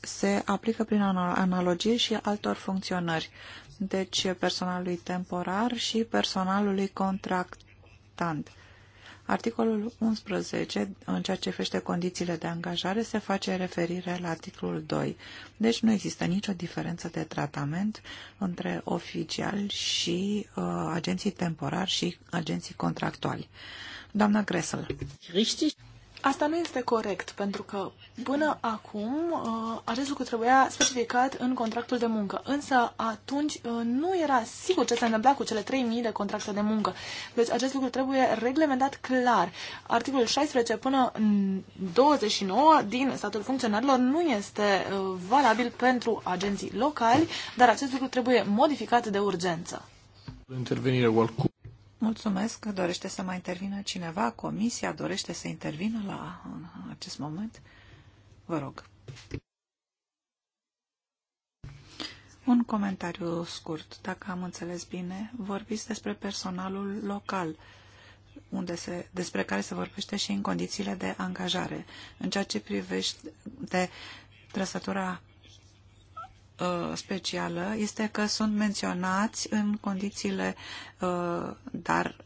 se aplică prin analogie și altor funcționări, deci personalului temporar și personalului contractant. Articolul 11, în ceea ce fește condițiile de angajare, se face referire la articolul 2. Deci nu există nicio diferență de tratament între oficiali și uh, agenții temporari și agenții contractuali. Doamna Gressel. Richtig. Asta nu este corect, pentru că până acum uh, acest lucru trebuia specificat în contractul de muncă, însă atunci uh, nu era sigur ce se întâmpla cu cele 3.000 de contracte de muncă. Deci acest lucru trebuie reglementat clar. Articolul 16 până 29 din statul funcționarilor nu este uh, valabil pentru agenții locali, dar acest lucru trebuie modificat de urgență. Intervenire Mulțumesc. Dorește să mai intervină cineva? Comisia dorește să intervină la acest moment? Vă rog. Un comentariu scurt. Dacă am înțeles bine, vorbiți despre personalul local, unde se, despre care se vorbește și în condițiile de angajare. În ceea ce privește trăsătura Uh, specială este că sunt menționați în condițiile, uh, dar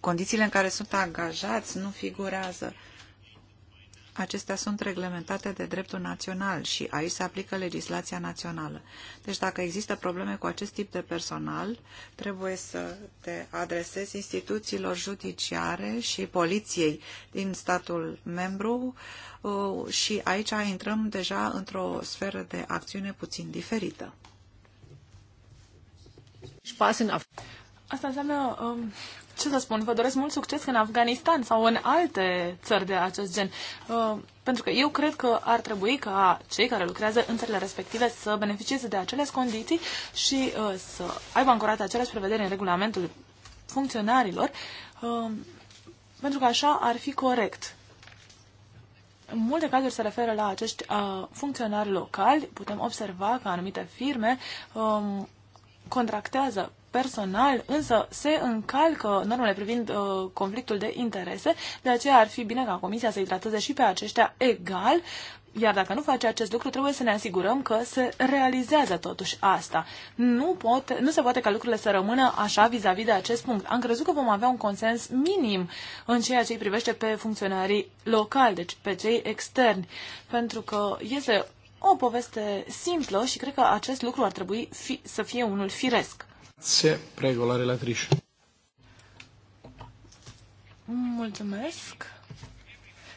condițiile în care sunt angajați nu figurează acestea sunt reglementate de dreptul național și aici se aplică legislația națională. Deci dacă există probleme cu acest tip de personal, trebuie să te adresezi instituțiilor judiciare și poliției din statul membru uh, și aici intrăm deja într-o sferă de acțiune puțin diferită. Asta înseamnă um, ce să spun, vă doresc mult succes în Afganistan sau în alte țări de acest gen. Uh, pentru că eu cred că ar trebui ca cei care lucrează în țările respective să beneficieze de aceleași condiții și uh, să aibă ancorate aceleași prevederi în regulamentul funcționarilor, uh, pentru că așa ar fi corect. În multe cazuri se referă la acești uh, funcționari locali. Putem observa că anumite firme um, contractează personal, însă se încalcă normele privind uh, conflictul de interese, de aceea ar fi bine ca Comisia să-i trateze și pe aceștia egal, iar dacă nu face acest lucru, trebuie să ne asigurăm că se realizează totuși asta. Nu, pot, nu se poate ca lucrurile să rămână așa vis-a-vis -vis de acest punct. Am crezut că vom avea un consens minim în ceea ce îi privește pe funcționarii locali, deci pe cei externi, pentru că este o poveste simplă și cred că acest lucru ar trebui fi, să fie unul firesc. Se prego la relatrice. Mulțumesc.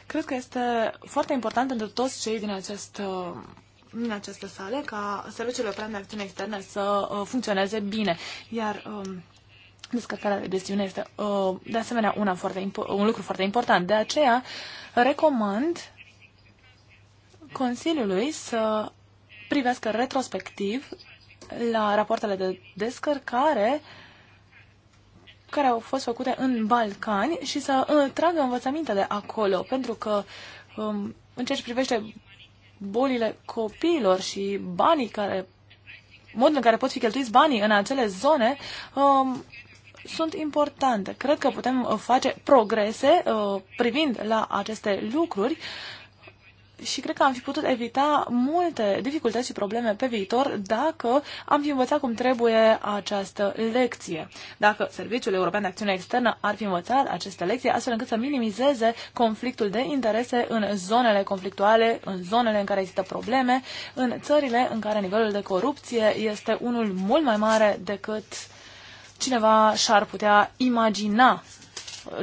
Cred că este foarte important pentru toți cei din acest în aceste sale ca serviciile plan de acțiune externe să uh, funcționeze bine. Iar um, descărcarea de gestiune este uh, de asemenea una foarte un lucru foarte important. De aceea recomand Consiliului să privească retrospectiv la rapoartele de descărcare care au fost făcute în Balcani și să uh, tragă învățăminte de acolo, pentru că um, în ceea ce privește bolile copiilor și banii care, modul în care pot fi cheltuiți banii în acele zone, um, sunt importante. Cred că putem uh, face progrese uh, privind la aceste lucruri și cred că am fi putut evita multe dificultăți și probleme pe viitor dacă am fi învățat cum trebuie această lecție. Dacă Serviciul European de Acțiune Externă ar fi învățat aceste lecții astfel încât să minimizeze conflictul de interese în zonele conflictuale, în zonele în care există probleme, în țările în care nivelul de corupție este unul mult mai mare decât cineva și-ar putea imagina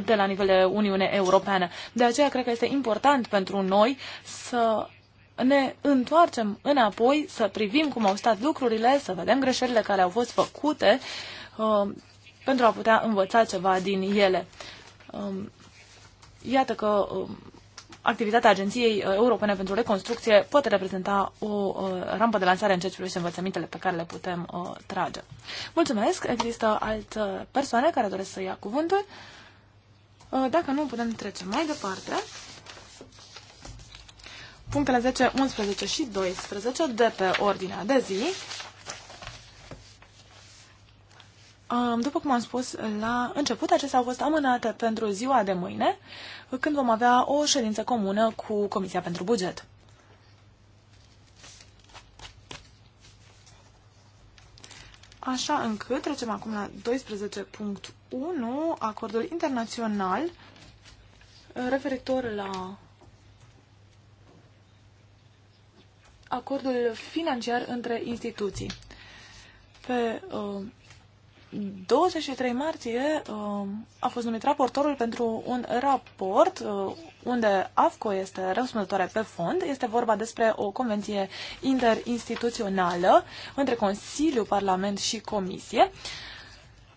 de la nivel de Uniune Europeană. De aceea cred că este important pentru noi să ne întoarcem înapoi, să privim cum au stat lucrurile, să vedem greșelile care au fost făcute uh, pentru a putea învăța ceva din ele. Um, iată că um, activitatea Agenției Europene pentru Reconstrucție poate reprezenta o uh, rampă de lansare în ceea ce privește învățămintele pe care le putem uh, trage. Mulțumesc! Există alte persoane care doresc să ia cuvântul. Uh, dacă nu, putem trece mai departe. Punctele 10, 11 și 12 de pe ordinea de zi. După cum am spus la început, acestea au fost amânate pentru ziua de mâine, când vom avea o ședință comună cu Comisia pentru Buget. Așa încât trecem acum la 12.1, acordul internațional referitor la acordul financiar între instituții. Pe uh, 23 martie um, a fost numit raportorul pentru un raport uh, unde AFCO este răspunzătoare pe fond. Este vorba despre o convenție interinstituțională între Consiliu, Parlament și Comisie.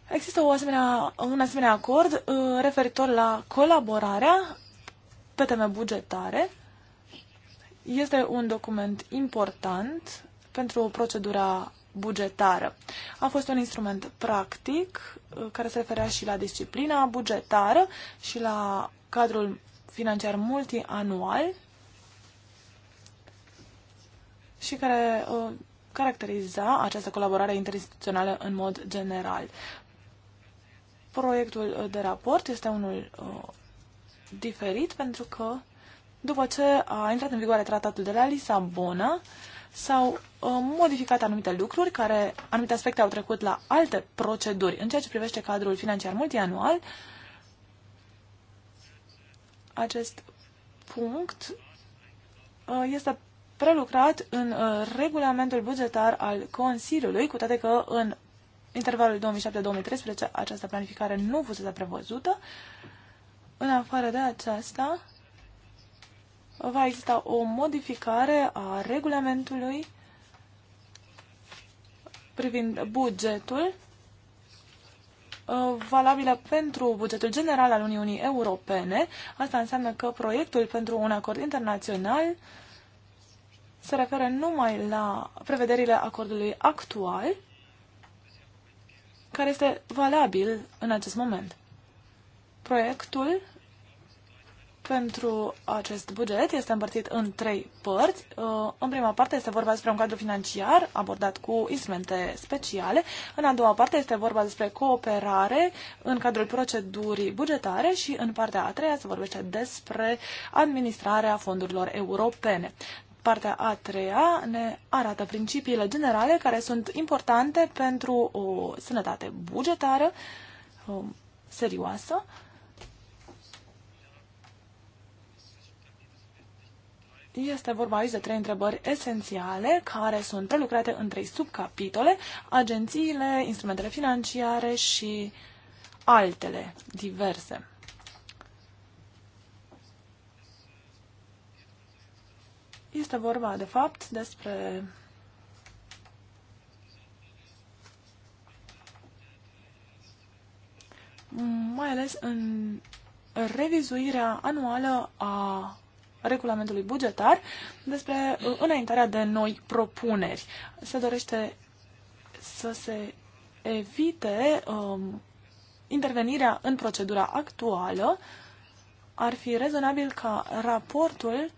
Există o asemenea, un asemenea acord uh, referitor la colaborarea pe teme bugetare. Este un document important pentru procedura bugetară. A fost un instrument practic uh, care se referea și la disciplina bugetară și la cadrul financiar multianual și care uh, caracteriza această colaborare interinstituțională în mod general. Proiectul uh, de raport este unul uh, diferit pentru că după ce a intrat în vigoare tratatul de la Lisabona, uh, s-au uh, modificat anumite lucruri, care anumite aspecte au trecut la alte proceduri. În ceea ce privește cadrul financiar multianual, acest punct uh, este prelucrat în uh, regulamentul bugetar al Consiliului, cu toate că în intervalul 2007-2013 această planificare nu fusese prevăzută. În afară de aceasta, va exista o modificare a regulamentului privind bugetul uh, valabilă pentru bugetul general al Uniunii Europene. Asta înseamnă că proiectul pentru un acord internațional se referă numai la prevederile acordului actual, care este valabil în acest moment. Proiectul pentru acest buget este împărțit în trei părți. Uh, în prima parte este vorba despre un cadru financiar abordat cu instrumente speciale. În a doua parte este vorba despre cooperare în cadrul procedurii bugetare și în partea a treia se vorbește despre administrarea fondurilor europene. Partea a treia ne arată principiile generale care sunt importante pentru o sănătate bugetară um, serioasă Este vorba aici de trei întrebări esențiale care sunt prelucrate în trei subcapitole, agențiile, instrumentele financiare și altele diverse. Este vorba, de fapt, despre mai ales în revizuirea anuală a regulamentului bugetar despre uh, înaintarea de noi propuneri. Se dorește să se evite um, intervenirea în procedura actuală. Ar fi rezonabil ca raportul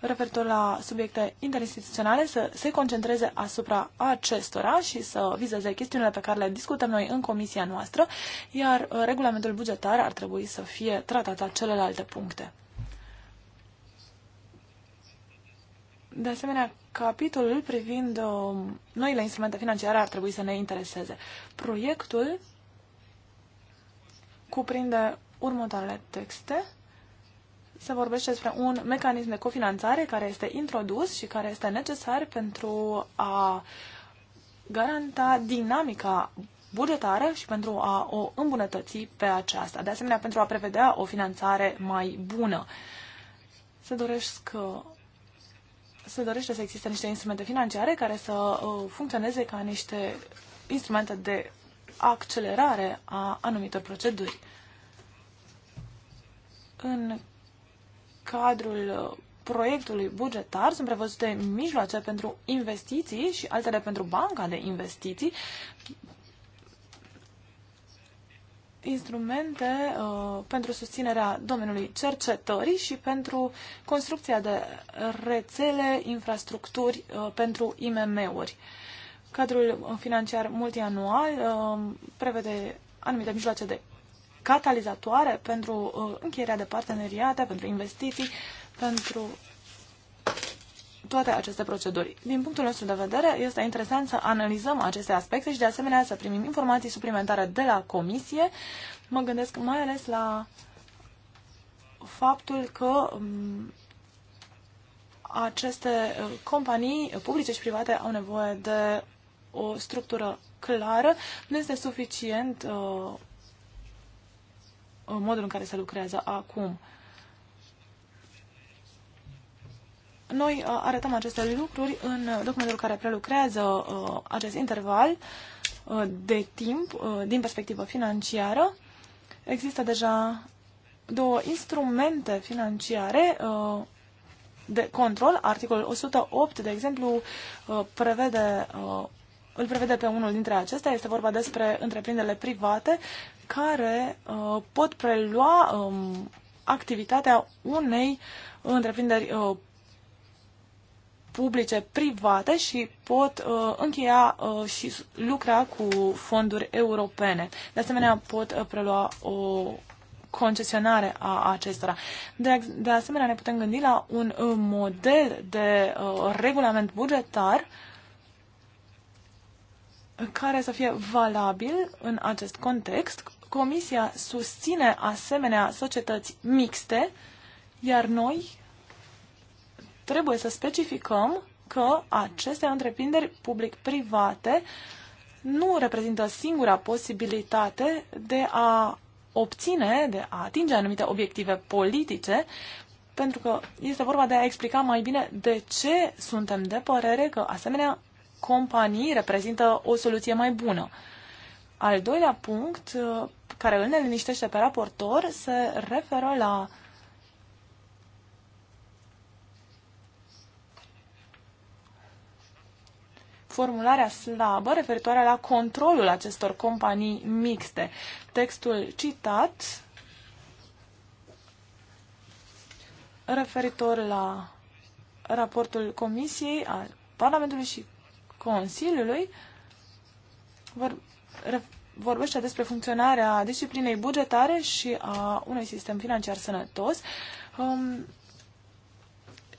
referitor la subiecte interinstituționale să se concentreze asupra acestora și să vizeze chestiunile pe care le discutăm noi în comisia noastră, iar uh, regulamentul bugetar ar trebui să fie tratat la celelalte puncte. De asemenea, capitolul privind o, uh, noile instrumente financiare ar trebui să ne intereseze. Proiectul cuprinde următoarele texte. Se vorbește despre un mecanism de cofinanțare care este introdus și care este necesar pentru a garanta dinamica bugetară și pentru a o îmbunătăți pe aceasta. De asemenea, pentru a prevedea o finanțare mai bună. Se doresc uh, se dorește să existe niște instrumente financiare care să uh, funcționeze ca niște instrumente de accelerare a anumitor proceduri. În cadrul uh, proiectului bugetar sunt prevăzute mijloace pentru investiții și altele pentru banca de investiții instrumente uh, pentru susținerea domeniului cercetării și pentru construcția de rețele, infrastructuri uh, pentru IMM-uri. Cadrul financiar multianual uh, prevede anumite mijloace de catalizatoare pentru uh, încheierea de parteneriate, pentru investiții, pentru toate aceste proceduri. Din punctul nostru de vedere, este interesant să analizăm aceste aspecte și, de asemenea, să primim informații suplimentare de la Comisie. Mă gândesc mai ales la faptul că um, aceste uh, companii publice și private au nevoie de o structură clară. Nu este suficient uh, modul în care se lucrează acum. Noi uh, arătăm aceste lucruri în documentul care prelucrează uh, acest interval uh, de timp din perspectivă financiară. Există deja două instrumente financiare de control. Articolul 108, de exemplu, prevede, îl prevede pe unul dintre acestea. Este vorba despre întreprinderile private care pot prelua um, activitatea unei întreprinderi publice, private și pot uh, încheia uh, și lucra cu fonduri europene. De asemenea, pot uh, prelua o concesionare a acestora. De, de asemenea, ne putem gândi la un uh, model de uh, regulament bugetar care să fie valabil în acest context. Comisia susține asemenea societăți mixte, iar noi trebuie să specificăm că aceste întreprinderi public-private nu reprezintă singura posibilitate de a obține, de a atinge anumite obiective politice, pentru că este vorba de a explica mai bine de ce suntem de părere că asemenea companii reprezintă o soluție mai bună. Al doilea punct uh, care îl neliniștește pe raportor se referă la uh, formularea slabă referitoare la controlul acestor companii mixte. Textul citat referitor la raportul Comisiei al Parlamentului și Consiliului vor, vorbește despre funcționarea disciplinei bugetare și a unui sistem financiar sănătos um,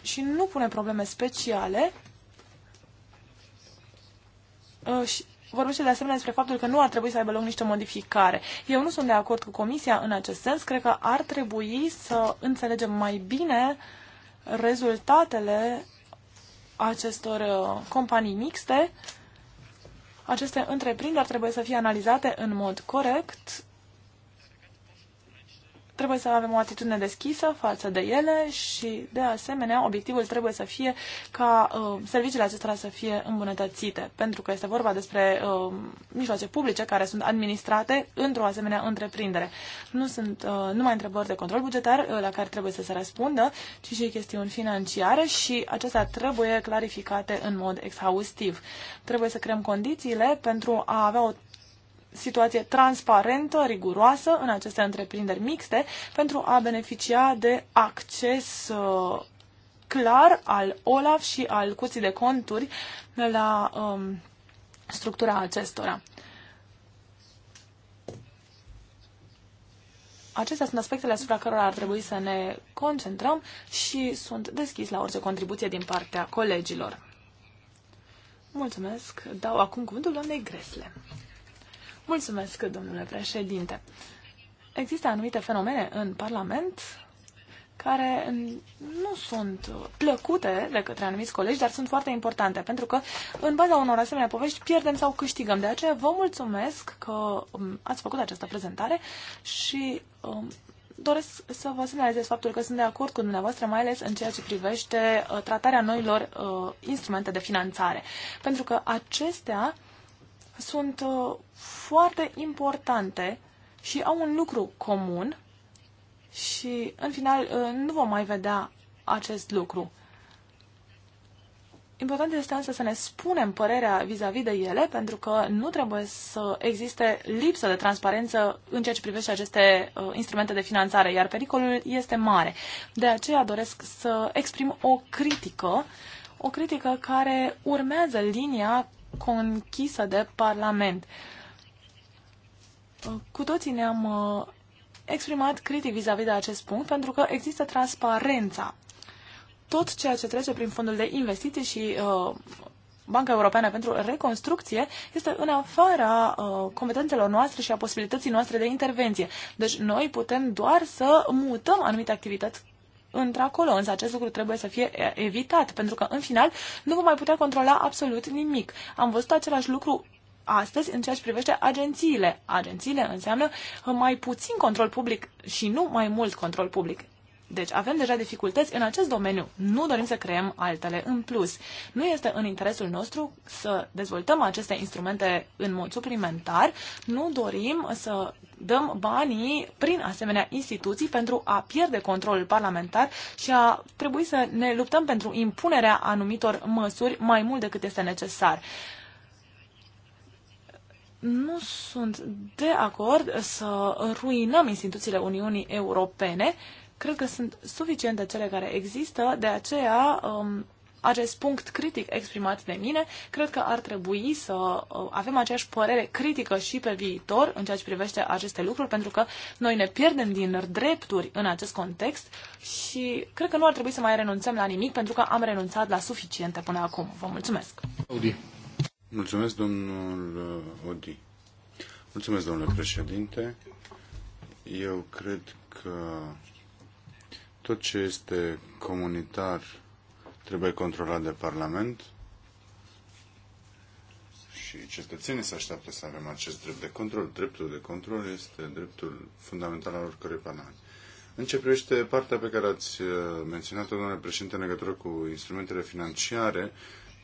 și nu pune probleme speciale Uh, și vorbește de asemenea despre faptul că nu ar trebui să aibă loc nicio modificare. Eu nu sunt de acord cu Comisia în acest sens. Cred că ar trebui să înțelegem mai bine rezultatele acestor uh, companii mixte. Aceste întreprinderi trebuie să fie analizate în mod corect trebuie să avem o atitudine deschisă față de ele și, de asemenea, obiectivul trebuie să fie ca uh, serviciile acestora să fie îmbunătățite, pentru că este vorba despre uh, mijloace publice care sunt administrate într-o asemenea întreprindere. Nu sunt uh, numai întrebări de control bugetar uh, la care trebuie să se răspundă, ci și chestiuni financiare și acestea trebuie clarificate în mod exhaustiv. Trebuie să creăm condițiile pentru a avea o situație transparentă, riguroasă în aceste întreprinderi mixte pentru a beneficia de acces uh, clar al OLAF și al Curții de Conturi la um, structura acestora. Acestea sunt aspectele asupra cărora ar trebui să ne concentrăm și sunt deschis la orice contribuție din partea colegilor. Mulțumesc. Dau acum cuvântul doamnei Gresle. Mulțumesc, domnule președinte. Există anumite fenomene în Parlament care nu sunt plăcute de către anumiți colegi, dar sunt foarte importante, pentru că în baza unor asemenea povești pierdem sau câștigăm. De aceea vă mulțumesc că um, ați făcut această prezentare și um, doresc să vă semnalizez faptul că sunt de acord cu dumneavoastră, mai ales în ceea ce privește uh, tratarea noilor uh, instrumente de finanțare, pentru că acestea sunt uh, foarte importante și au un lucru comun și, în final, uh, nu vom mai vedea acest lucru. Important este însă să ne spunem părerea vis-a-vis -vis de ele, pentru că nu trebuie să existe lipsă de transparență în ceea ce privește aceste uh, instrumente de finanțare, iar pericolul este mare. De aceea doresc să exprim o critică, o critică care urmează linia conchisă de Parlament. Cu toții ne-am uh, exprimat critic vis-a-vis -vis de acest punct pentru că există transparența. Tot ceea ce trece prin fondul de investiții și uh, Banca Europeană pentru Reconstrucție este în afara uh, competențelor noastre și a posibilității noastre de intervenție. Deci noi putem doar să mutăm anumite activități într-acolo, însă acest lucru trebuie să fie evitat, pentru că în final nu vom mai putea controla absolut nimic. Am văzut același lucru astăzi în ceea ce privește agențiile. Agențiile înseamnă mai puțin control public și nu mai mult control public. Deci avem deja dificultăți în acest domeniu. Nu dorim să creăm altele în plus. Nu este în interesul nostru să dezvoltăm aceste instrumente în mod suplimentar. Nu dorim să dăm banii prin asemenea instituții pentru a pierde controlul parlamentar și a trebui să ne luptăm pentru impunerea anumitor măsuri mai mult decât este necesar nu sunt de acord să ruinăm instituțiile Uniunii Europene Cred că sunt suficiente cele care există, de aceea um, acest punct critic exprimat de mine, cred că ar trebui să uh, avem aceeași părere critică și pe viitor în ceea ce privește aceste lucruri, pentru că noi ne pierdem din drepturi în acest context și cred că nu ar trebui să mai renunțăm la nimic, pentru că am renunțat la suficiente până acum. Vă mulțumesc! Audi. Mulțumesc, domnul Odi. Uh, mulțumesc, domnule președinte. Eu cred că tot ce este comunitar trebuie controlat de Parlament și cetățenii se așteaptă să avem acest drept de control. Dreptul de control este dreptul fundamental al oricărui parlament. În ce privește partea pe care ați uh, menționat-o, domnule președinte, în legătură cu instrumentele financiare,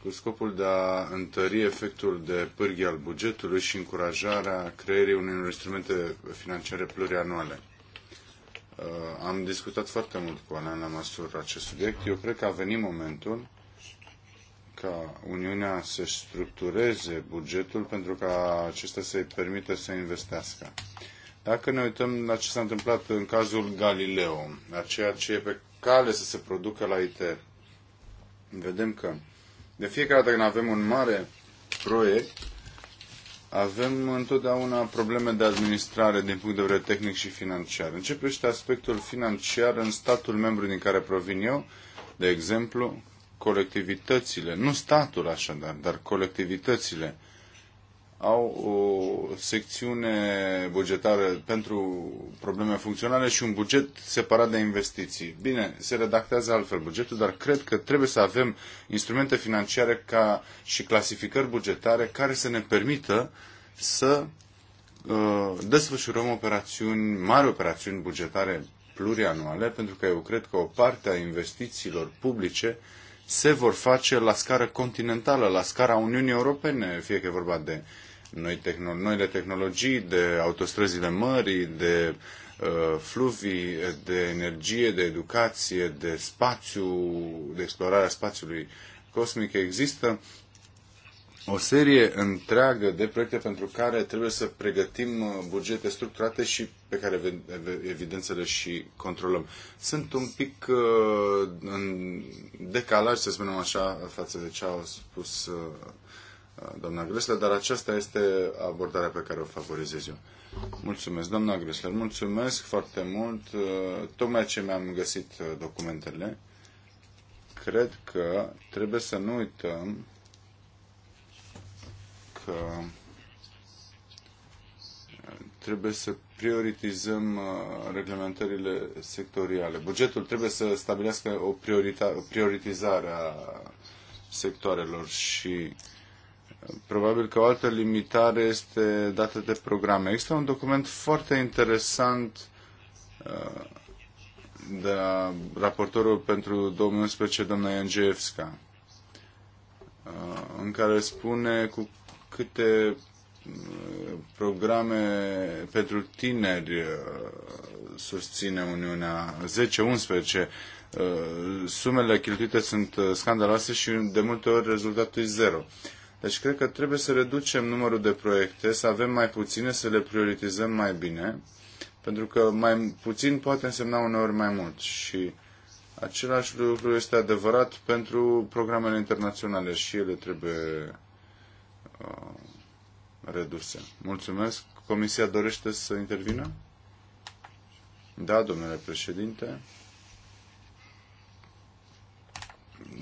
cu scopul de a întări efectul de pârghie al bugetului și încurajarea creierii unor instrumente financiare plurianuale. Uh, am discutat foarte mult cu Alana Masur acest subiect. Eu cred că a venit momentul ca Uniunea să-și structureze bugetul pentru ca acesta să-i permită să investească. Dacă ne uităm la ce s-a întâmplat în cazul Galileo, la ceea ce e pe cale să se producă la ITER, vedem că de fiecare dată când avem un mare proiect, avem întotdeauna probleme de administrare din punct de vedere tehnic și financiar. Începește aspectul financiar în statul membru din care provin eu, de exemplu, colectivitățile, nu statul așadar, dar colectivitățile au o secțiune bugetară pentru probleme funcționale și un buget separat de investiții. Bine, se redactează altfel bugetul, dar cred că trebuie să avem instrumente financiare ca și clasificări bugetare care să ne permită să uh, desfășurăm operațiuni, mari operațiuni bugetare plurianuale, pentru că eu cred că o parte a investițiilor publice se vor face la scară continentală, la scara Uniunii Europene, fie că e vorba de noi tehno- noile tehnologii, de autostrăzile mării, de uh, fluvii, de energie, de educație, de spațiu, de explorarea spațiului cosmic. Există o serie întreagă de proiecte pentru care trebuie să pregătim uh, bugete structurate și pe care evidențele și controlăm. Sunt un pic uh, în decalaj, să spunem așa, față de ce au spus uh, doamna Gresler, dar aceasta este abordarea pe care o favorizez eu. Mulțumesc, doamna Gresler, mulțumesc foarte mult. Uh, tocmai ce mi-am găsit uh, documentele, cred că trebuie să nu uităm că trebuie să prioritizăm uh, reglementările sectoriale. Bugetul trebuie să stabilească o, priorita- o prioritizare a sectoarelor și uh, Probabil că o altă limitare este dată de programe. Există un document foarte interesant uh, de la raportorul pentru 2011, doamna Iangevska, uh, în care spune cu câte uh, programe pentru tineri susține Uniunea 10-11. Sumele cheltuite sunt scandaloase și de multe ori rezultatul e zero. Deci cred că trebuie să reducem numărul de proiecte, să avem mai puține, să le prioritizăm mai bine, pentru că mai puțin poate însemna uneori mai mult. Și același lucru este adevărat pentru programele internaționale și ele trebuie uh, reduse. Mulțumesc. Comisia dorește să intervină? Da, domnule președinte.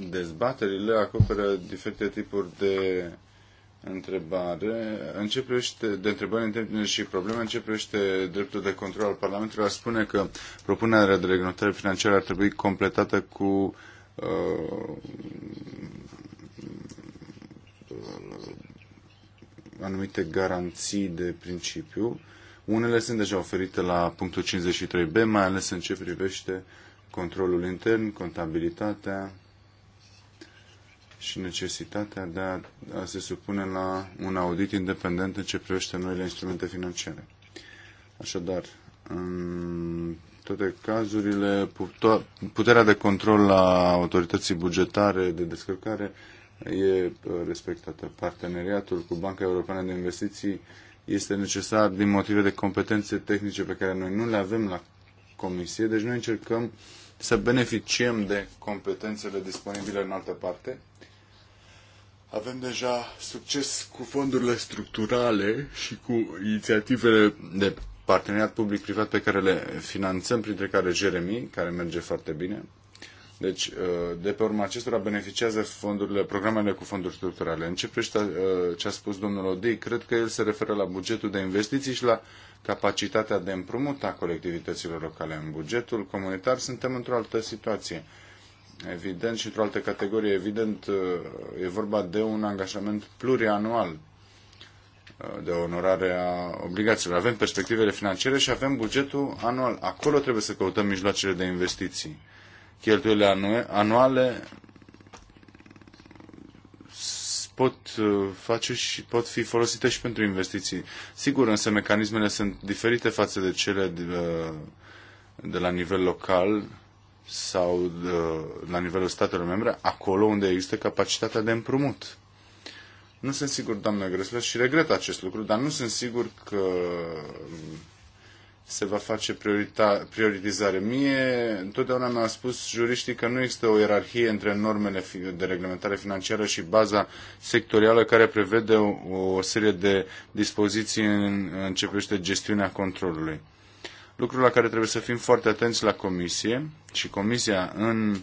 dezbaterile acoperă diferite tipuri de întrebare. Începește de întrebări interne și probleme. Începește dreptul de control al Parlamentului. Ar spune că propunerea de reglementare financiară ar trebui completată cu uh, anumite garanții de principiu. Unele sunt deja oferite la punctul 53b, mai ales în ce privește controlul intern, contabilitatea, și necesitatea de a, a se supune la un audit independent în ce privește noile instrumente financiare. Așadar, în toate cazurile, puterea de control a autorității bugetare de descărcare e uh, respectată. Parteneriatul cu Banca Europeană de Investiții este necesar din motive de competențe tehnice pe care noi nu le avem la Comisie, deci noi încercăm să beneficiem de competențele disponibile în altă parte avem deja succes cu fondurile structurale și cu inițiativele de parteneriat public-privat pe care le finanțăm, printre care Jeremy, care merge foarte bine. Deci, uh, de pe urma acestora beneficiază fondurile, programele cu fonduri structurale. În ce privește uh, ce a spus domnul Odei, cred că el se referă la bugetul de investiții și la capacitatea de împrumut a colectivităților locale. În bugetul comunitar suntem într-o altă situație evident, și într-o altă categorie, evident, uh, e vorba de un angajament plurianual uh, de onorare a obligațiilor. Avem perspectivele financiare și avem bugetul anual. Acolo trebuie să căutăm mijloacele de investiții. Cheltuielile anuale pot uh, face și pot fi folosite și pentru investiții. Sigur, însă mecanismele sunt diferite față de cele de, de la nivel local sau uh, la nivelul statelor membre, acolo unde există capacitatea de împrumut. Nu sunt sigur, doamnă Grăslă, și regret acest lucru, dar nu sunt sigur că um, se va face priorita, prioritizare. Mie, întotdeauna mi-au spus juriștii că nu există o ierarhie între normele de reglementare financiară și baza sectorială care prevede o, o serie de dispoziții în, în ce privește gestiunea controlului lucru la care trebuie să fim foarte atenți la comisie și comisia în